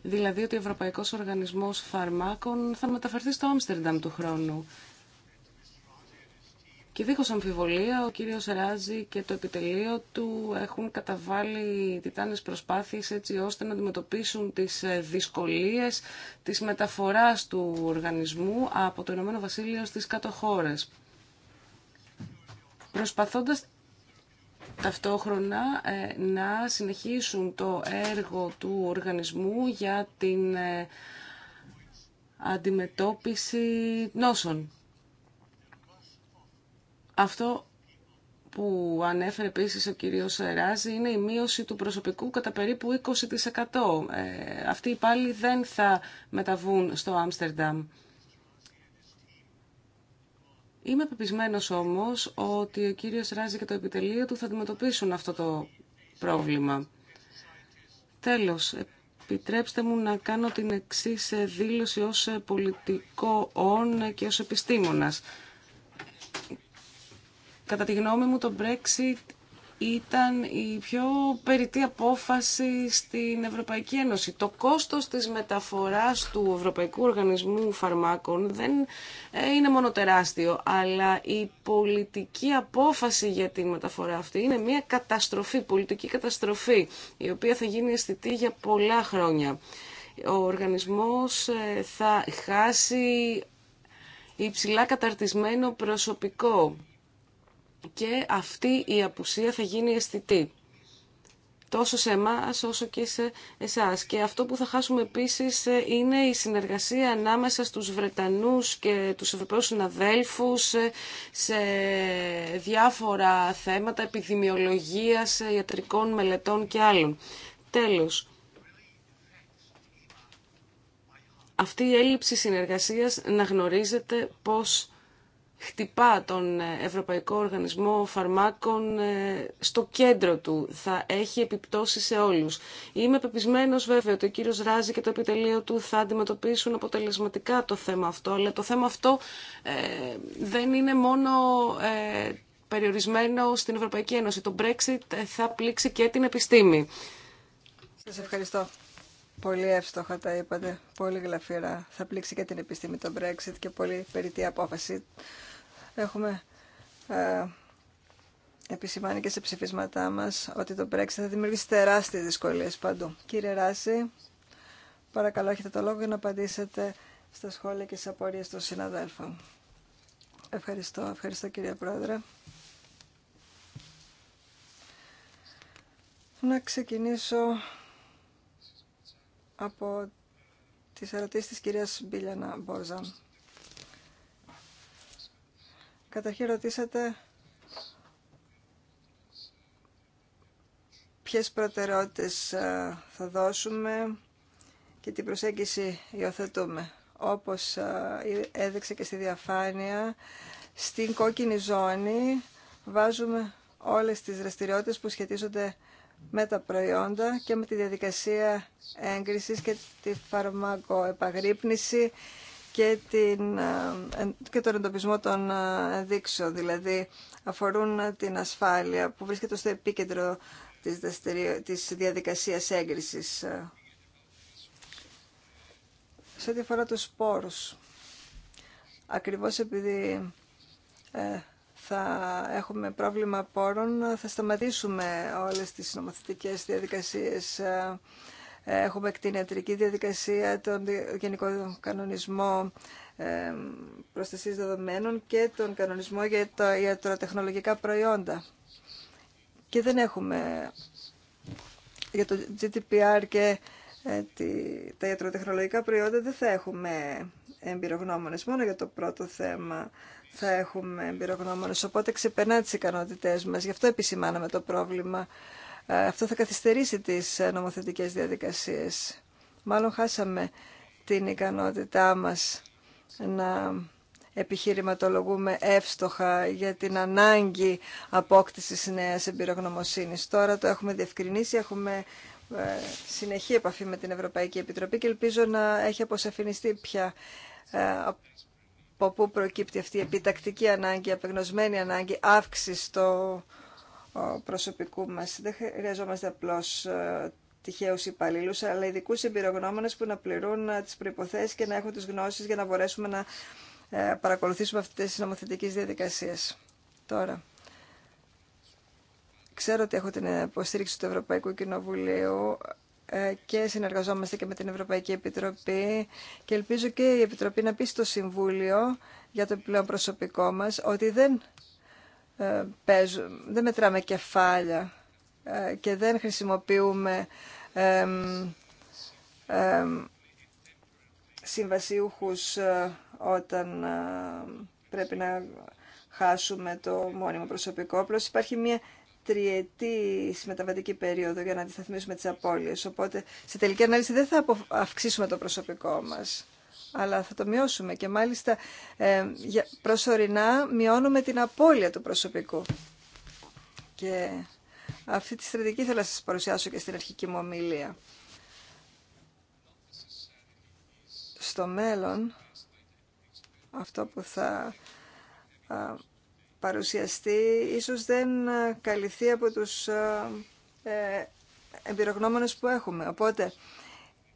δηλαδή ότι ο Ευρωπαϊκός Οργανισμός Φαρμάκων θα μεταφερθεί στο Άμστερνταμ του χρόνου. Και δίχως αμφιβολία, ο κύριος Ράζη και το επιτελείο του έχουν καταβάλει τιτάνες προσπάθειες έτσι ώστε να αντιμετωπίσουν τις ε, δυσκολίες της μεταφοράς του οργανισμού από το Ηνωμένο Βασίλειο στις κάτω χώρες. Προσπαθώντας ταυτόχρονα ε, να συνεχίσουν το έργο του οργανισμού για την ε, αντιμετώπιση νόσων. Αυτό που ανέφερε επίσης ο κύριος Ράζη είναι η μείωση του προσωπικού κατά περίπου 20%. Ε, αυτοί πάλι δεν θα μεταβούν στο Άμστερνταμ. Είμαι πεπισμένο όμως ότι ο κύριος Ράζη και το επιτελείο του θα αντιμετωπίσουν αυτό το πρόβλημα. Τέλος, επιτρέψτε μου να κάνω την εξή δήλωση ως πολιτικό όν και ως επιστήμονας. Κατά τη γνώμη μου το Brexit ήταν η πιο περιττή απόφαση στην Ευρωπαϊκή Ένωση. Το κόστος της μεταφοράς του Ευρωπαϊκού Οργανισμού Φαρμάκων δεν ε, είναι μόνο τεράστιο, αλλά η πολιτική απόφαση για τη μεταφορά αυτή είναι μια καταστροφή, πολιτική καταστροφή, η οποία θα γίνει αισθητή για πολλά χρόνια. Ο οργανισμός ε, θα χάσει υψηλά καταρτισμένο προσωπικό και αυτή η απουσία θα γίνει αισθητή τόσο σε εμά όσο και σε εσά. Και αυτό που θα χάσουμε επίση ε, είναι η συνεργασία ανάμεσα στου Βρετανού και του Ευρωπαίου συναδέλφου ε, σε διάφορα θέματα επιδημιολογία, ε, ιατρικών μελετών και άλλων. Τέλος, αυτή η έλλειψη συνεργασίας να γνωρίζετε πώς χτυπά τον ε, Ευρωπαϊκό Οργανισμό Φαρμάκων ε, στο κέντρο του. Θα έχει επιπτώσει σε όλους. Είμαι πεπισμένος βέβαια ότι ο κύριος Ράζη και το επιτελείο του θα αντιμετωπίσουν αποτελεσματικά το θέμα αυτό, αλλά το θέμα αυτό ε, δεν είναι μόνο περιορισμένο στην Ευρωπαϊκή Ένωση. Το Brexit θα πλήξει και την επιστήμη. Σας ευχαριστώ. Πολύ εύστοχα τα είπατε, πολύ γλαφυρά. Θα πλήξει και την επιστήμη το Brexit και πολύ περιττή απόφαση. Έχουμε ε, επισημάνει και σε ψηφίσματά μας ότι το Brexit θα δημιουργήσει τεράστιες δυσκολίες παντού. Κύριε Ράση, παρακαλώ έχετε το λόγο για να απαντήσετε στα σχόλια και στις απορίες των συναδέλφων. Ευχαριστώ, ευχαριστώ κύριε Πρόεδρε. Να ξεκινήσω από τις ερωτήσεις της κυρίας Μπίλιανα Μπόρζαν. Καταρχήν ρωτήσατε ποιες προτεραιότητες ε, θα δώσουμε και την προσέγγιση υιοθετούμε. Όπως ε, έδειξε και στη διαφάνεια, στην κόκκινη ζώνη βάζουμε όλες τις δραστηριότητες που σχετίζονται με τα προϊόντα και με τη διαδικασία έγκρισης και τη φαρμακοεπαγρύπνηση και, ε, και τον εντοπισμό των ε, δείξεων, δηλαδή αφορούν την ασφάλεια που βρίσκεται στο επίκεντρο της, της διαδικασίας έγκρισης. Ε. Σε ό,τι αφορά τους σπόρους, ακριβώς επειδή θα έχουμε πρόβλημα πόρων, θα σταματήσουμε όλες τις νομοθετικές διαδικασίες. Ε, έχουμε ιατρική διαδικασία, τον γενικό κανονισμό ε, προστασίας δεδομένων και τον κανονισμό για τα ιατροτεχνολογικά προϊόντα. Και δεν έχουμε για το GDPR και ε, τα ιατροτεχνολογικά προϊόντα δεν θα έχουμε εμπειρογνώμονες μόνο για το πρώτο θέμα θα έχουμε εμπειρογνώμονες, οπότε ξεπερνά τις ικανότητές μας. Γι' αυτό επισημάναμε το πρόβλημα. Ε, αυτό θα καθυστερήσει τις ε, νομοθετικές διαδικασίες. Μάλλον χάσαμε την ικανότητά μας να επιχειρηματολογούμε εύστοχα για την ανάγκη απόκτησης νέας εμπειρογνωμοσύνης. Τώρα το έχουμε διευκρινίσει, έχουμε ε, συνεχή επαφή με την Ευρωπαϊκή Επιτροπή και ελπίζω να έχει αποσαφινιστεί πια από πού προκύπτει αυτή η επιτακτική ανάγκη, η απεγνωσμένη ανάγκη αύξηση του προσωπικού μας. Δεν χρειαζόμαστε απλώ ε, τυχαίου υπαλλήλου, αλλά ειδικού εμπειρογνώμονε που να πληρούν ε, τις προποθέσει και να έχουν τις γνώσεις για να μπορέσουμε να ε, παρακολουθήσουμε αυτές τις νομοθετικές διαδικασίες. Τώρα, ξέρω ότι έχω την υποστήριξη του Ευρωπαϊκού Κοινοβουλίου, ε, και συνεργαζόμαστε και με την Ευρωπαϊκή Επιτροπή και ελπίζω και η Επιτροπή να πει στο Συμβούλιο για το πλέον προσωπικό μας ότι δεν, ε, δεν μετράμε κεφάλια ε, και δεν χρησιμοποιούμε συμβασιούχους όταν πρέπει να χάσουμε το μόνιμο προσωπικό. Απλώς υπάρχει μια τριετή μεταβατική περίοδο για να αντισταθμίσουμε τις απώλειες. Οπότε, σε τελική ανάλυση δεν θα αυξήσουμε το προσωπικό μας, αλλά θα το μειώσουμε. Και μάλιστα, ε, προσωρινά μειώνουμε την απώλεια του προσωπικού. Και αυτή τη στρατηγική θέλω να σας παρουσιάσω και στην αρχική μου ομιλία. Στο μέλλον, αυτό που θα παρουσιαστεί ίσως δεν ε, καλυφθεί από τους ε, ε, εμπειρογνώμονες που έχουμε. Οπότε,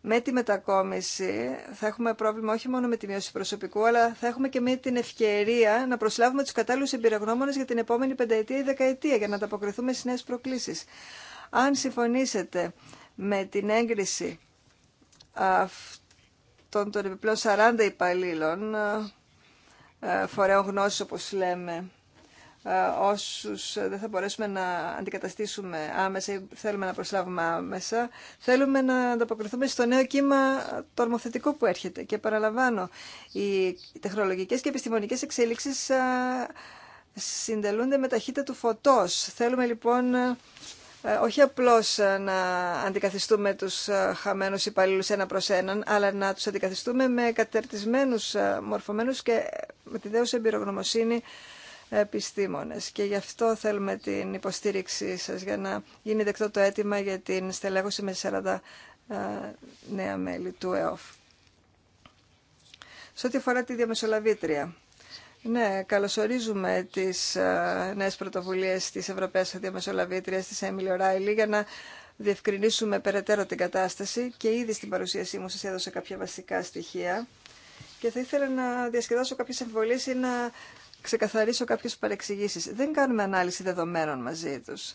με τη μετακόμιση θα έχουμε πρόβλημα όχι μόνο με τη μείωση προσωπικού, αλλά θα έχουμε και με την ευκαιρία να προσλάβουμε τους κατάλληλους εμπειρογνώμονες για την επόμενη πενταετία ή δεκαετία, για να ανταποκριθούμε στις νέες προκλήσεις. Αν συμφωνήσετε με την έγκριση αυτών των επιπλέον 40 υπαλλήλων, φορέων γνώσης όπως λέμε, ε, όσους δεν θα μπορέσουμε να αντικαταστήσουμε άμεσα ή θέλουμε να προσλάβουμε άμεσα, θέλουμε να ανταποκριθούμε στο νέο κύμα το ορμοθετικό που έρχεται. Και παραλαμβάνω, οι τεχνολογικές και επιστημονικές εξέλιξεις ε, συντελούνται με ταχύτητα του φωτός. Θέλουμε λοιπόν ε, όχι απλώς να αντικαθιστούμε τους χαμένους υπαλλήλους ένα προς έναν, αλλά να τους αντικαθιστούμε με κατερτισμένους, μορφωμένους και με τη δέουσα εμπειρογνωμοσύνη επιστήμονες. Και γι' αυτό θέλουμε την υποστήριξή σας για να γίνει δεκτό το αίτημα για την στελέχωση με 40 ε, νέα μέλη του ΕΟΦ. Σε ό,τι αφορά τη διαμεσολαβήτρια. Ναι, καλωσορίζουμε τις ε, νέες πρωτοβουλίες της Ευρωπαίας Διαμεσολαβήτριας, της Έμιλι Ράιλι, για να διευκρινίσουμε περαιτέρω την κατάσταση και ήδη στην παρουσίασή μου σας έδωσα κάποια βασικά στοιχεία και θα ήθελα να διασκεδάσω κάποιες εμβολίες ή να ξεκαθαρίσω κάποιες παρεξηγήσεις. Δεν κάνουμε ανάλυση δεδομένων μαζί τους.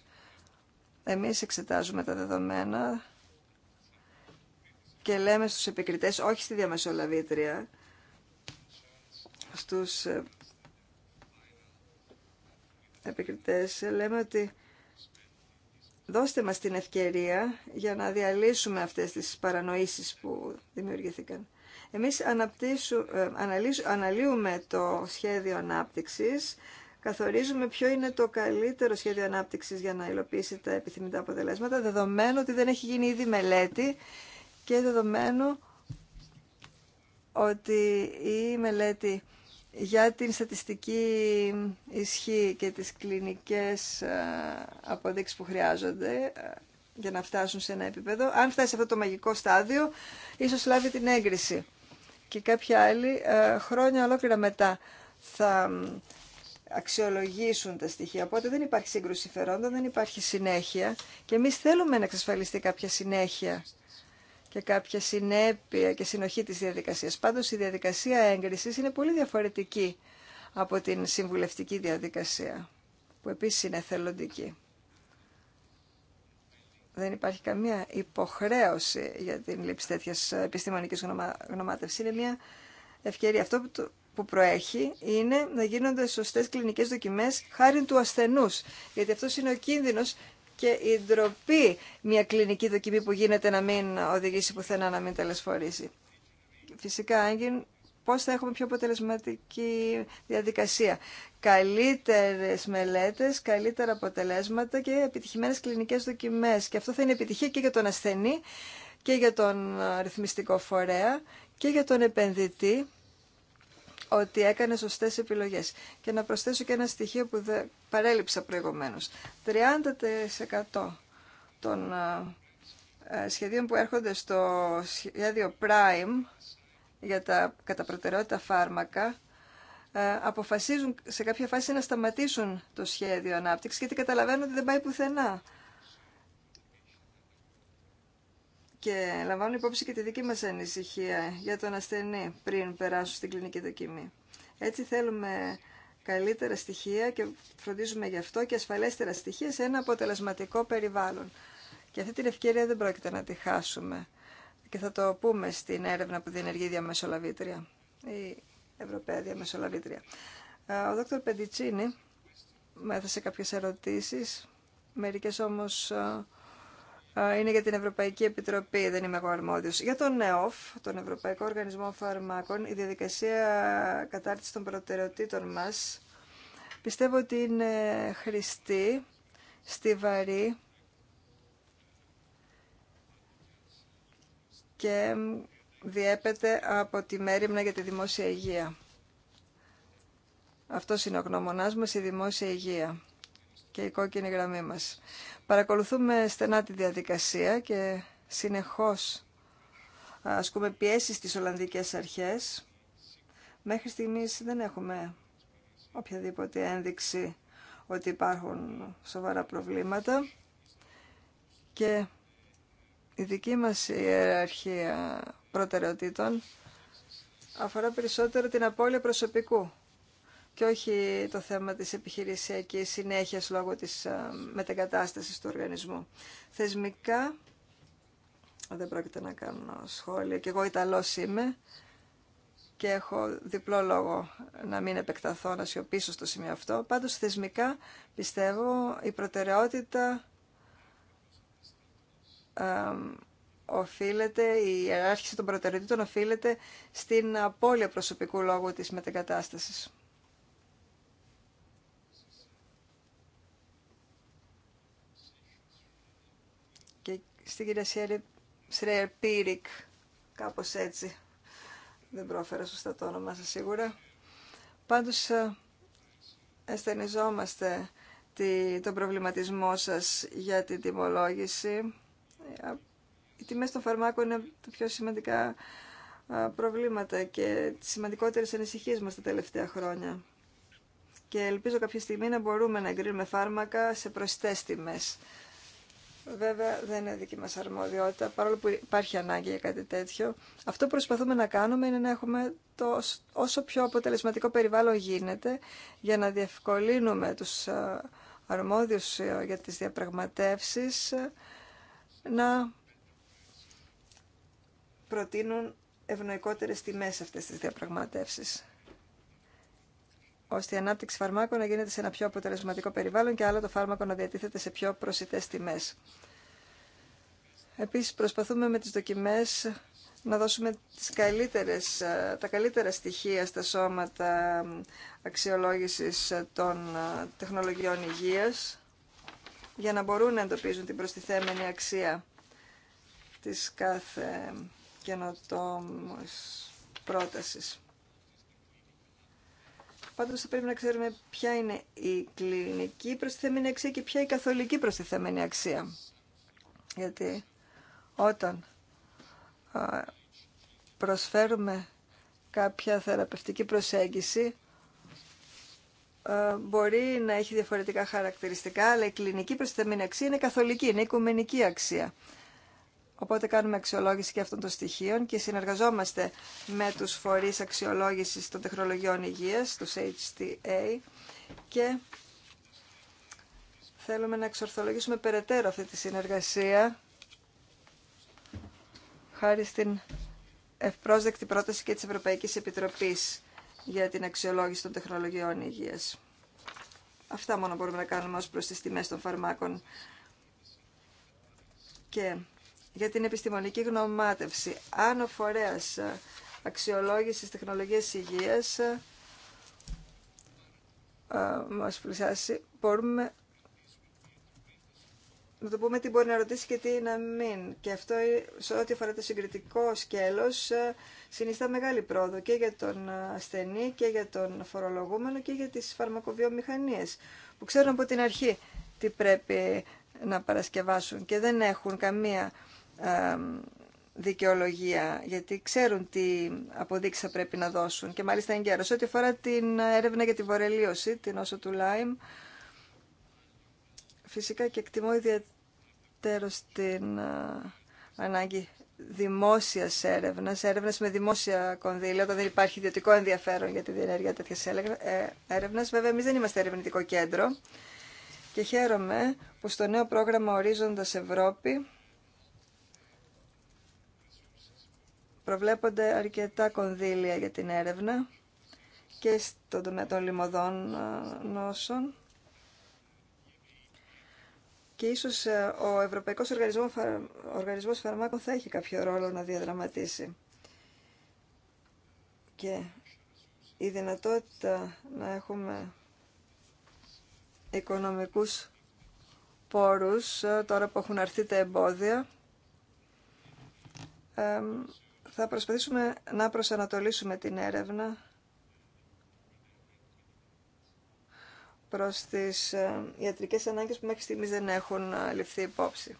Εμείς εξετάζουμε τα δεδομένα και λέμε στους επικριτές, όχι στη διαμεσολαβήτρια, στους ε, επικριτές, λέμε ότι δώστε μας την ευκαιρία για να διαλύσουμε αυτές τις παρανοήσεις που δημιουργήθηκαν. Εμείς ε, αναλύουμε το σχέδιο ανάπτυξης, καθορίζουμε ποιο είναι το καλύτερο σχέδιο ανάπτυξης για να υλοποιήσει τα επιθυμητά αποτελέσματα, δεδομένου ότι δεν έχει γίνει ήδη μελέτη και δεδομένου ότι η μελέτη για την στατιστική ισχύ και τις κλινικές ε, αποδείξεις που χρειάζονται ε, για να φτάσουν σε ένα επίπεδο. Αν φτάσει σε αυτό το μαγικό στάδιο, ίσως λάβει την έγκριση και κάποιοι άλλοι ε, χρόνια ολόκληρα μετά θα αξιολογήσουν τα στοιχεία. Οπότε δεν υπάρχει σύγκρουση φερόντων, δεν υπάρχει συνέχεια και εμεί θέλουμε να εξασφαλιστεί κάποια συνέχεια και κάποια συνέπεια και συνοχή της διαδικασίας. Πάντως η διαδικασία έγκρισης είναι πολύ διαφορετική από την συμβουλευτική διαδικασία, που επίσης είναι θελοντική δεν υπάρχει καμία υποχρέωση για την λήψη τέτοια επιστημονικής γνωμάτευσης. Είναι μια ευκαιρία. Αυτό που, προέχει είναι να γίνονται σωστέ κλινικές δοκιμές χάρη του ασθενού. Γιατί αυτό είναι ο κίνδυνο και η ντροπή μια κλινική δοκιμή που γίνεται να μην οδηγήσει πουθενά να μην τελεσφορήσει. Φυσικά, αν πώς θα έχουμε πιο αποτελεσματική διαδικασία. Καλύτερες μελέτες, καλύτερα αποτελέσματα και επιτυχημένες κλινικές δοκιμές. Και αυτό θα είναι επιτυχία και για τον ασθενή και για τον ε, ρυθμιστικό φορέα και για τον επενδυτή ότι έκανε σωστές επιλογές. Και να προσθέσω και ένα στοιχείο που δεν παρέλειψα προηγουμένως. 30% των ε, ε, σχεδίων που έρχονται στο σχέδιο Prime για τα κατά προτεραιότητα φάρμακα ε, αποφασίζουν σε κάποια φάση να σταματήσουν το σχέδιο ανάπτυξης γιατί καταλαβαίνουν ότι δεν πάει πουθενά. Και λαμβάνουν υπόψη και τη δική μας ανησυχία για τον ασθενή πριν περάσουν στην κλινική δοκιμή. Έτσι θέλουμε καλύτερα στοιχεία και φροντίζουμε γι' αυτό και ασφαλέστερα στοιχεία σε ένα αποτελεσματικό περιβάλλον. Και αυτή την ευκαιρία δεν πρόκειται να τη χάσουμε και θα το πούμε στην έρευνα που διενεργεί η διαμεσολαβήτρια, η Ευρωπαία Διαμεσολαβήτρια. Ε, ο Δ. Πεντιτσίνη με έθεσε κάποιες ερωτήσεις, μερικές όμως ε, ε, είναι για την Ευρωπαϊκή Επιτροπή, δεν είμαι εγώ αρμόδιος. Για τον ΕΟΦ, τον Ευρωπαϊκό Οργανισμό Φαρμάκων, η διαδικασία κατάρτισης των προτεραιοτήτων μας πιστεύω ότι είναι χρηστή, στιβαρή και διέπεται από τη μέρημνα για τη δημόσια υγεία. Αυτό είναι ο γνώμονάς μας, η δημόσια υγεία και η κόκκινη γραμμή μας. Παρακολουθούμε στενά τη διαδικασία και συνεχώς ασκούμε πιέσει στις Ολλανδικές αρχές. Μέχρι στιγμής δεν έχουμε οποιαδήποτε ένδειξη ότι υπάρχουν σοβαρά προβλήματα και η δική μας ιεραρχία προτεραιοτήτων αφορά περισσότερο την απώλεια προσωπικού και όχι το θέμα της επιχειρησιακής συνέχειας λόγω της ε, μετεγκατάστασης του οργανισμού. Θεσμικά, δεν πρόκειται να κάνω σχόλια, και εγώ Ιταλός είμαι και έχω διπλό λόγο να μην επεκταθώ, να σιωπήσω στο σημείο αυτό. Πάντως θεσμικά πιστεύω η προτεραιότητα οφείλεται, η ιεράρχηση των προτεραιοτήτων οφείλεται στην απώλεια προσωπικού λόγου της μετεγκατάστασης. Και στην κυρία Σρέερ Πίρικ, κάπως έτσι. Δεν πρόφερα σωστά το όνομά σας σίγουρα. Πάντως, ε, αισθενιζόμαστε τον προβληματισμό σας για την τιμολόγηση ε, οι τιμές των φαρμάκων είναι τα πιο σημαντικά προβλήματα και τις σημαντικότερες ανησυχίες μας τα τελευταία χρόνια. Και ελπίζω κάποια στιγμή να μπορούμε να εγκρίνουμε φάρμακα σε προσιτές τιμές. Βέβαια δεν είναι δική μας αρμοδιότητα, παρόλο που υπάρχει ανάγκη για κάτι τέτοιο. Αυτό που προσπαθούμε να κάνουμε είναι να έχουμε το όσο πιο αποτελεσματικό περιβάλλον γίνεται για να διευκολύνουμε τους αρμόδιους ε, για τις διαπραγματεύσεις να προτείνουν ευνοϊκότερες τιμές αυτές τις διαπραγματεύσεις ώστε η ανάπτυξη φαρμάκων να γίνεται σε ένα πιο αποτελεσματικό περιβάλλον και άλλο το φάρμακο να διατίθεται σε πιο προσιτές τιμές. Επίσης προσπαθούμε με τις δοκιμές να δώσουμε τις ε, τα καλύτερα στοιχεία στα σώματα ε, αξιολόγησης των ε, τεχνολογιών υγείας για να μπορούν να εντοπίζουν την προστιθέμενη αξία της κάθε καινοτόμους πρότασης. Πάντως θα πρέπει να ξέρουμε ποια είναι η κλινική προστιθέμενη αξία και ποια η καθολική προστιθέμενη αξία. Γιατί όταν προσφέρουμε κάποια θεραπευτική προσέγγιση, ε, μπορεί να έχει διαφορετικά χαρακτηριστικά, αλλά η κλινική προσθέμενη αξία είναι καθολική, είναι οικουμενική αξία. Οπότε κάνουμε αξιολόγηση και αυτών των στοιχείων και συνεργαζόμαστε με τους φορείς αξιολόγησης των τεχνολογιών υγείας, τους HTA, και θέλουμε να εξορθολογήσουμε περαιτέρω αυτή τη συνεργασία χάρη στην ευπρόσδεκτη πρόταση και της Ευρωπαϊκής Επιτροπής για την αξιολόγηση των τεχνολογιών υγείας. Αυτά μόνο μπορούμε να κάνουμε ως προς τις τιμές των φαρμάκων. Και για την επιστημονική γνωμάτευση, αν ο φορέας αξιολόγησης τεχνολογίας υγείας ε, μας πλησιάσει, μπορούμε να το πούμε τι μπορεί να ρωτήσει και τι να μην. Και αυτό ε, σε ό,τι αφορά το συγκριτικό σκέλος ε, συνιστά μεγάλη πρόοδο και για τον ε, ασθενή και για τον φορολογούμενο και για τις φαρμακοβιομηχανίες που ξέρουν από την αρχή τι πρέπει να παρασκευάσουν και δεν έχουν καμία ε, δικαιολογία, γιατί ξέρουν τι αποδείξα θα πρέπει να δώσουν και μάλιστα εγκαίρως. Ό,τι αφορά την έρευνα για τη βορελίωση, την όσο του Λάιμ, φυσικά και εκτιμώ ιδιαίτερο την ε, ανάγκη Δημόσια έρευνα, έρευνας με δημόσια κονδύλια, όταν δεν υπάρχει ιδιωτικό ενδιαφέρον για τη διενέργεια τέτοια ε, έρευνα. Βέβαια, εμεί δεν είμαστε ερευνητικό κέντρο και χαίρομαι που στο νέο πρόγραμμα Ορίζοντας Ευρώπη προβλέπονται αρκετά κονδύλια για την έρευνα και στον τομέα των λιμωδών ε, νόσων και ίσως ε, ο Ευρωπαϊκός Οργανισμός, Φαρ... Φαρμάκων θα έχει κάποιο ρόλο να διαδραματίσει. Και η δυνατότητα να έχουμε οικονομικούς πόρους, ε, τώρα που έχουν αρθεί τα εμπόδια, ε, θα προσπαθήσουμε να προσανατολίσουμε την έρευνα προς τις ε, ιατρικές ανάγκες που μέχρι στιγμής δεν έχουν ε, ληφθεί υπόψη.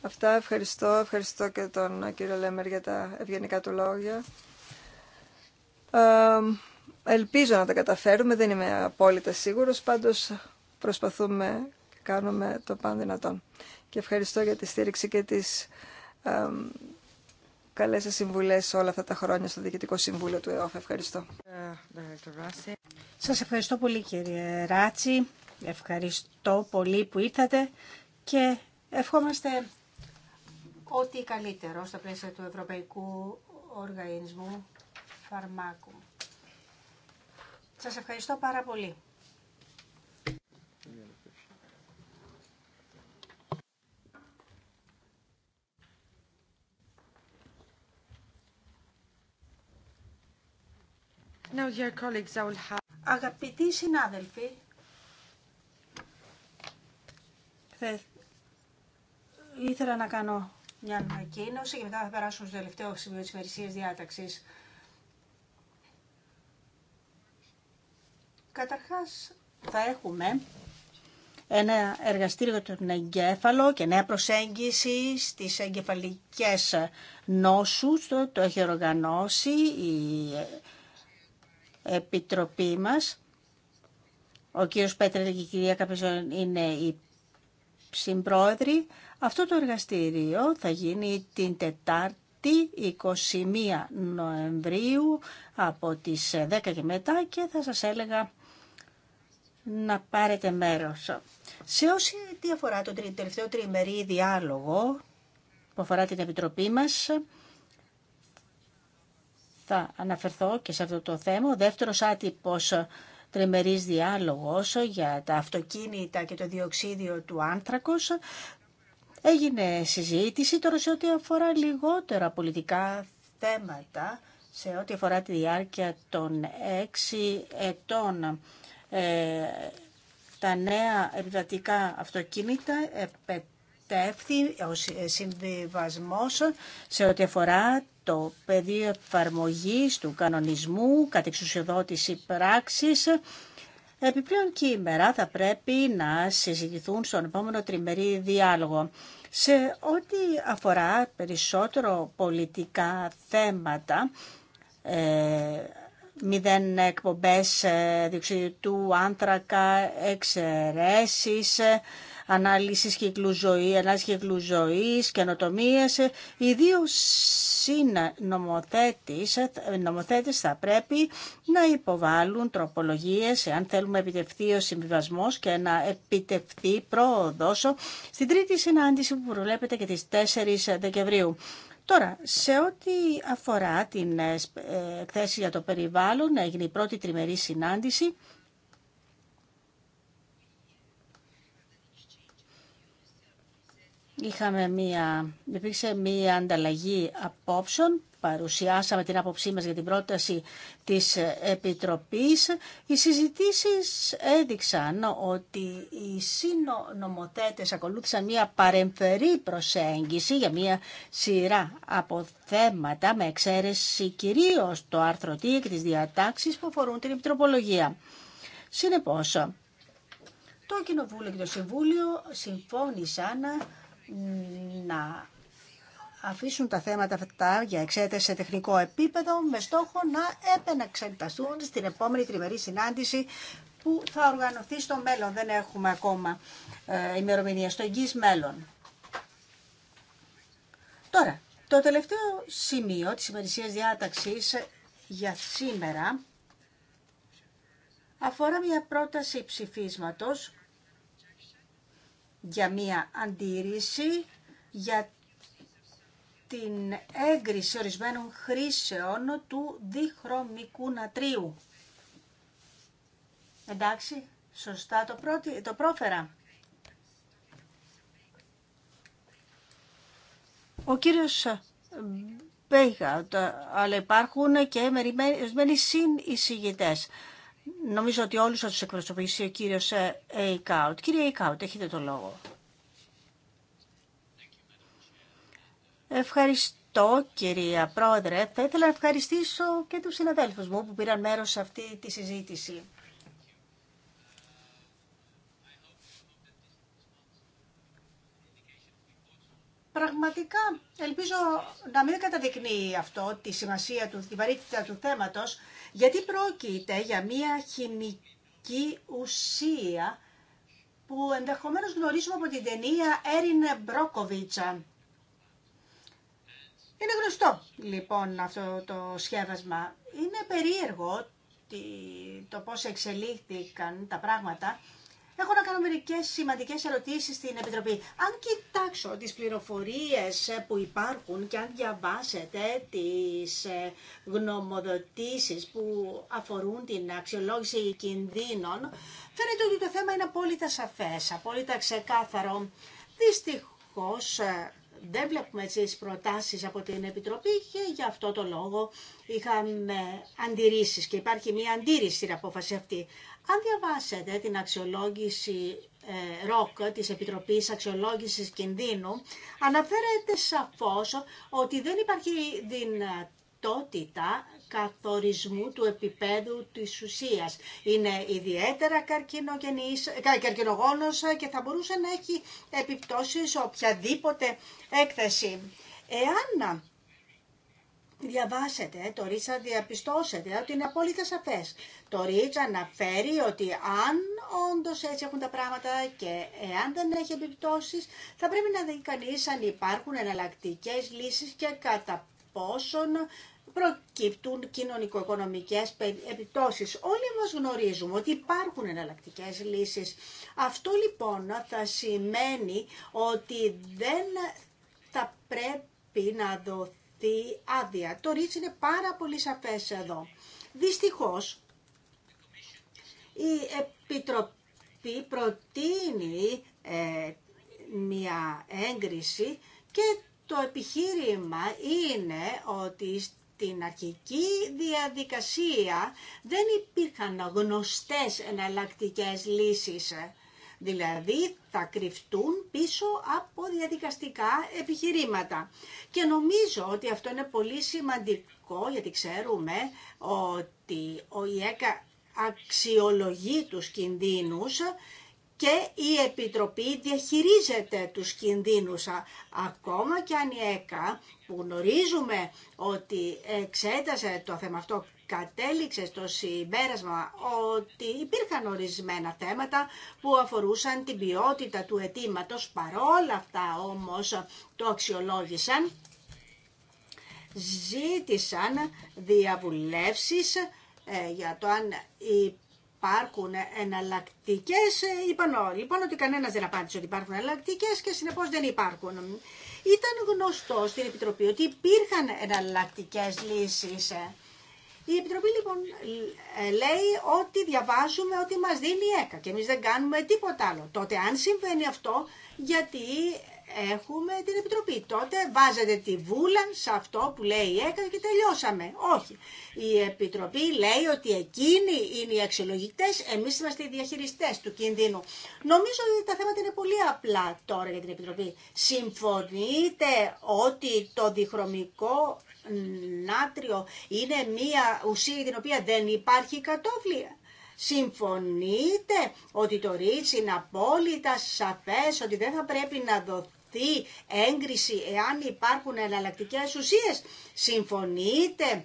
Αυτά ευχαριστώ. Ευχαριστώ και τον ε, κύριο Λέμερ για τα ευγενικά του λόγια. ελπίζω να τα καταφέρουμε, δεν είμαι απόλυτα σίγουρος, πάντως προσπαθούμε και κάνουμε το πάντα δυνατόν. Και ευχαριστώ για τη στήριξη και τις καλές σας συμβουλές όλα αυτά τα χρόνια στο Διοικητικό Συμβούλιο του ΕΟΦ. Ευχαριστώ. Σας ευχαριστώ πολύ κύριε Ράτσι. Ευχαριστώ πολύ που ήρθατε και ευχόμαστε ό,τι καλύτερο στα πλαίσια του Ευρωπαϊκού Οργανισμού Φαρμάκου. Σας ευχαριστώ πάρα πολύ. Αγαπητοί συνάδελφοι, ήθελα να κάνω μια ανακοίνωση και μετά θα περάσω στο τελευταίο σημείο τη ημερησία διάταξη. Καταρχά θα έχουμε ένα εργαστήριο για τον εγκέφαλο και νέα προσέγγιση στις εγκεφαλικές νόσους. Το, το έχει οργανώσει η Επιτροπή μας. Ο κύριος Πέτρελ και η κυρία Καπεζόν είναι οι συμπρόεδροι. Αυτό το εργαστήριο θα γίνει την Τετάρτη 21 Νοεμβρίου από τις 10 και μετά και θα σας έλεγα να πάρετε μέρος. Σε όση διαφορά αφορά τον τελευταίο τριμερή διάλογο που αφορά την Επιτροπή μας, θα αναφερθώ και σε αυτό το θέμα. Ο δεύτερος άτυπος τριμερής διάλογος για τα αυτοκίνητα και το διοξίδιο του άνθρακος έγινε συζήτηση τώρα σε ό,τι αφορά λιγότερα πολιτικά θέματα σε ό,τι αφορά τη διάρκεια των έξι ετών. Ε, τα νέα επιβατικά αυτοκίνητα επετεύθη ο ε, συμβιβασμός σε ό,τι αφορά το πεδίο εφαρμογή του κανονισμού κατ' εξουσιοδότηση πράξης. Επιπλέον ημέρα θα πρέπει να συζητηθούν στον επόμενο τριμερή διάλογο. Σε ό,τι αφορά περισσότερο πολιτικά θέματα, ε, μηδέν εκπομπές ε, του άνθρακα, εξαιρέσεις, ανάλυση κύκλου ζωή, ανάλυση κύκλου ζωής, καινοτομίε. Οι δύο συνομοθέτε θα πρέπει να υποβάλουν τροπολογίες εάν θέλουμε επιτευχθεί ο συμβιβασμό και να επιτευχθεί πρόοδος στην τρίτη συνάντηση που προβλέπεται και τις 4 Δεκεμβρίου. Τώρα, σε ό,τι αφορά την ε, εκθέση για το περιβάλλον, έγινε η πρώτη τριμερή συνάντηση Είχαμε μία, υπήρξε μία ανταλλαγή απόψεων. Παρουσιάσαμε την άποψή μας για την πρόταση της Επιτροπής. Οι συζητήσεις έδειξαν ότι οι συνομοθέτες ακολούθησαν μία παρεμφερή προσέγγιση για μία σειρά από θέματα με εξαίρεση κυρίως το άρθρο T και τις διατάξεις που αφορούν την Επιτροπολογία. Συνεπώς, το Κοινοβούλιο και το Συμβούλιο συμφώνησαν να αφήσουν τα θέματα αυτά για εξέταση σε τεχνικό επίπεδο με στόχο να επαναξεταστούν στην επόμενη τριμερή συνάντηση που θα οργανωθεί στο μέλλον. Δεν έχουμε ακόμα ε, ημερομηνία στο εγγύς μέλλον. Τώρα, το τελευταίο σημείο της ημερησίας διάταξης για σήμερα αφορά μια πρόταση ψηφίσματος για μία αντίρρηση για την έγκριση ορισμένων χρήσεων του διχρωμικού νατρίου. Εντάξει, σωστά το, πρώτη, το πρόφερα. Ο κύριος Μπέιγα, αλλά υπάρχουν και μερισμένοι συνεισηγητές. Νομίζω ότι όλους θα τους εκπροσωπήσει ο κύριος Αικάουτ. Ε, Κύριε Αικάουτ, έχετε το λόγο. Ευχαριστώ κυρία Πρόεδρε. Θα ήθελα να ευχαριστήσω και τους συναδέλφους μου που πήραν μέρος σε αυτή τη συζήτηση. Πραγματικά ελπίζω να μην καταδεικνύει αυτό τη σημασία του, τη βαρύτητα του θέματος, γιατί πρόκειται για μια χημική ουσία που ενδεχομένως γνωρίζουμε από την ταινία «Έρινε Μπρόκοβιτσα. Είναι γνωστό λοιπόν αυτό το σχέδασμα. Είναι περίεργο το πώς εξελίχθηκαν τα πράγματα Έχω να κάνω μερικέ σημαντικέ ερωτήσει στην Επιτροπή. Αν κοιτάξω τι πληροφορίε που υπάρχουν και αν διαβάσετε τι ε, γνωμοδοτήσει που αφορούν την αξιολόγηση κινδύνων, φαίνεται ότι το θέμα είναι απόλυτα σαφέ, απόλυτα ξεκάθαρο. Δυστυχώ ε, δεν βλέπουμε τις προτάσεις από την Επιτροπή και γι' αυτό το λόγο είχαν ε, αντιρρήσεις και υπάρχει μια αντίρρηση στην απόφαση αυτή. Αν διαβάσετε την αξιολόγηση ε, ΡΟΚ της Επιτροπής Αξιολόγησης Κινδύνου αναφέρεται σαφώς ότι δεν υπάρχει δυνατότητα ταυτότητα καθορισμού του επίπεδου της ουσίας. Είναι ιδιαίτερα καρκινογόνος και θα μπορούσε να έχει επιπτώσεις οποιαδήποτε έκθεση. Εάν διαβάσετε το ρίτσα διαπιστώσετε ότι είναι απόλυτα σαφές. Το ρίτσα αναφέρει ότι αν όντως έτσι έχουν τα πράγματα και εάν δεν έχει επιπτώσεις θα πρέπει να δει κανείς αν υπάρχουν εναλλακτικέ λύσεις και κατά πόσων προκύπτουν κοινωνικο-οικονομικές επιπτώσεις. Όλοι μας γνωρίζουμε ότι υπάρχουν εναλλακτικές λύσεις. Αυτό λοιπόν θα σημαίνει ότι δεν θα πρέπει να δοθεί άδεια. Το ρίτς είναι πάρα πολύ σαφές εδώ. Δυστυχώς, η Επιτροπή προτείνει ε, μια έγκριση και το επιχείρημα είναι ότι στην αρχική διαδικασία δεν υπήρχαν γνωστές εναλλακτικές λύσεις. Δηλαδή θα κρυφτούν πίσω από διαδικαστικά επιχειρήματα. Και νομίζω ότι αυτό είναι πολύ σημαντικό γιατί ξέρουμε ότι ο ΙΕΚΑ αξιολογεί τους κινδύνους και η Επιτροπή διαχειρίζεται τους κινδύνους ακόμα και αν η ΕΚΑ που γνωρίζουμε ότι εξέτασε το θέμα αυτό κατέληξε στο συμπέρασμα ότι υπήρχαν ορισμένα θέματα που αφορούσαν την ποιότητα του αιτήματο. Παρόλα αυτά όμως το αξιολόγησαν, ζήτησαν διαβουλεύσεις ε, για το αν η υπάρχουν εναλλακτικέ. Ε, είπαν λοιπόν ότι κανένα δεν απάντησε ότι υπάρχουν εναλλακτικέ και συνεπώ δεν υπάρχουν. Ήταν γνωστό στην Επιτροπή ότι υπήρχαν εναλλακτικέ λύσει. Ε, η Επιτροπή λοιπόν ε, λέει ότι διαβάζουμε ότι μας δίνει η ΕΚΑ και εμείς δεν κάνουμε τίποτα άλλο. Τότε αν συμβαίνει αυτό, γιατί έχουμε την Επιτροπή. Τότε βάζετε τη βούλαν σε αυτό που λέει η ΕΚΑ και τελειώσαμε. Όχι. Η Επιτροπή λέει ότι εκείνοι είναι οι αξιολογητέ, εμεί είμαστε οι διαχειριστέ του κινδύνου. Νομίζω ότι τα θέματα είναι πολύ απλά τώρα για την Επιτροπή. Συμφωνείτε ότι το διχρωμικό νάτριο είναι μια ουσία την οποία δεν υπάρχει κατόφλια. Συμφωνείτε ότι το ρίτσι είναι απόλυτα σαφές ότι δεν θα πρέπει να δοθεί έγκριση εάν υπάρχουν εναλλακτικέ ουσίε. Συμφωνείτε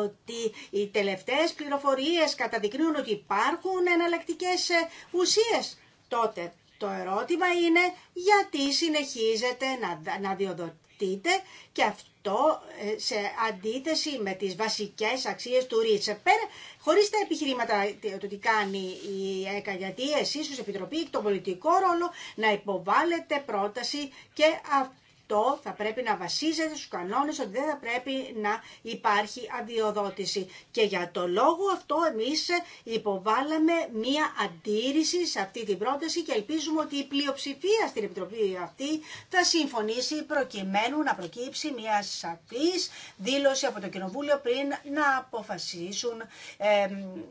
ότι οι τελευταίες πληροφορίες καταδεικνύουν ότι υπάρχουν εναλλακτικέ ε, ουσίες. Τότε το ερώτημα είναι γιατί συνεχίζετε να, να διοδοτείτε και αυτό ε, σε αντίθεση με τις βασικές αξίες του Ρίτσε. Πέρα, χωρίς τα επιχειρήματα ε, του τι κάνει η ΕΚΑ, γιατί εσείς ως Επιτροπή, τον πολιτικό ρόλο, να υποβάλλετε πρόταση και αυτό αυτό θα πρέπει να βασίζεται στους κανόνες ότι δεν θα πρέπει να υπάρχει αδειοδότηση. Και για το λόγο αυτό εμείς υποβάλαμε μία αντίρρηση σε αυτή την πρόταση και ελπίζουμε ότι η πλειοψηφία στην Επιτροπή αυτή θα συμφωνήσει προκειμένου να προκύψει μία σαφής δήλωση από το Κοινοβούλιο πριν να αποφασίσουν ε,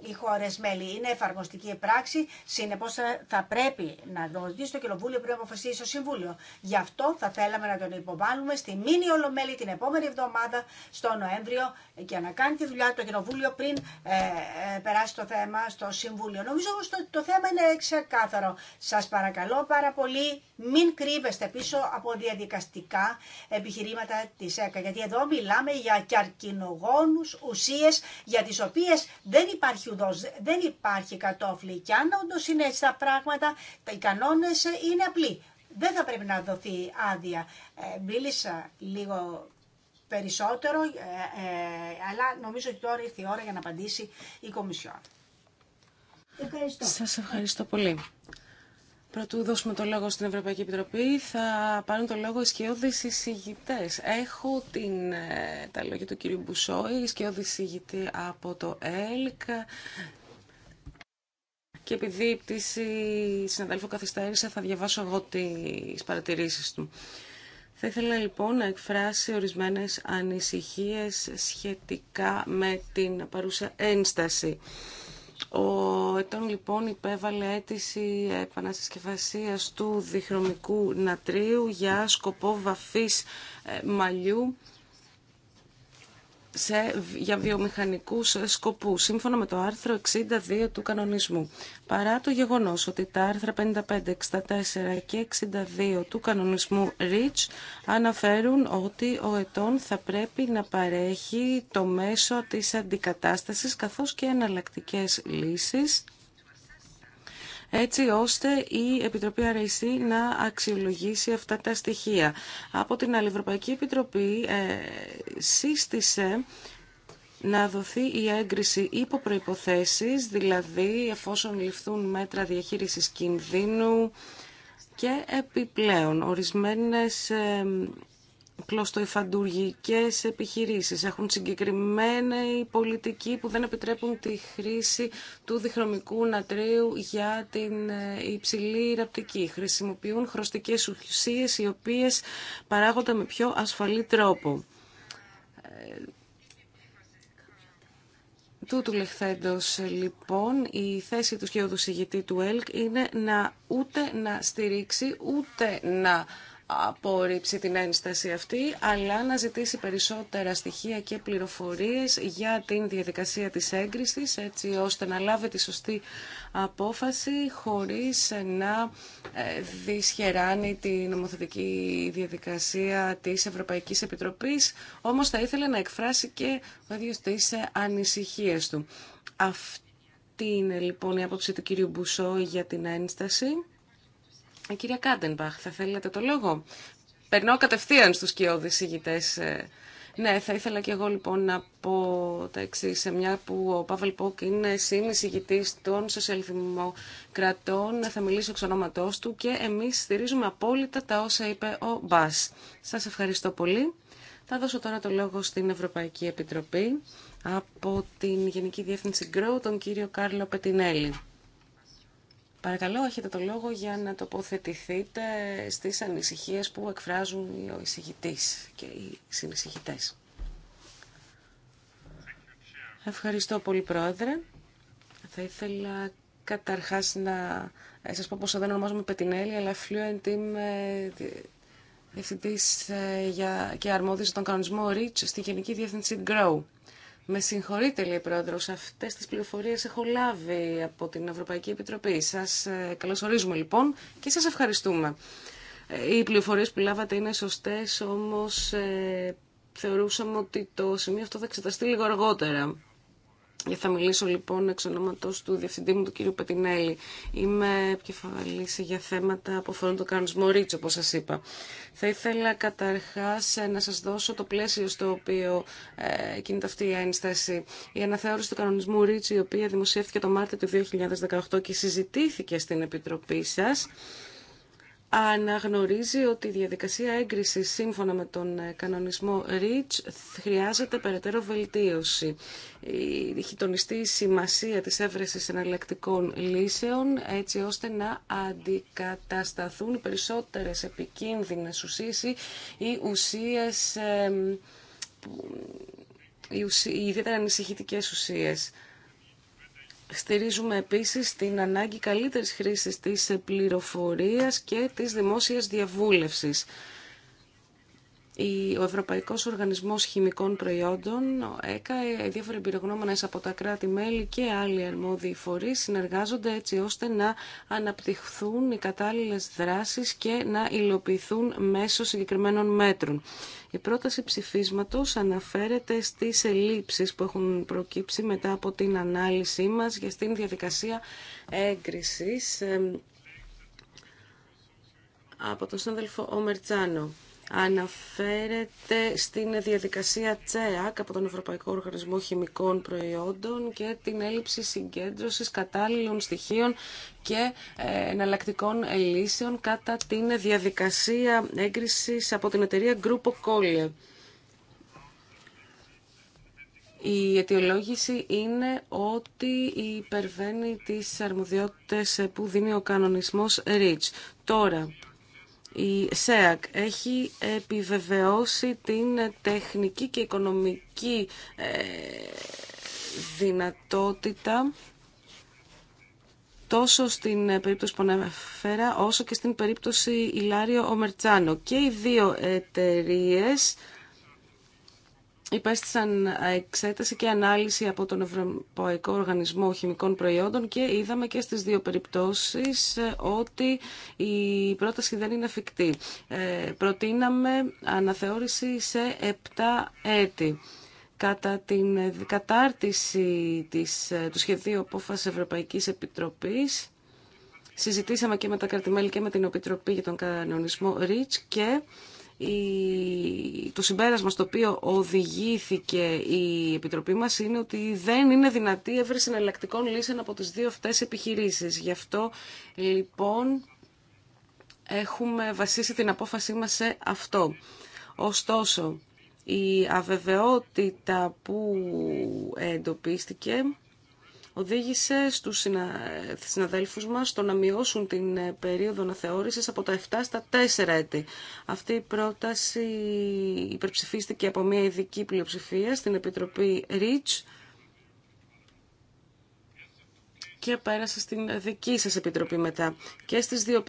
οι χώρες μέλη. Είναι εφαρμοστική πράξη, συνεπώς θα πρέπει να γνωρίζει το Κοινοβούλιο πριν να αποφασίσει το Συμβούλιο. Γι' αυτό θα θέλαμε να το τον υποβάλουμε στη μήνυ Ολομέλη την επόμενη εβδομάδα στο Νοέμβριο για να κάνει τη δουλειά το Κοινοβούλιο πριν ε, ε, περάσει το θέμα στο Συμβούλιο. Νομίζω όμως το, το θέμα είναι ξεκάθαρο. Σας παρακαλώ πάρα πολύ μην κρύβεστε πίσω από διαδικαστικά επιχειρήματα της ΕΚΑ γιατί εδώ μιλάμε για καρκινογόνους ουσίες για τις οποίες δεν υπάρχει ουδός, δεν υπάρχει κατόφλι και αν όντως είναι έτσι τα πράγματα, οι κανόνες είναι απλοί δεν θα πρέπει να δοθεί άδεια. Ε, μίλησα λίγο περισσότερο, ε, ε, αλλά νομίζω ότι τώρα ήρθε η ώρα για να απαντήσει η Κομισιόν. Ευχαριστώ. Σας ευχαριστώ πολύ. Πρωτού δώσουμε το λόγο στην Ευρωπαϊκή Επιτροπή, θα πάρουν το λόγο οι σκιώδεις εισηγητές. Έχω την, τα λόγια του κύριου Μπουσόη, σκιώδη εισηγητή από το ΕΛΚ, και επειδή η πτήση συναδέλφου καθυστέρησε θα διαβάσω εγώ τις παρατηρήσεις του. Θα ήθελα λοιπόν να εκφράσει ορισμένες ανησυχίες σχετικά με την παρούσα ένσταση. Ο Ετών λοιπόν υπέβαλε αίτηση επανασυσκευασίας του διχρωμικού νατρίου για σκοπό βαφής ε, μαλλιού σε, για βιομηχανικούς σκοπούς, σύμφωνα με το άρθρο 62 του κανονισμού. Παρά το γεγονός ότι τα άρθρα 55, 64 και 62 του κανονισμού REACH αναφέρουν ότι ο ετών θα πρέπει να παρέχει το μέσο της αντικατάσταση καθώς και εναλλακτικέ λύσεις έτσι ώστε η Επιτροπή RAC να αξιολογήσει αυτά τα στοιχεία. Από την άλλη, Ευρωπαϊκή Επιτροπή ε, σύστησε να δοθεί η έγκριση υπό προϋποθέσεις, δηλαδή εφόσον ληφθούν μέτρα διαχείρισης κινδύνου και επιπλέον ορισμένες ε, κλωστοϊφαντουργικές επιχειρήσεις. Έχουν συγκεκριμένη πολιτική που δεν επιτρέπουν τη χρήση του διχρωμικού νατρίου για την ε, υψηλή ραπτική. Χρησιμοποιούν χρωστικές ουσίες οι οποίες παράγονται με πιο ασφαλή τρόπο. Ε, τούτου λεχθέντος λοιπόν η θέση του σχεδίου του ΕΛΚ είναι να ούτε να στηρίξει ούτε να απορρίψει την ένσταση αυτή, αλλά να ζητήσει περισσότερα στοιχεία και πληροφορίες για την διαδικασία της έγκρισης, έτσι ώστε να λάβει τη σωστή απόφαση χωρίς να ε, δυσχεράνει τη νομοθετική διαδικασία της Ευρωπαϊκής Επιτροπής, όμως θα ήθελε να εκφράσει και ο ίδιος τις ε, ανησυχίες του. Αυτή είναι λοιπόν η άποψη του κύριου Μπουσό για την ένσταση. Ε, κυρία Κάντενμπαχ, θα θέλετε το λόγο. Περνώ κατευθείαν στους κοιόδης ηγητές. Ε. Ναι, θα ήθελα και εγώ λοιπόν να πω τα εξή. Σε μια που ο Παύλ Πόκ είναι συνεισηγητή των σοσιαλδημοκρατών, θα μιλήσω εξ ονόματό του και εμεί στηρίζουμε απόλυτα τα όσα είπε ο Μπα. Σα ευχαριστώ πολύ. Θα δώσω τώρα το λόγο στην Ευρωπαϊκή Επιτροπή από την Γενική Διεύθυνση Γκρό, τον κύριο Κάρλο Πετινέλη. Παρακαλώ, έχετε το λόγο για να τοποθετηθείτε στις ανησυχίες που εκφράζουν οι εισηγητής και οι συνεισηγητές. Ευχαριστώ πολύ, Πρόεδρε. Θα ήθελα καταρχάς να σας πω πως δεν ονομάζομαι Πετινέλη, αλλά Fluent είμαι διευθυντής ε, για... και αρμόδιος των κανονισμών REACH στη Γενική Διεύθυνση GROW. Με συγχωρείτε, λέει πρόεδρο, αυτές τις πληροφορίες έχω λάβει από την Ευρωπαϊκή Επιτροπή. Σας ε, καλωσορίζουμε λοιπόν και σας ευχαριστούμε. Ε, οι πληροφορίε που λάβατε είναι σωστές, όμως ε, θεωρούσαμε ότι το σημείο αυτό θα εξεταστεί λίγο αργότερα. Και ε, θα μιλήσω λοιπόν εξ ονόματος του διευθυντή μου, του κύριου Πετινέλη. Είμαι επικεφαλής για θέματα που αφορούν το κανονισμό Ρίτσο, όπως σας είπα. Θα ήθελα καταρχάς ε, να σας δώσω το πλαίσιο στο οποίο ε, κινείται αυτή η ένσταση. Η αναθεώρηση του κανονισμού Ρίτσο, η οποία δημοσιεύτηκε το Μάρτιο του 2018 και συζητήθηκε στην Επιτροπή σας, αναγνωρίζει ότι η διαδικασία έγκρισης σύμφωνα με τον ε, κανονισμό REACH χρειάζεται περαιτέρω βελτίωση. Η σημασία της έβρεσης εναλλακτικών λύσεων έτσι ώστε να αντικατασταθούν οι περισσότερες επικίνδυνες ουσίες ή ουσίες, ιδιαίτερα ανησυχητικές ουσίες. Στηρίζουμε επίσης την ανάγκη καλύτερης χρήσης της πληροφορίας και της δημόσιας διαβούλευσης ο Ευρωπαϊκός Οργανισμός Χημικών Προϊόντων, ο ΕΚΑ, οι διάφοροι από τα κράτη-μέλη και άλλοι αρμόδιοι φορεί συνεργάζονται έτσι ώστε να αναπτυχθούν οι κατάλληλες δράσεις και να υλοποιηθούν μέσω συγκεκριμένων μέτρων. Η πρόταση ψηφίσματος αναφέρεται στις ελλείψεις που έχουν προκύψει μετά από την ανάλυση μας για στην διαδικασία έγκρισης από τον συνάδελφο Ομερτσάνο αναφέρεται στην διαδικασία ΤΣΕΑΚ από τον Ευρωπαϊκό Οργανισμό Χημικών Προϊόντων και την έλλειψη συγκέντρωσης κατάλληλων στοιχείων και ε, εναλλακτικών λύσεων κατά την διαδικασία έγκρισης από την εταιρεία Grupo Κόλια. Η αιτιολόγηση είναι ότι υπερβαίνει τις αρμοδιότητες που δίνει ο κανονισμός REACH. Τώρα, η ΣΕΑΚ έχει επιβεβαιώσει την τεχνική και οικονομική ε, δυνατότητα τόσο στην ε, περίπτωση που αναφέρα όσο και στην περίπτωση Ιλάριο Ομερτσάνο. Και οι δύο εταιρείες υπέστησαν εξέταση και ανάλυση από τον Ευρωπαϊκό Οργανισμό Χημικών Προϊόντων και είδαμε και στις δύο περιπτώσεις ε, ότι η πρόταση δεν είναι εφικτή. Ε, προτείναμε αναθεώρηση σε 7 έτη. Κατά την κατάρτιση της, ε, του σχεδίου απόφαση Ευρωπαϊκής Επιτροπής, συζητήσαμε και με τα κρατημέλη και με την Επιτροπή για τον κανονισμό REACH και το συμπέρασμα στο οποίο οδηγήθηκε η Επιτροπή μας είναι ότι δεν είναι δυνατή η εύρεση εναλλακτικών λύσεων από τις δύο αυτές επιχειρήσεις. Γι' αυτό λοιπόν έχουμε βασίσει την απόφασή μας σε αυτό. Ωστόσο, η αβεβαιότητα που εντοπίστηκε οδήγησε στους συναδέλφους μας το να μειώσουν την ε, περίοδο αναθεώρηση από τα 7 στα 4 έτη. Αυτή η πρόταση υπερψηφίστηκε από μια ειδική πλειοψηφία στην Επιτροπή «Ριτς», και πέρασε στην δική σας επιτροπή μετά. Και στις δύο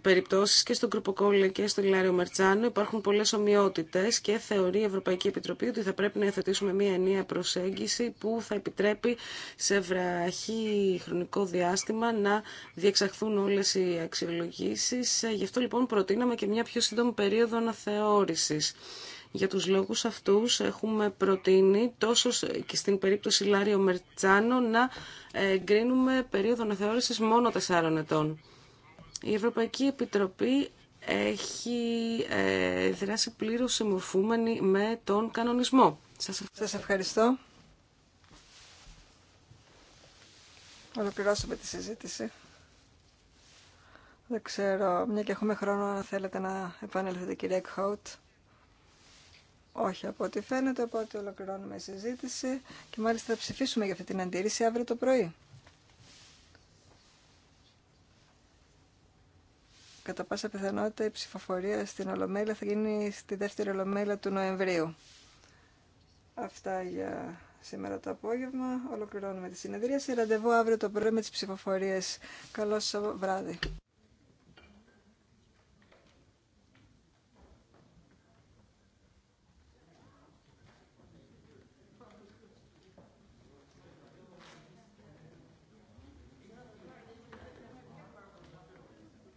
περιπτώσεις, και στον Κρουποκόλλη και στον Λάριο Μερτσάνο, υπάρχουν πολλές ομοιότητες και θεωρεί η Ευρωπαϊκή Επιτροπή ότι θα πρέπει να εθετήσουμε μια ενιαία προσέγγιση που θα επιτρέπει σε βραχή χρονικό διάστημα να διεξαχθούν όλες οι αξιολογήσεις. Γι' αυτό λοιπόν προτείναμε και μια πιο σύντομη περίοδο αναθεώρησης. Για τους λόγους αυτούς έχουμε προτείνει τόσο και στην περίπτωση Λάριο Μερτσάνο να εγκρίνουμε περίοδο αναθεώρησης μόνο 4 ετών. Η Ευρωπαϊκή Επιτροπή έχει ε, δράσει πλήρως συμμορφούμενη με τον κανονισμό. Σας ευχαριστώ. Σας ευχαριστώ. Ολοκληρώσαμε τη συζήτηση. Δεν ξέρω, μια και έχουμε χρόνο, αν θέλετε να επανέλθετε κυρία Εκχαουτ. Όχι, από ό,τι φαίνεται, οπότε ολοκληρώνουμε η συζήτηση και μάλιστα θα ψηφίσουμε για αυτή την αντίρρηση αύριο το πρωί. Κατά πάσα πιθανότητα η ψηφοφορία στην Ολομέλεια θα γίνει στη δεύτερη Ολομέλεια του Νοεμβρίου. Αυτά για σήμερα το απόγευμα. Ολοκληρώνουμε τη συνεδρίαση. Ραντεβού αύριο το πρωί με τις ψηφοφορίες. Καλό βράδυ.